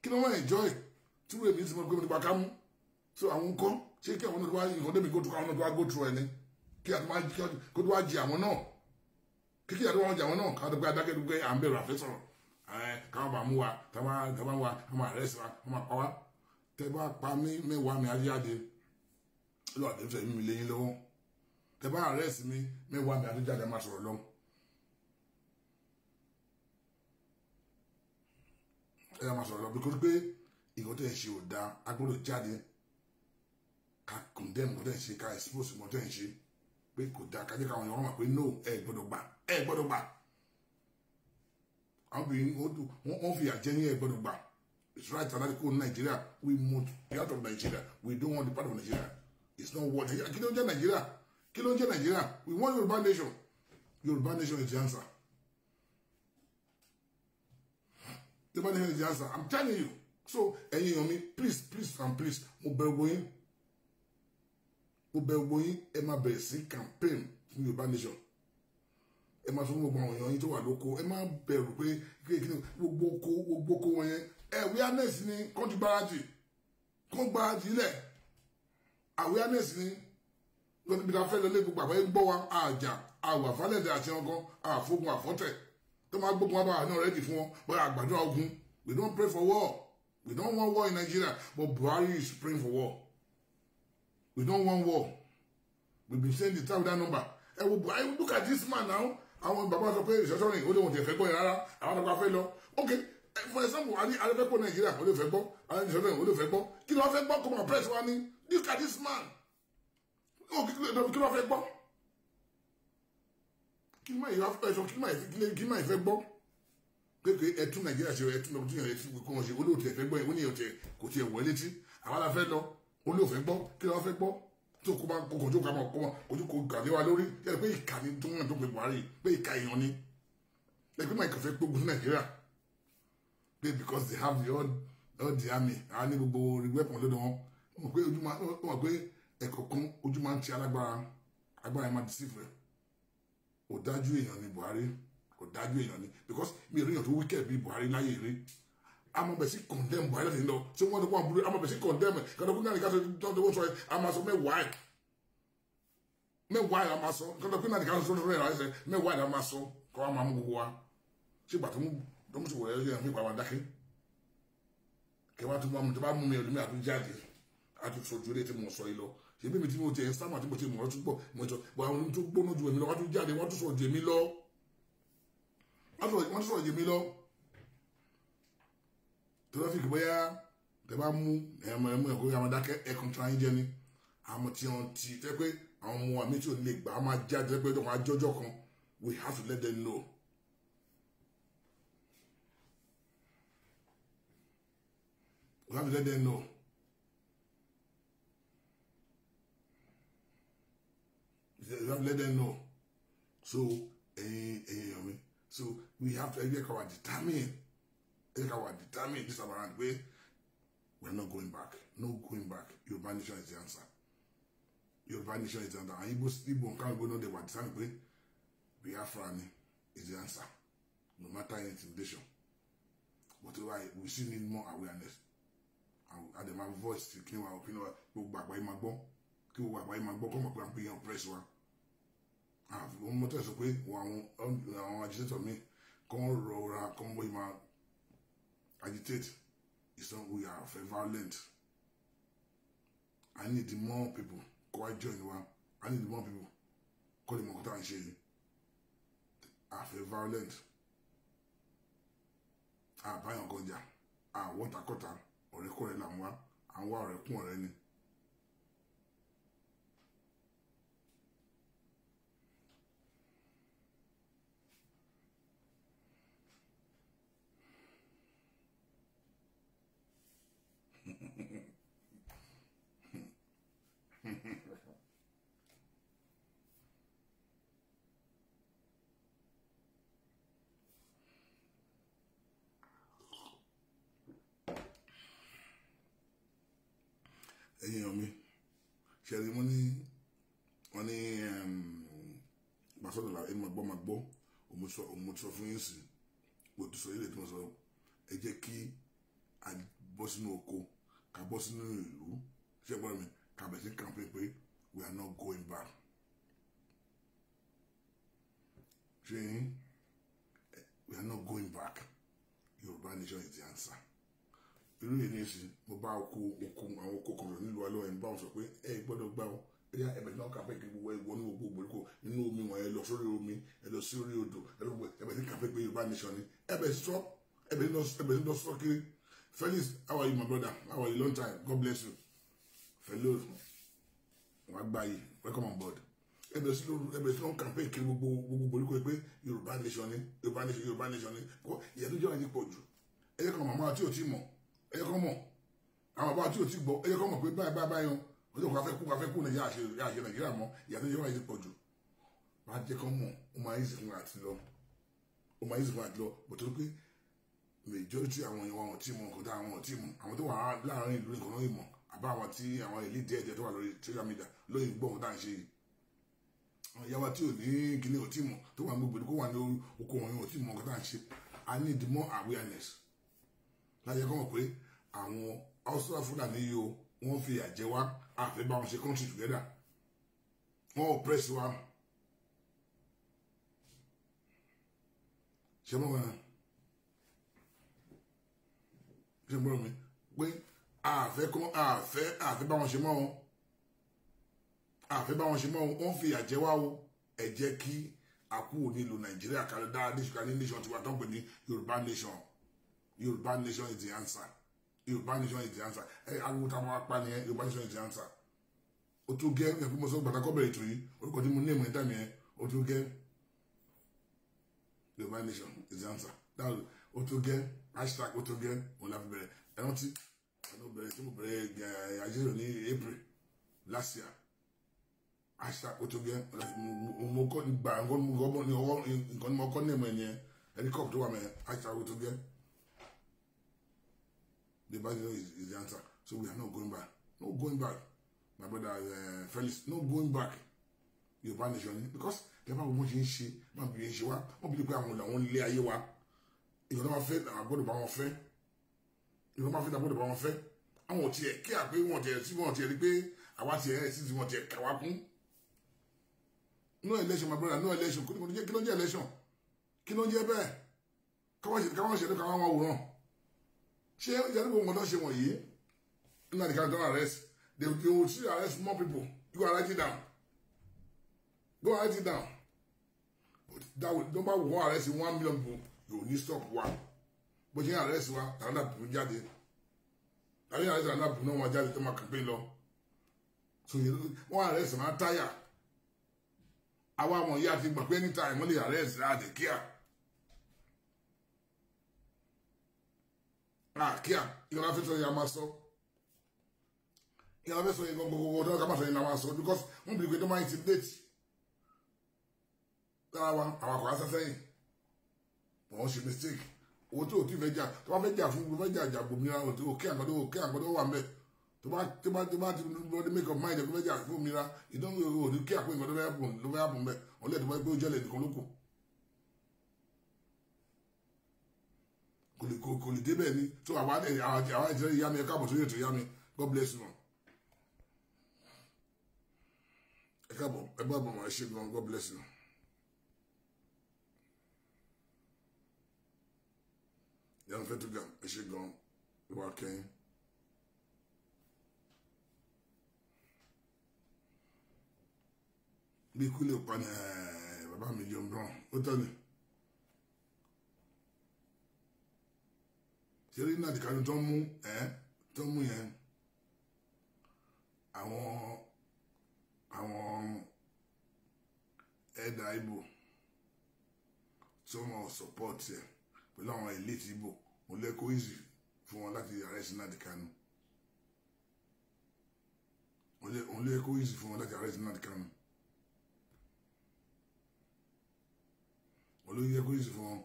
kí ló fẹ́ enjoy tí wọ́n èmi ti mọ̀ pé mo ti gba kámú so àwọn ń kọ́ ṣé kí àwọn ọmọdé wa nǹkan débi kó tó àwọn ọmọdé wa go through ẹni kí àti máa kó tó wá jẹ àwọn náà kíkí àti wọn jà wọn náà káwọn tó gbé adákẹ́ dúpẹ́ à ń bẹ̀rù àfẹ́ sọ̀rọ̀ káwọn bá mú wa tábà tábà wa wọn máa rẹ́sì wa wọn máa pa wa tẹ bá pa mí mẹ́wàá mi ajáde lọ́wọ́ àti ìfẹ́ mi léyìn lọ́wọ́ tẹ bá rẹ́sì mi mẹ́wàá mi ajáde máa sọ̀rọ̀ lọ́wọ́. ẹ máa sọ̀rọ̀ lọ bíkọ́ pé ìkọ́ tẹ̀ ṣe ò dáa agbọ́dọ̀ jáde ká condemn ìkọ́ tẹ̀ ṣe ká expose ìkọ́ ṣe pé kò dáa kájé káwọn èèyàn mọ̀ pé no ẹ gbọ́dọ̀ gbà ẹ gbọ́dọ̀ gbà àwọn obìnrin wọn fi àjẹ ní ẹ gbọ́dọ̀ gbà it's right and right kó nàìjíríà we must be out of nigeria we don't want to be part of nigeria it's not worth. nigeria kí ló ń jẹ nigeria kí ló ń jẹ nigeria we want yorùbá nation yorùbá nation is the answer yorùbá nation is the answer i'm telling you so ẹ̀yin èèyàn mi please please and please mo bẹ̀ wọ yín mo bẹ̀ gbogbo yín ẹ máa bẹ̀rẹ̀ sí campaign fún Yorùbá nation ẹ máa fún gbogbo àwọn èèyàn yín tó wà lóko ẹ máa bẹ̀rù pé kí ni gbogbo oko gbogbo oko wọn yẹn ẹ awareness ni kọ́ńtù gbáradì kó gbáradì lẹ̀ awareness ni lọ́dún bí ká fẹ́ lọ lé gbogbo àbáyé gbọ́ wa àjà àwà fálẹ̀dẹ̀ àti ọgán àfogun àfọ́tẹ̀ tó máa gbógun abáwà náà rẹ́dì fún wọn bọ́dà àgbàdo ogun we don't pray for war we don't want war in Nigeria but Buhari is praying for war. We don't want war. We've been saying the time with that number. Ẹ we Buhari look at this man now. I want Baba to pay. ni ó lóun ti fẹ́ gbọ́ yẹn rárá. Àwọn àgbà Okay for example a ní arẹ́fẹ́pọ̀ Nàìjíríà ó lè fẹ́ gbọ́ àwọn ìṣọ́ṣọ́ I lè fẹ́ gbọ́. Kí ló fẹ́ gbọ́ kọ́mọ press wa Look at this man. Kí ló fẹ́ gbọ́? Kí má yìí wá fẹ́ sọ kí má yìí fẹ́ gbọ́? Kékeré ẹtún Nàìjíríà ṣe ẹtún lọ́kùnrin ẹtún kò wọ́n ṣe olóòtú ẹ̀fẹ́ gbọ́ yẹn ó ní ọ̀tẹ̀ kò tiẹ̀ wọ́ létí. Àwọn àlàfẹ́ lọ ó ní òfẹ́ gbọ́ kí lọ́wọ́ fẹ́ gbọ́ tó kó bá kó kojú kàmọ́ kó kojú kó gàdé wa lórí yẹ pé ìka ni tó ń rìn tó pe Buhari pé ìka èèyàn ni ẹ pé máa ìkàfẹ́ gbógun ní Nàìjíríà pé because they have the all, all the army a ní gbogbo rìwẹ́pọ̀n lọ́dọ̀ wọn ó mọ̀ pé ojú máa ó mọ̀ pé ẹ̀kọ̀kan ojú máa ń ti alágbára agbára ẹ̀ máa deceive rẹ̀ ò dájú èèyàn ni Buhari ò dájú èèyàn ni because mi ò rí tó wíkẹ̀ bíi Buhari láyé rí a máa bẹ̀ sí condemn buhari láti lọ tí wọ́n ti wọ́n burú a máa bẹ̀ sí condemn kàdókùn náà ní ká tó tó sọ a máa sọ mẹ́wàá ẹ̀ mẹ́wàá ẹ̀ a máa sọ kàdókùn náà ní ká tó tó rẹ̀ rẹ̀ mẹ́wàá ẹ̀ a máa sọ kọ́ a máa mú gbogbo wa ṣé ìgbà tó mú tó mú sí wọ̀nyẹ́ yẹn mi pàwọn dákẹ́ kẹwàá tó bá mú mi ẹlòmíà tó jáde àtúnṣojú ilé tí mo sọ yìí lọ ṣèbí mi tí mo ti ẹ̀ ń sáàmù àti mo ti mọ̀ ọ́ tún pọ̀ mo jọ bọ̀ àwọn tó gbóná ju èmi lọ wọ́n jáde wọ́n tún jèmi lọ wọ́n tún jèmi lọ traffic bóyá tẹ bá mú ẹmọ ẹmọ ẹkọ yà máa dákẹ́ ẹkùn tí wọn yín jẹ ni àmọ́ tí wọn ti tẹ pé àwọn ọmọ àmì tí ò lè gbà á máa jáde pé wọn á kan we have to let them know. we have to let them know. we have to let them know. so ẹyin ẹyin so we have to be kan determined think I determined this time around pé we're not going back no going back Your vanishing is the answer Your vanishing is the answer and Igbo Igbo can't go, no, dey wà determined pé Biafra ni is the answer no matter any intimidation but why we still need more awareness and and dem have voice to clean our opinion gbogbo àgbáyé máa gbọ́ kí gbogbo àgbáyé máa gbọ́ kọ́ mọ̀ pé à ń pè é oppress wa ah, àwọn mọ́tò sọ pé àwọn àwọn agitator mi kàn rọra come wọ́n my agitate. It's not we are violent. I need more people. Kó wá join one. I need more people. Call Kó lè mọ nǹkan tá à ń ṣe yìí. Àfẹ́ I want a Àwọn Or ọ̀rẹ́kọ̀rẹ́ làwọn wá. Àwọn wá ọ̀rẹ́kùn ọ̀rẹ́ ni. èèyàn mi ṣẹ̀rí mo ní wọ́n ní gbàsọ́dọ̀ làwọn ẹni máa gbọ́ máa gbọ́ òun mo ti sọ fún yín sí mo ti sọ ilé tí mo sọ ẹ jẹ́ kí a bọ́ sínú oko ká bọ́ sínú ìlú ṣẹ́gbọ́n mi ká bẹ̀ sí campaign pé we are not going back. ṣé we are not going back Yorùbá nation is the answer irú èdè sí mo bá oko oko àwọn oko kan nílùú alọ ẹni báwọn sọ pé ẹ gbọ́dọ̀ gbà wọn ẹyà ẹbẹ̀tẹ̀ náà kàfẹ́ kí gbogbo ẹwọ ní gbogbo ìgbòríko inú omi wọn ẹ lọ sórí omi ẹ lọ sórí odò ẹbẹ̀tẹ̀ kàfẹ́ pé Yorùbá nation ni ẹbẹ̀ sọ ẹbẹ̀ lọ sọ kiri Felix how are you my brother how are you long time God bless you fellow wọn gbà yìí welcome on board ẹbẹ̀ sí ẹbẹ̀ sí lọ́n kàfẹ́ kí gbogbo gbogbo ìgbòríko pé Yorùbá nation ni Yorùbá nation Yorùbá nation ni ìyẹn tó jẹ́ àyè pọ̀ jù ẹ̀yẹ́ kan màmá tí ò tí ẹ yẹ kọ́ mọ̀ àwọn bàbá tí o ti gbọ́ ẹ yẹ kọ́ mọ̀ pé báyìí báyìí báyìí o ọjọ́ kò afẹ́ kú afẹ́ kú nàìjíríà ṣe àṣẹ nàìjíríà mọ́ ìyàtọ̀ yẹn wáyé ti pọ̀ jù máa jẹ́ kọ́ mọ̀ ó máa yíṣe fún àti lọ ó máa yíṣe fún àti lọ bó torí pé majority àwọn èèyàn wọn tí mọ nǹkan tá àwọn tí mọ àwọn tó wà láàrin ìlú nìkan lóyìn mọ àbá àwọn tí àwọn èlé díẹ̀ díẹ̀ tó wà lórí social media lóyìn gbọ́ nǹkan tá à ń ṣe yìí àwọn ìyá wa tí ò ní kíní ò tí mọ tó wà ní gbogbo kó wà ní oko wọn yóò tí mọ nǹkan tá à ń ṣe I need more awareness láyé kọ́ mọ̀ pé àwọn haúsá fúlàní yìí o wọ́n fi ìyà wá àfi bá wọn ṣe country together wọ́n ò press wa. ṣe mọ́ wọn ṣe mọ́ mi pé àfẹ́ kọ́ àfẹ́ àfẹ́ bá wọn ṣe mọ́ wọn àfẹ́ bá wọn ṣe mọ́ wọn wọ́n fi ìyà wá o ẹ jẹ́ kí àkúwò nílò nàìjíríà kálẹ̀ dáadé ṣùgbọ́n ní nation tiwa tó ń pè ní yorùbá nation. Yorùbá nation is the answer Yorùbá nation is the answer ẹ ariwo táwọn apá ni ẹ Yorùbá nation is the answer o tún gẹ ẹ fún mi sọ gbàdá kọbẹrẹ ètò yìí orúkọ tí mo ní ìmọ̀ ẹ̀dá mi ẹ o tún gẹ Yorùbá nation is the answer dáhùn o tún gẹ hashtag o tún gẹ òun la fi bẹ̀rẹ̀ ẹ rántí ẹnu bẹ̀rẹ̀ tí mo bẹ̀rẹ̀ àjẹrò ní April last year hashtag o tún gẹ mo kọ́ gbà nǹkan ní ọwọ́ nǹkan ní mo kọ́ ní ìmọ̀ ẹ̀ yẹn ẹni kọ́ọ̀pù tó wà mẹ́ hashtag o tún gẹ. The Bible is, is the answer. So we are not going back. No going back. My brother uh, Felix, no going back. Yorùbá nation ni because tẹ́lẹ̀ báwo wọ́n ṣe ń ṣe máa bìí ṣe wá wọ́n bìí pé àwọn làwọn lé ayé wa ìgbà tó bá fẹ́ àgbọ̀dọ̀ bá wọn fẹ́ ìgbà tó bá fẹ́ àgbọ̀dọ̀ bá wọn I want ò tiẹ̀ kí àpé Want tiẹ̀ sí wọn tiẹ̀ rí pé àwa tiẹ̀ ẹ̀ sí ti wọn tiẹ̀ kà wá kún. no election my brother no election kí ló ń jẹ́ election kí ló ń jẹ́ bẹ́ẹ̀ káwọn ṣẹlẹ̀ káwọn wòran ṣé oúnjẹ níbo nǹkan ṣe wọ̀nyí nígbà nìkan tó arrest they they will still arrest more people you go write it down go write it down but that will number one arrest one million people you need stop one. But ṣe arrest wa tàbí àbùkù jáde tàbí arrest tàbí àbùkù náà wọn jáde tó máa campaign lọ so wọn arrest máa táyà àwa àwọn ìyá ti gbà pé anytime wọn lè arrest láti kíá. Ah, kia, kíá ìlànà fẹ́ sọ yìí a máa sọ ìlànà fẹ́ sọ yìí gbogbogbò tó ká máa sọ yìí la máa sọ because wọ́n bìrì pé tó máa intimidate lára wa àwọn àkọ́kọ́ asẹ́sẹ́ yìí but wọ́n ṣe mistake owó tó tí fẹ́ jà tó bá fẹ́ jà fún gbogbo fẹ́ jà jà gbòmìnira òtí òkè àgbàdo òkè àgbàdo wà mẹ́ tó bá tó bá tó bá ti lọ́dún make up mind ẹ̀ tó fẹ́ jà fún òmìnira ìdánwò òní kí àpò ìgbàdo fẹ́ yàgùn ló fẹ́ yàgùn mẹ́ ọ̀lẹ́dẹ̀gbẹ́ gbé ó jẹ́lẹ̀ nìkan lókun kò lè débẹ̀ ni so àwa ìṣẹ́ ìyá mi ẹ káàbọ̀ sórí ètò ìyá mi God bless you ẹ káàbọ̀ ẹ bá bọ̀ ẹ ṣe gan God bless you. yàrá fẹ́ tó ga ẹ ṣe gan ìwà kẹ́yìn. bí ikú lè ni bàbá mi jọ ń dán tán ni. ṣe rí náà dìkanú tó ń mú ẹ tó ń mú yẹn àwọn àwọn ẹ̀dà Ìgbò tí wọ́n support ẹ̀ pẹ̀lú àwọn elite ibo mo lẹ́kọ̀ọ́ easy fún wọn láti arrest náà dìkanú mo lẹ́kọ̀ọ́ easy fún wọn láti arrest náà dìkanú. olóyè kó yìí sí fún wọn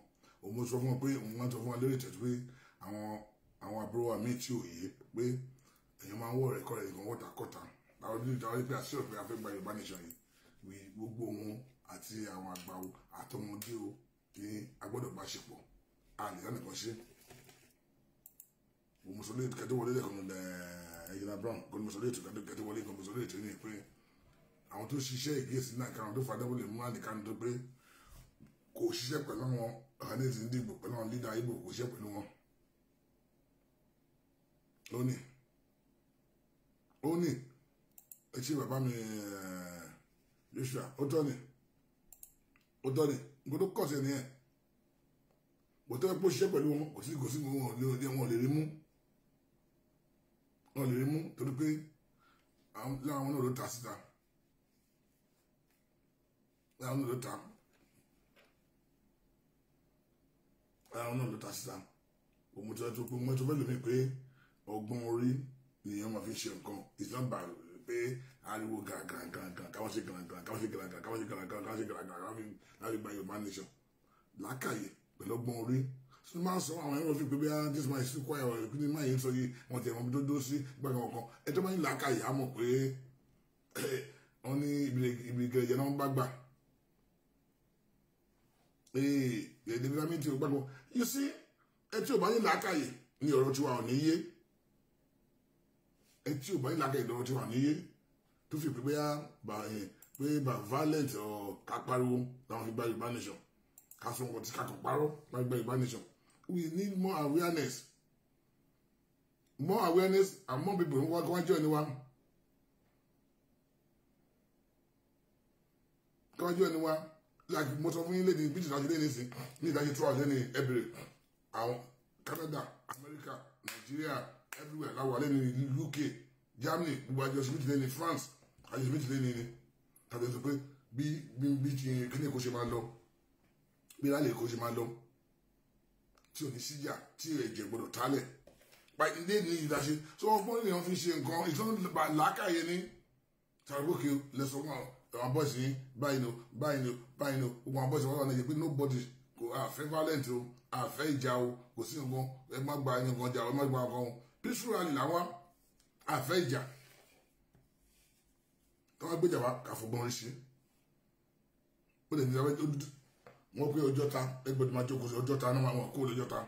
òun sọ fún wọn pé òun máa ń sọ fún wọn lórí ìtẹ̀tù pé àwọn àwọn àbúrò wa míì tí ò yé pé èèyàn máa ń wọ̀ rẹ̀ kọ́rẹ̀ ìgbọ̀n wọ́tàkọ́ta àwọn ìdílé ìjọba wípé àṣírò pé a fẹ́ gba Yorùbá nation yìí gbogbo wọn àti àwọn àgbà o àtọmọdé o ní a gbọ́dọ̀ bá ṣe pọ̀ a lè rán nìkan ṣe òmùsùlùmí kẹtẹwọlé lẹkọọ ẹyìnlá brown gọlùmùsùlùmí ètò kẹtẹwọlé gọlùmùsùlùmí ètò ní ìpín àwọn tó ṣiṣẹ́ ìgbésí náà kan tó fàdáwọ́ lè mú àníkàn tó pé kò ṣiṣẹ́ pẹ̀lú àwọn ẹ̀hánẹ́tì ń dìbò pẹ̀lú àwọn lídà Ìgbò kò ṣiṣẹ́ pẹ̀lú wọn ó ní ó ní etí bàbá mi eh, Joshua ó tọ́ ni ó tọ́ ni nǹkan tó kọ̀ sí ẹ̀ nìyẹn kò tẹ́ pé ó ṣiṣẹ́ pẹ̀lú wọn kò sí kò sí wọn lè rí mú wọn lè rí mú torí pé láwọn náà ló ta síta láwọn náà ló ta láwọn náà ló ta síta òun tó pé wọn tó lómi pé ọgbọ́n orí nìyẹn wọn fi ṣe nǹkan ìsọ́nba pé ariwo gàgàgàgà káwọn ṣe gàgàgà káwọn ṣe gàgàgà káwọn ṣe gàgàgà káwọn ṣe gàgàgà láti gba Yorùbá nation lákàyè pẹ̀lú ọgbọ́n orí tí wọ́n máa ń sọ àwọn ẹ̀rọ fi pé bí i this man is too quiet ọ̀rọ̀ ìpínlẹ̀ máa yẹn sọ yìí wọ́n ti ẹ̀wọ̀n dódó sí gbàgbọ́n kan ẹjọ́ máa ń làákàyè á mọ̀ pé eh, wọ́n ní ibi gẹ̀ẹ́jẹ̀ náà eh, you see ẹ tí ò bá ní làákàyè ní ọ̀rọ̀ tiwa ẹ tí ò bá ìlàkà ìdánwò ti wà níyé tó fi pé bóyá bà ẹ pé bà violent ọ ká pariwo làwọn fi gba Yorùbá nation ká sọ wọn ti kakàn parọ́ láti gba Yorùbá nation we need more awareness more awareness and more people who wá jọ ẹni wa kọ́jọ́ ẹni wa like mo sọ fún yín léde bí ìdájọ́ léde sí ní ìdájọ́ tó wà lẹ́nu ẹ̀bẹ̀rẹ̀ àwọn Canada America Nigeria everywhere láwọn alẹ́ ní UK Germany gbogbo àjọṣe méjì lé ní France àjọṣe méjì meeting ní ni tàbí sọ pé bí bí bí kíní èkó ṣe máa lọ bí lálẹ́ èkó ṣe máa lọ tí ò ní síjà tí ẹ̀jẹ̀ gbọ́dọ̀ tálẹ̀ ilé ní ìdáṣe tí wọ́n pọ́n èèyàn fi ṣe nǹkan ìtọ́nà làákàyè ní tàbíkì lẹ́sọ̀kan àwọn bọ́ọ̀sì yín báyìí ni o báyìí ni o báyìí ni o gbogbo àwọn bọ́ọ̀sì wọn wà lẹ́yìn pé nobody kò àfẹ́ violent o àfẹ́ ìjà o kò sí nǹkan ẹ má gba ẹnìkan jà o ẹ má gba nǹkan o píṣùrù alì làwọn àfẹ́ ìjà táwọn gbéjà wa káfọgbọ́n ń ṣe ó lè ní ìyàwó dúdú wọn pé ọjọ́ ta ẹgbẹ̀dùn máa jókòó sí ọjọ́ ta náà wọn kó lọ́jọ́ ta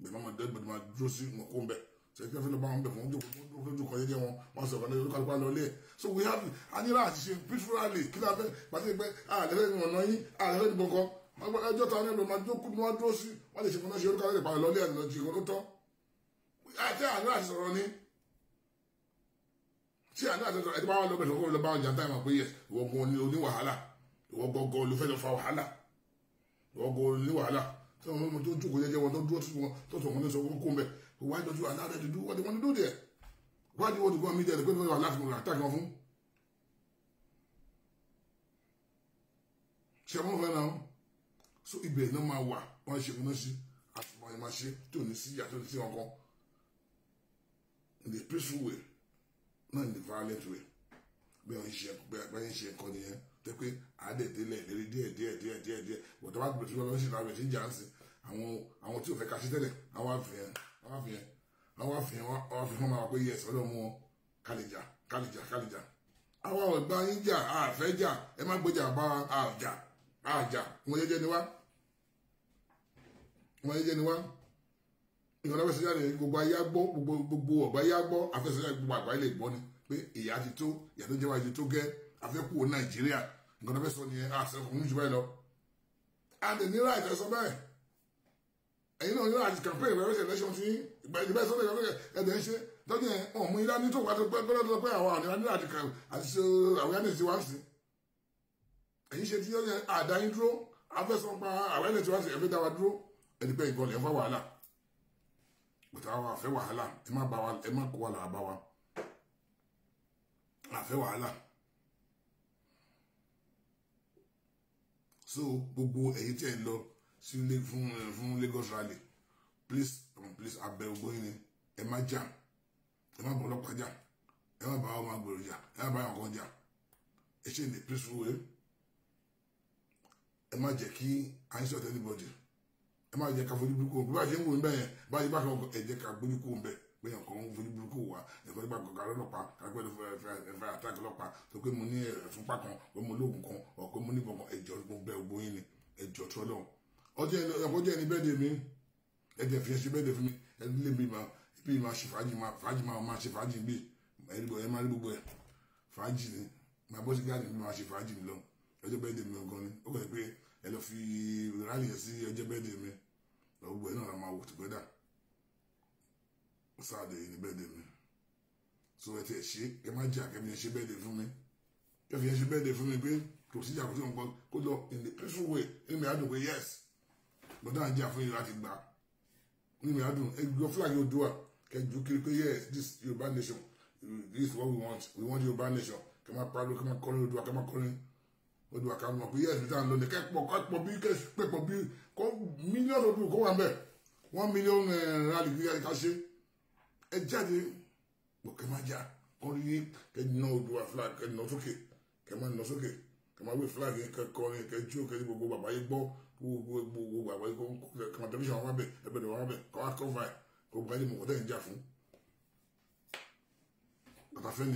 gbẹ̀mọ́ máa dẹ́gbẹ̀dùn máa dúró sí wọn kó ń bẹ̀ sẹ́kẹ́ fẹ́ lọ bá wọn bẹ̀ wọ́n jókòó wọ́n jókòó kan yẹ́jẹ́ wọn wọ́n sọ̀rọ̀ ní olúkàlùkù àlọ́ ilé so we have anira àṣìṣe píṣúrálì kí la fẹ́ pàṣẹ pé àlẹ́fẹ́ ni wọ̀nà yín àlẹ́fẹ́ ni bọ̀kan ọjọ́ ta náà lọ máa jókòó ni wọ́n dúró sí wọ́n lè ṣe fún àti àná àti sọ̀rọ̀ ni tí àná àti sọ̀rọ̀ ẹ̀ tí bá wà lọ́bẹ̀ tó kọ́ lọ́ bá wọn jà táyà máa pé yẹ ìwọ gan oní wàhálà ìwọ gọgọ ló fẹ́ lọ fa wàhálà ìwọ gan oní wàhálà tí wọn mọ tó jókòó jẹ́jẹ́ wọn tó dúró tó wọn tó tó wọn ní sọ wọn kó mbẹ why don't you allow them to do what they want to do there why do you want to go meet them pé wọn láti wọn àtàkì wọn fún. ṣé wọn fẹ́ náà so ibẹ̀ náà máa wà wọn ṣe wọn náà ṣe àtìmọ́ ẹ̀ máa ṣe tó ní sí àtúntì ọkàn in the peaceful way not in the violent way bí wọ́n ṣe bá ń ṣe ẹ̀kọ́ nìyẹn tẹ́ pé àádẹ́dẹ́lẹ̀ lérí díẹ̀ díẹ̀ díẹ̀ díẹ̀ díẹ̀ bọ̀ tó bá gbèsè wọn lọ́sìn lábẹ́ tí ń jà ń sìn àwọn àwọn tí ò fẹ́ ká ṣe tẹ́lẹ̀ àwọn àfihàn àwọn àfihàn àwọn àfihàn àwọn àfihàn máa wà pé yẹsẹ ọlọ́mú wọn kálíjà kálíjà kálíjà àwa ọ̀gbá yín jà àfẹ́ jà ẹ má gbèjà bá àjà àjà wọn jẹ́jẹ́ ni wá wọn jẹ́jẹ́ ni wá ìwọ̀n náà fẹsẹ̀ jáde gbogbo ayé agbọ́ gbogbo ọ̀gbá ayé agbọ́ afẹsẹ̀ jáde gbogbo àgbáyé lè gbọ́ ni pé ìyá ti tó ìyá tó jẹ́ wáyé ti tó gẹ́ afẹ́kù wọ nàìjíríà nǹkan náà fẹsẹ̀ nìyẹn àṣẹ ọkùnrin jù báyìí lọ. and ní right ẹ sọ bẹ́ẹ̀ ẹ̀yin náà ní right campaign rẹ̀ rẹ̀ election ti ìgbà ìdìbẹ́ sọ́dọ̀ ìgbà ẹ̀dẹ̀ ń ṣe tọ́jú ẹ̀ ọ̀mú ilá ní tó wà tó pẹ́ àwọn àní láti kà àti ṣe awareness ti wá sí ẹ̀yin ṣe ti yọ ní àdáyín dúró afẹ́sọ̀npa awareness ti wá sí ẹ̀fẹ́ dá wa dúró ẹ̀dìpẹ́ ìkọlẹ̀ ẹ̀fọ́ wàhálà bọ̀tà wa àfẹ́ wàhálà ẹ má bá wa ẹ má kó wa là bá wa àfẹ́ wàhálà so gbogbo ẹ̀yin tí ẹ lọ sí fún Lagos rally please um, please abẹ ogbóyin ni ẹ má jà ẹ má bọ ọlọ́pàá jà ẹ má bá ọmọ agbèrò jà ẹ má bá àwọn kan jà ẹ ṣe ní peaceful way ẹ má jẹ́ kí àìsàn tẹ́lifọ̀dì ẹ má jẹ́ ká fojú burúkú bí wàá ṣe ń wò ń bẹ́yẹn bá ṣe bá ṣe ẹ jẹ́ ká gbójú kó ń bẹ́ pé nǹkan ń fojú burúkú wa ẹ̀fọ́ nípa gbọ̀ngàn ọlọ́pàá kápẹ́ ẹ̀fẹ́ àtàkì ọlọ́pàá tó pé mo ní ẹ̀fúnpá kan pé mo lóògùn kan ọ̀ pé mo ní gbọ̀ngàn ẹ̀jọ̀ gbẹ ògbó yín ni ẹ̀jọ̀ tó lọ́wọ́ ọjọ́ ẹni bẹ́ẹ̀ dè mí ẹ̀jẹ̀ fi ẹṣin bẹ́ẹ̀ dè fún mi ẹni lè mi máa bí máa ṣe fàájì máa fàájì máa máa ṣe fàájì bí ẹ máa rí gbogbo ẹ̀ fàájì ni máa bọ́ sí gáàdì mi máa ṣe ẹ lọ fi rally yẹn sí ọjọ́ bẹ́ẹ̀dẹ̀ mi lọ gbogbo ẹ̀ náà la máa wò together Saturday ní bẹ́ẹ̀dẹ̀ mi so ẹ ti ẹ̀ ṣe ẹ má jà kẹ́mi ẹ ṣe bẹ́ẹ̀dẹ̀ fún mi kẹ́mi ẹ ṣe bẹ́ẹ̀dẹ̀ fún mi pé kò síjà kò sí nǹkan kó lọ in the peaceful way ẹni mi á dùn pé yes gbọ́dọ̀ à ń jà fún yín láti gbà ẹni mi á dùn ẹ gbọ́ fúlàní Oòduà kẹjú kiri pé yes this Yorùbá nation this is what we want we want Yorùbá nation kẹ́ máa pariwo kẹ́ máa kọrin Oòduà kẹ́ máa kọrin olùwà ká mọ̀ pé yẹ́sì tá à ń lò ní kẹ́pọ̀ kẹ́pọ̀ bí kẹ́pọ̀ bí kó mílíọ̀nù ọdún kó wà ń bẹ̀ wọ́n mílíọ̀nù rálì gbígbá ká ṣe ẹ jáde pọ̀ kẹ́ máa já kọ́ rí kẹ́ ná olùwà flag kẹ́ ná sókè kẹ́ máa ná sókè kẹ́ máa wé flag yẹn kẹ́ kọrin kẹ́ jó kẹ́ gbogbo bàbá yìí gbọ́ gbogbo bàbá yìí kọ́ kẹ́ tẹlifíṣàn wọn bẹ̀ ẹbẹ̀ wọn bẹ̀ kọ́ wá kọ́ fà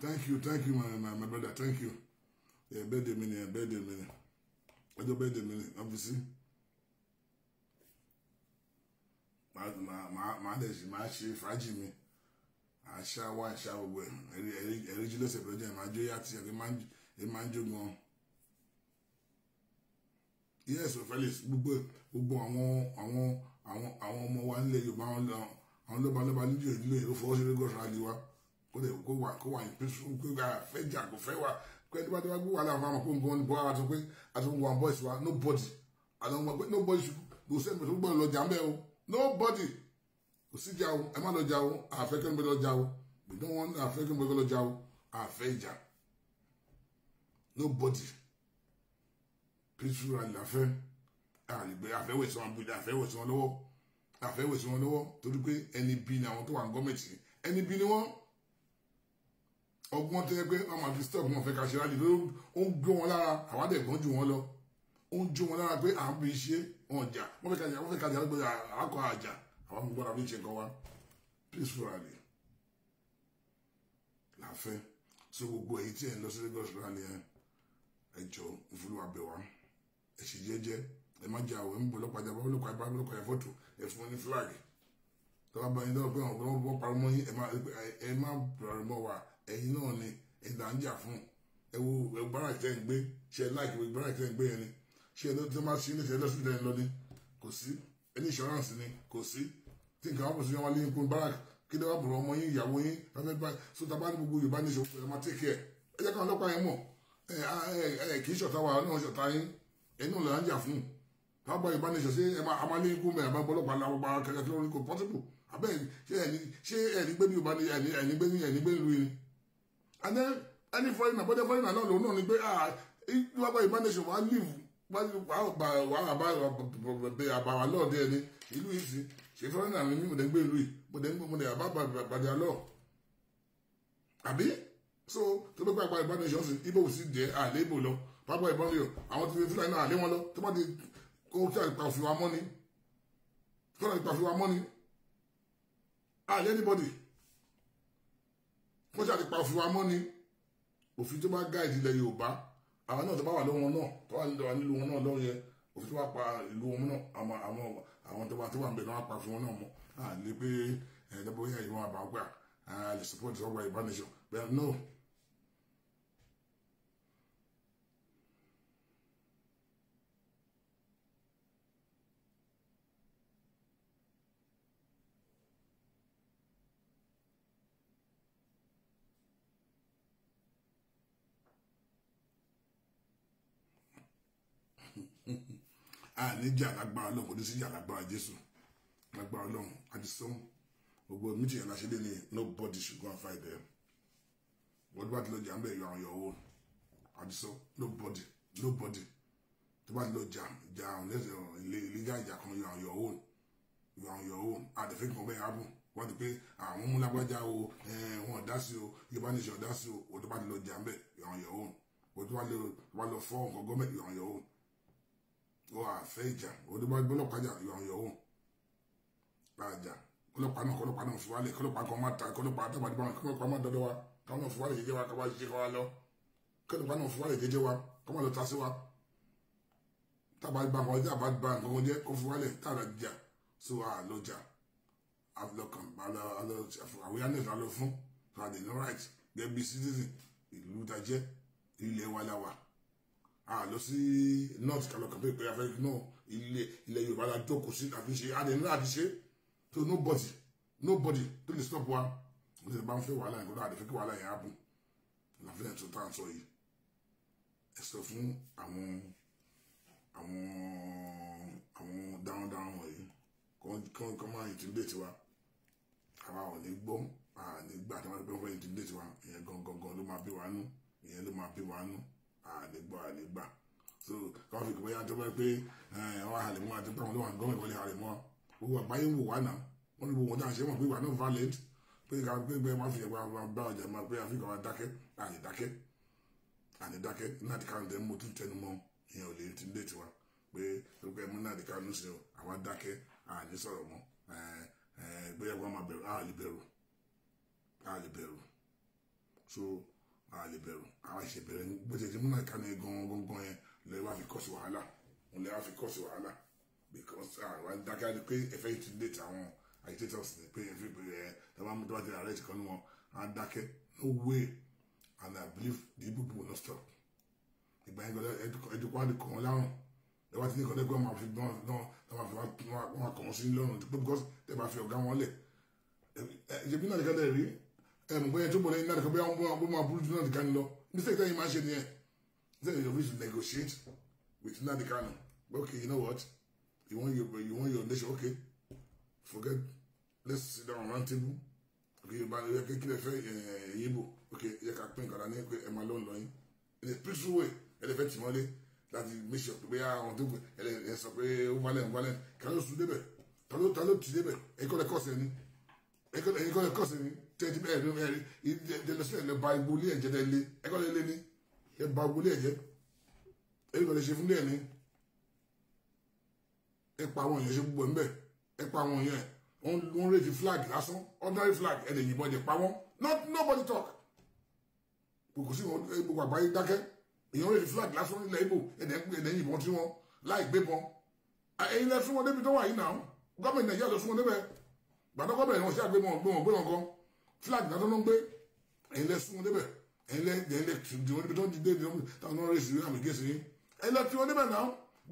Thank you, thank you, my, my, my brother. Thank you. Yeah, birthday mini, yeah, birthday mini. I do birthday mini, obviously. My my my máa ṣe fàájì mi. Àṣà wá àṣà gbogbo ẹ̀. Ẹ̀rí jí lọ́sẹ̀ pẹ̀lú jẹ́ ìmájó yá ti ẹ̀rí máa ń jó gan. Yes, Felix, gbogbo gbogbo àwọn àwọn àwọn ọmọ wa nílẹ̀ Yorùbá àwọn lọ́balọ́ba nílẹ̀ ìlú ìlú fọwọ́sí Lagos Rally wa kó lè kó wà kó wà ìpínsùn kó wà fẹ́ jà kó fẹ́ wà kó ẹni bá tó bá gbé wà láwọn ọmọ kóńkó ní bọ́lá wa tó pé àtúntò wọn bọ́ọ̀sì wa nobody àwọn ọmọ pé nobody kò sẹ́ni tó gbọ́dọ̀ lọ jà ń bẹ́ o nobody kò sí jà o ẹ má lọ jà o àfẹ́ kẹ́ni bẹ́ẹ̀ lọ jà o gbẹ̀dọ̀ wọn àfẹ́ kẹ́ni bẹ́ẹ̀ lọ jà o àfẹ́ ìjà nobody peaceful rally àfẹ́ àlùgbẹ́ àfẹ́wẹ̀sán àbújá àfẹ́wẹ̀sán lọ́wọ́ àfẹ́wẹ̀sán lọ́wọ́ torí pé ẹni bí ni àwọn tó wà ní gọ́ọ̀mẹ̀tì ẹni bí ni wọ́n ọgbọ́n tó yẹ pé wọ́n máa disturb wọn fẹ́ ká ṣe rálì ló ń gbé wọn lára àwa dẹ̀ gbọ́n jù wọn lọ ó ń jó wọn lára pé à ń bí ṣe wọn jà wọ́n fẹ́ ká jà wọ́n fẹ́ ká jà lọ́gbẹ́ àkọ́ àjà àwọn ọmọ gbọ́dọ̀ méje kan wá peaceful rally láfẹ́ so gbogbo èyí tí ẹ̀ ń lọ sí Lagos rally ẹ̀ ẹ jọ ìfúlùwà bẹ̀ wá ẹ ṣe jẹ́jẹ́ ẹ má jà àwọn ẹ̀mú ọlọ́pàá jà ọlọ́pàá ìbá ọlọ́pàá ẹ̀ fọ́tò ẹ̀yin náà ni ìgbà ń jà fún ẹ wo ẹgbàrán ìtẹ́ ń gbé ṣe láìkí ẹgbàrán ìtẹ́ ń gbé yẹn ni ṣe ẹni tó máa ṣe ní ìṣẹ́ lọ́sùn ìdẹ́ni lọ ni kò sí ẹni insurance ni kò sí tí nǹkan wà pọ̀ sí wọn lé nkún barak kí ló wà bọ̀rọ̀ ọmọ yín ìyàwó yín lábẹ́ bá so tá a bá ní gbogbo Yorùbá ní ìṣòwò ẹ̀ máa tẹ̀kẹ́ ẹ jẹ́ káwọn ọlọ́pàá yẹn mọ̀ ẹ kì í ṣọ̀tá wa náà ṣọ̀tá yín ẹni ò lè ń jà fún un báwo Yorùbá ní ìṣọ̀ sí ẹ máa amalé ikú mẹ́rin àbá ọlọ́pàá làwọn kẹ̀kẹ́ lórí kò pọ́sibù àbẹ́ ṣé ẹni gbé ní Yorùbá ẹni gbé ní ẹni gbé ní ìlú and then any foreigner but the foreigner náà lòun náà a pé wàá live, ìmánẹ́sọ̀ wàá leave wàá gba wàá bá àbàwà lord there? ìlú yìí sí She foreigner mi mo dẹ̀ gbé ìlú yìí mo dẹ̀ mo dẹ̀ àbá bàjẹ́ lọ àbí so tó bá gba ìmánẹ́sọ̀ sí ibo sì Ah, àlébò lọ pápá ìbọn lè àwọn tí fúlàní náà àlé wọn lọ tó bá ti kó kí àgbà òfin wa mọ́ ni kí àgbà òfin wa mọ́ ni àlé anybody wọ́n ṣàti pa òfin wa mọ́ ni òfin tó bá gáàdì ilẹ̀ Yorùbá àwọn náà tó bá wà lọ́wọ́ náà tó wà nílùú wọn náà lọ́wọ́ yẹn òfin tó bá pa ìlú wọn náà àwọn àwọn àwọn tó bá tó wà ń bẹ̀ náà pa fún wọn náà mọ́ à pé ẹ̀ẹ́dẹ́gbẹ́ yẹn ìwọ̀n àbáwọ́gbà à support ọgbà ìbánisọ̀ bẹ́ẹ̀ náà àníjà lágbára ọlọ́run kò ní síjà lágbára jésù lágbára ọlọ́run àdìsán gbogbo mítì yẹn láṣẹ lẹ́ni nobody should go and fight them wọ́n bá ti lọ jà ń bẹ̀ yọ àwọn yọ̀ àdìsán nobody nobody tó bá ti lọ jà jà lẹ́sẹ̀ ìlígà ìjà kan yọ àwọn yọ̀ wọ́n yọ àwọn yọ̀ wọ́n àdìfẹ́ kan bẹ́ẹ̀ ábùn wọ́n ti pé àwọn ah, mú lágbájá o eh, wọn ò dá sí o yorùbá nation dá sí o wọ́n tó bá ti lọ jà ń bẹ̀ yọ àwọn yọ̀ wọ́n wọ́n tó bá lọ fọ́ nǹkan gọ́ọ̀mẹ̀ yọ àwọn yọ̀ ó àfẹ́ ìjà òdìbò agbóná pàjà ìwà òyòwò pàjà kọlọ́pàá náà kọlọ́pàá náà fún wa lè kọlọ́pàá kan máa ta kọlọ́pàá àtàwọn àdìbò àwọn kọlọ́pàá máa dọdọ wa káwọn náà fún wa lè jẹjẹ wa káwọn ṣe kọ wa lọ kọlọ́pàá náà fún wa lè jẹjẹ wa kọ́ máa lọ ta sí wa tábà gba àwọn ọjà bá gba nǹkan kan jẹ kó fún wa lè tààrà jà sí wa lọjà àfilọkàn balọ awareness la lọ fún for the right gẹ́gẹ́ bí citizen ìlú ta jẹ́ ilé wa la wà a lọ sí north kalọ kan pé ìpẹ́yàfẹ́ náà ilẹ̀ ilẹ̀ yorùbá la jókòó sí àfi ṣe adé ní láti ṣe so nobody nobody tó lè stop wa ó ti bá ń fẹ́ wàhálà yẹn kó láti fẹ́ kí wàhálà yẹn á bùn láfíà tó tá à ń sọ yìí ẹ sọ fún àwọn àwọn àwọn dáhùndáhùn wọ̀nyí kán kán máa intimidate wa àwa ò ní gbọ́ à ní gbà tí wọ́n fẹ́ intimidate wa ìyẹn gangan ló máa bí wa nú ìyẹn ló máa bí wa nú àlégbọ́ àlégbà so káwọn fi kọ́bẹ́yà tó bẹ́ pé ọwọ́ eh, àlèmọ́ àti pé àwọn olówó àgọ́mọ̀ ìwọlé àlèmọ́ owó àgbáyé wò wá náà wọ́n ní gbogbo dáhùn ṣe mọ̀ pé ìwà náà valid pé ká pé bẹ́ẹ̀ wá fi ẹ̀gbọ́n àwọn bá ọjà máa pé àfikún wa dákẹ́ ànídákẹ́ ànídákẹ́ náà ti káwọn tẹ́ mú tún tẹnu mọ́ ìyẹn ò lè ti dé tiwa pé pé mú náà ti káwọn ṣe àwa dákẹ́ àní sọ̀rọ̀ mọ́ pé eh, ẹ̀gbọ́n eh, máa bẹ̀rù àlè bẹ̀rù àlè bẹ̀rù so a lè bẹ̀rù àwọn ìṣèbẹ̀rẹ̀ gbèsè tí múnà ìkànnì gan gbọ̀ngàn yẹn lè wá fi kọ́sí wàhálà òun lè wá fi kọ́sí wàhálà because ah, àwọn dákẹ́ ni pé ẹ̀fẹ́ yìí ti lè ta àwọn agitators ni pé ẹ̀fẹ́ ìpè ẹ̀ dábàá mú dábàá ti rà rẹ̀ ti kọ́ ní wọn á dákẹ́ no way and I believe the people will not stop ìgbà yẹn gbọdọ̀ ẹ̀dùkọ́ á di kọ̀ wọ́n láwọn lẹ́wọ́ ti ní kọ́ lẹ́gbẹ́ máa fi dán wọn kọ̀ wọ́n sí lọ́rùn because tẹ́ bá fi ọ̀gá wọn lẹ̀ ẹ̀jẹ̀ bí náà lè kẹ́lẹ́ rí mọ̀gbọ́n yẹn tó bọ̀ lẹ́yìn náà kọ́ bí wọ́n bọ́ máa burú jù náà di Kanu lọ mistake tẹ́yìn máa ṣe nìyẹn then you need to negotiate with Nnamdi Kanu okay you know what you want your you want your nation okay forget let's sit down round table okay yorùbá yẹ kí kílẹ̀ fẹ́ yíbo okay yẹ ká pín nǹkan ní pé ẹ máa lọ́n lọ́yìn in a peaceful way ẹ lè fẹ́ tì wọ́n lé láti make sure pé àwọn tó gbìn ẹ lè sọ pé ó wálẹ̀ ń wálẹ̀ kí a ló sùn débẹ̀ ta ló ta ló tì débẹ̀ ẹ̀kọ́ lẹ́kọ̀ọ́sẹ̀ ni ẹ̀kọ́ lẹ́kọ̀ọ́sẹ̀ ni tẹ́tí bẹ́ẹ̀ ló ẹ̀rí ìdíje lọ sílẹ̀ lọ ba igbó ilé ẹ̀jẹ̀ tẹ́ lé ẹ̀kọ́ lé lé ní ẹ̀ ba igbó ilé ẹ̀jẹ̀ èyí ló lè ṣe fún lé ẹ̀ní ẹ̀ pa àwọn èèyàn ṣe gbogbo ẹ̀ ń bẹ̀ ẹ̀ pa àwọn èèyàn ẹ̀ wọ́n ń rèéfì flag lásán ordinary flag ẹ̀ lè yìnbọn jẹ̀ pa wọ́n nobody talk gbogbo sí gbogbo àgbáyé dákẹ́ èèyàn rèéfì flag lásán nílẹ̀ Ìgbò ẹ̀dẹ̀ yìnbọn tí wọ́n láì gbébọn ẹ̀yin lẹ fún wọn débi tó wà yìí náà gọ́ọ̀mẹ̀ntì Nàìjíríà ló fún wọn débẹ̀ gbàdọ́gọ́bẹ̀ ni wọ́n ṣe àgbébọn gbé wọn gbé wọn gan flag náà tó ń gbé ẹ̀yin lẹ sún wọn débẹ̀ ẹ̀yin lẹ ẹ̀yin lẹ di wọn níbi tó ń dìde ìdí táwọn náà rèé sí àmì gẹ̀ẹ́sì yín ẹ̀yin lẹ fi wọn débẹ̀ náà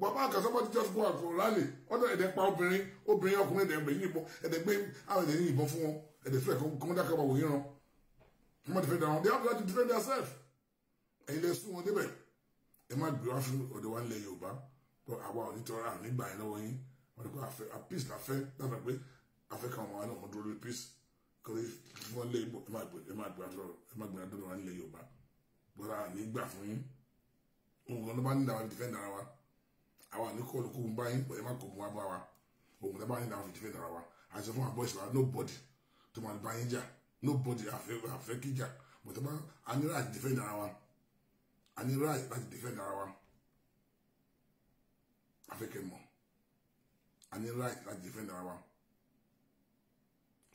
bàbá àkàsọ́bọ̀ ti just go out for rally ọ̀dọ̀ ẹ̀dẹ̀ pa obìnrin obìnrin ọkùnrin ẹ̀dẹ̀ ẹ̀gbẹ̀ yìnbọn ẹ̀dẹ̀ gbé àwọn ẹ̀dẹ̀ yìnbọn fún wọn ẹ̀dẹ̀ fúlẹ̀ kọ́ dákẹ́ bá wòye ràn wọ́n máa defend àwọn they have to defend themselves ẹ̀yin lẹ sún wọn débẹ̀ ẹ má gbé wá fún ọ̀dọ̀ wa nílẹ̀ Yorùbá tó àwa ò ní tọrọ àmì gbà yín lọ́wọ́ yín wọ́n ti kọ́ àfẹ́ peace la fẹ́ dábàá pé afẹ́ káwọn wà náà wọ́n dúró peace torí wọ́n lé ibò ẹ má gbìyànjú dọ́dọ̀ wa nílẹ̀ Yorùbá bọ́dà nígbà fún yín òun ló bá ní ìdáwà dìfẹ́ dára wa àwa ní kọ́ọ̀lù kó ń bá yín pọ̀ ẹ má kó mu wá bá wa òun ló bá ní ìdáwà dìfẹ́ dára wa àti fún àbọ̀ ìṣòro nobody tó máa bá yín jà nobody àfẹ́ kíjà bọ̀dọ̀ bá a ní láti dìfẹ́ dára wa a ní láti dìfẹ́ dára wa afẹ́kẹ́ mọ̀ a ní láti dìfẹ́ dára wa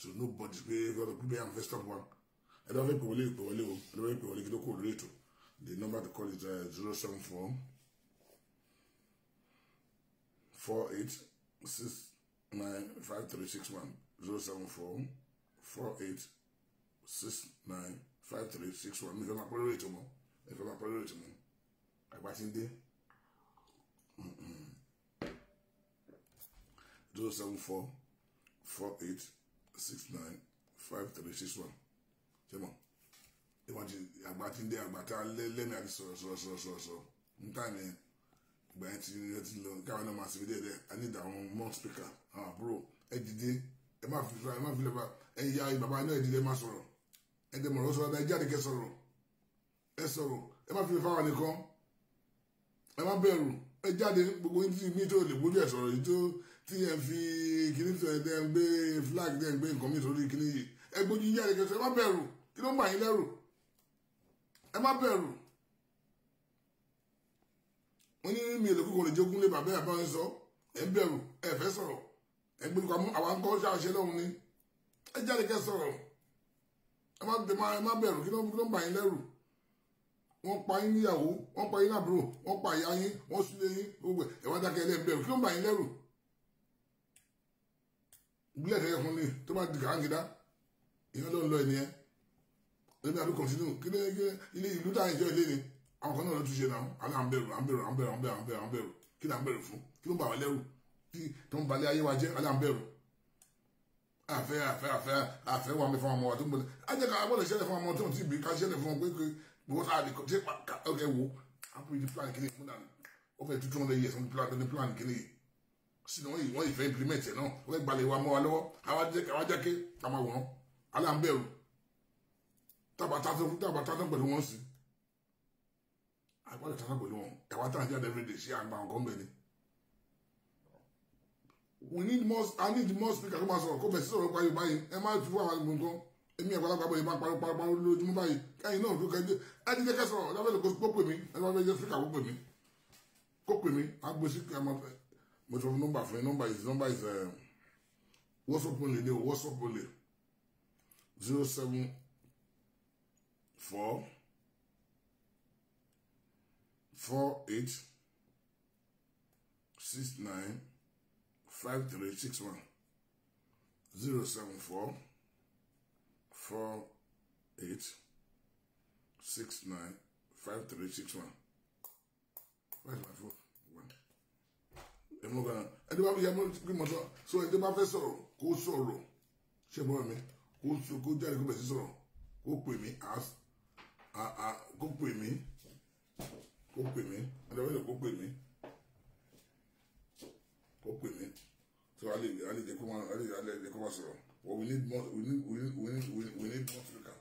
to nobody pé gbọ́dọ̀ pé bẹ́ẹ̀ fẹ́ stop one ẹ bá fẹ́ pè wọlé pè wọlé o ẹ bá fẹ́ pè wọlé kí ló kó lórí ètò the number to call is uh, zero seven four four eight six nine five three six one zero seven four four eight six nine five three six one mi fẹ́ máa pẹ́ lórí ètò mọ́ ẹ fẹ́ máa pẹ́ lórí ètò mọ́ àgbà ti ń dé. zero seven four four eight six nine five three six one ṣé mọ̀ ìwọ̀n ti àgbà ti ń dé àgbà tá lẹ́mìí àti sọ̀rọ̀ sọ̀rọ̀ sọ̀rọ̀ sọ̀rọ̀ sọ̀rọ̀ ń tà ní ìgbà yẹn ti yẹn ti lọ káwọn náà máa ṣe déédéé a ní ìdààmú mọ́ spíkà àwọn àbúrò ah, ẹ dìde ẹ má fi ẹ má fi lẹ́fà ẹ ya bàbá náà dìde má jáde gbogbo ní ti mi tó lè gbójú ẹ sọ̀rọ̀ yìí tó tí ẹ fi kíní tó ẹ dẹ́n gbé flag dẹ́n gbé nǹkan mi sórí kíní yìí ẹ gbójú yíyá rẹ kẹsàn ẹ má bẹ̀rù kí ló ń bà yín lẹ́rù ẹ má bẹ̀rù wọ́n ní mi èlò kúkọ̀ lè jogún lé bàbá àbá ń sọ ẹ bẹ̀rù ẹ fẹ́ sọ̀rọ̀ ẹ gbé nǹkan àwọn akọ́ ṣàṣẹ lọ́hùn ni ẹ jáde kẹ sọ̀rọ̀ ẹ má bẹ̀rù kí ló ń bà yín lẹ́rù wọ́n pa yín níyàwó wọ́n pa yín lábúrò wọ́n pa ìyá yín wọ́n súlé yín gbogbo ẹ̀ wá dákẹ́ ẹlẹ́bẹ̀rù kí ló ń bà yín lẹ́rù gbílẹ̀ kẹ́kẹ́ fún mi tó bá di kàńgídá èèyàn ló ń lọ ènìyàn èmi àbí kọ̀ǹtínú kí lé ilé ìlú dáhùn ìjọ ilé ni àwọn kan náà ló tún ṣe náà alẹ́ à ń bẹ̀rù à ń bẹ̀rù à ń bẹ̀rù à ń bẹ̀rù à ń bẹ̀rù à ń bẹ̀rù kí là ń bẹ̀rù fún kí ló ń bà wá lẹ́rù kí tó ń balẹ̀ ayé wa jẹ́ alẹ́ à ń bẹ̀rù àfẹ́ àfẹ́ àfẹ́ àfẹ́ wà mí fún ọmọ wa tó ń bọ̀lẹ̀ ajẹ́ ká gbọ́dọ̀ sínú wọn yìí wọ́n ìfẹ́ implement ẹ̀ náà wọ́n gbalẹ̀ wa mọ́ wa lọ́wọ́ àwa jẹ́ kí ká máa wọ̀n aláǹbẹ̀rù tábàtà tán pẹ̀lú wọn sí àgbàdo tán pẹ̀lú wọn ẹ̀wà tán jáde everyday ṣé àgbà nǹkan bẹ̀ ni. we need more i need more speaker kó máa sọ̀rọ̀ kó bẹ̀rẹ̀ sí sọ̀rọ̀ parí báyìí ẹ máa fi wá àwọn nǹkan èmi àgbàlagbà bọ̀ yìí máa parí parí parí lójúmọ́ báyìí kẹ́yìn náà tó kẹ́yìn ẹ ti jẹ́ kẹ́sọ̀rọ̀ ọ̀dọ́ fẹ́ẹ́ kó pè mí ẹ bá fẹ́ jẹ́ speaker kó pè mí kó pè mí àgbèsí kẹ́mọ́fẹ́ mo sọ fún nọ́mbà fún yín nọ́mbà yìí nọ́mbà yìí eh, whatsapp mo lè ní o whatsapp lè zero seven four four eight six nine five three six one zero seven four four eight six nine five three six one. Where's my phone? ẹmọ kan ẹdí bá yẹ kí mo sọ so ẹdí bá fẹ́ sọ̀rọ̀ kó sọ̀rọ̀ ṣe mọ mi kó sọ kó jáde kó bẹ sí sọ̀rọ̀ kó pè mí as a kó pè mí kó pè mí ẹdí bá yẹ kó pè mí kó pè mí so a lè a lè jẹ kó máa a lè a lè jẹ we need more we need we need we need we need, more speaker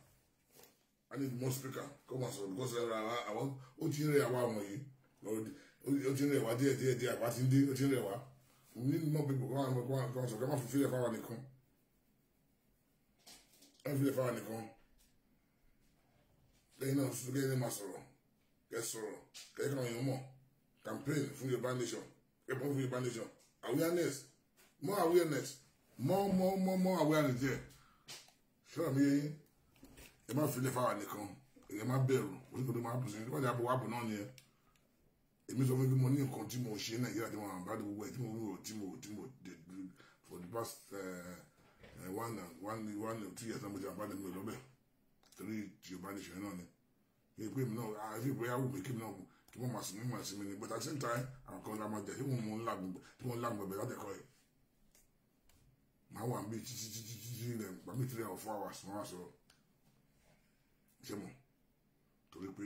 I need more speaker Come on, sọ̀rọ̀ because uh, I want. àwọn ti ń rẹ àwọn o ti ń rẹ̀ wá díẹ̀ díẹ̀ díẹ̀ àpá ti ń dé ó ti ń rẹ̀ wá ní mọ̀ pípò kọ́ àwọn ọmọ kan sọ̀rọ̀ má fi fílẹ̀ fáwa nìkan má fi fílẹ̀ fáwa nìkan lẹ́yìn náà tuntun kẹ́yìn máa sọ̀rọ̀ kẹ́ sọ̀rọ̀ kẹ́yìn kan yẹn mọ̀ campaign fún Yorùbá nation ẹ̀bùn fún Yorùbá nation awareness more awareness more more more more awareness there ṣọ́ra mi yẹn ẹ má fi fílẹ̀ fáwa nìkan ẹ má bẹ̀rù oníkòtò má bù sí i wọ́n ti àbọ̀ wà bù náà nìyẹn èmi sọ fún mi mo ní nǹkan tí mo ṣe nàìjíríà tí mo hàn bá gbogbo ẹ tí mo ń rò tí mo tí mo dé for the past eh, eh, one one one two years mo ti hàn bá mi lọ́bẹ̀ torí ti yorùbá ní ìṣẹ̀lẹ̀ náà ni mi pé mi náà àfi ìbóyá wù mí kí mi náà kí wọ́n máa sinmi máa sinmi ni but at the same time àwọn kan la máa jẹ tí wọ́n mú ńlá gbogbo tí wọ́n ńlá gbogbo látẹ̀kọ́ yìí máa wà níbi títí títí títí rẹ̀ gbàmí three or four hours máa sọ̀rọ̀ ṣé mo torí pé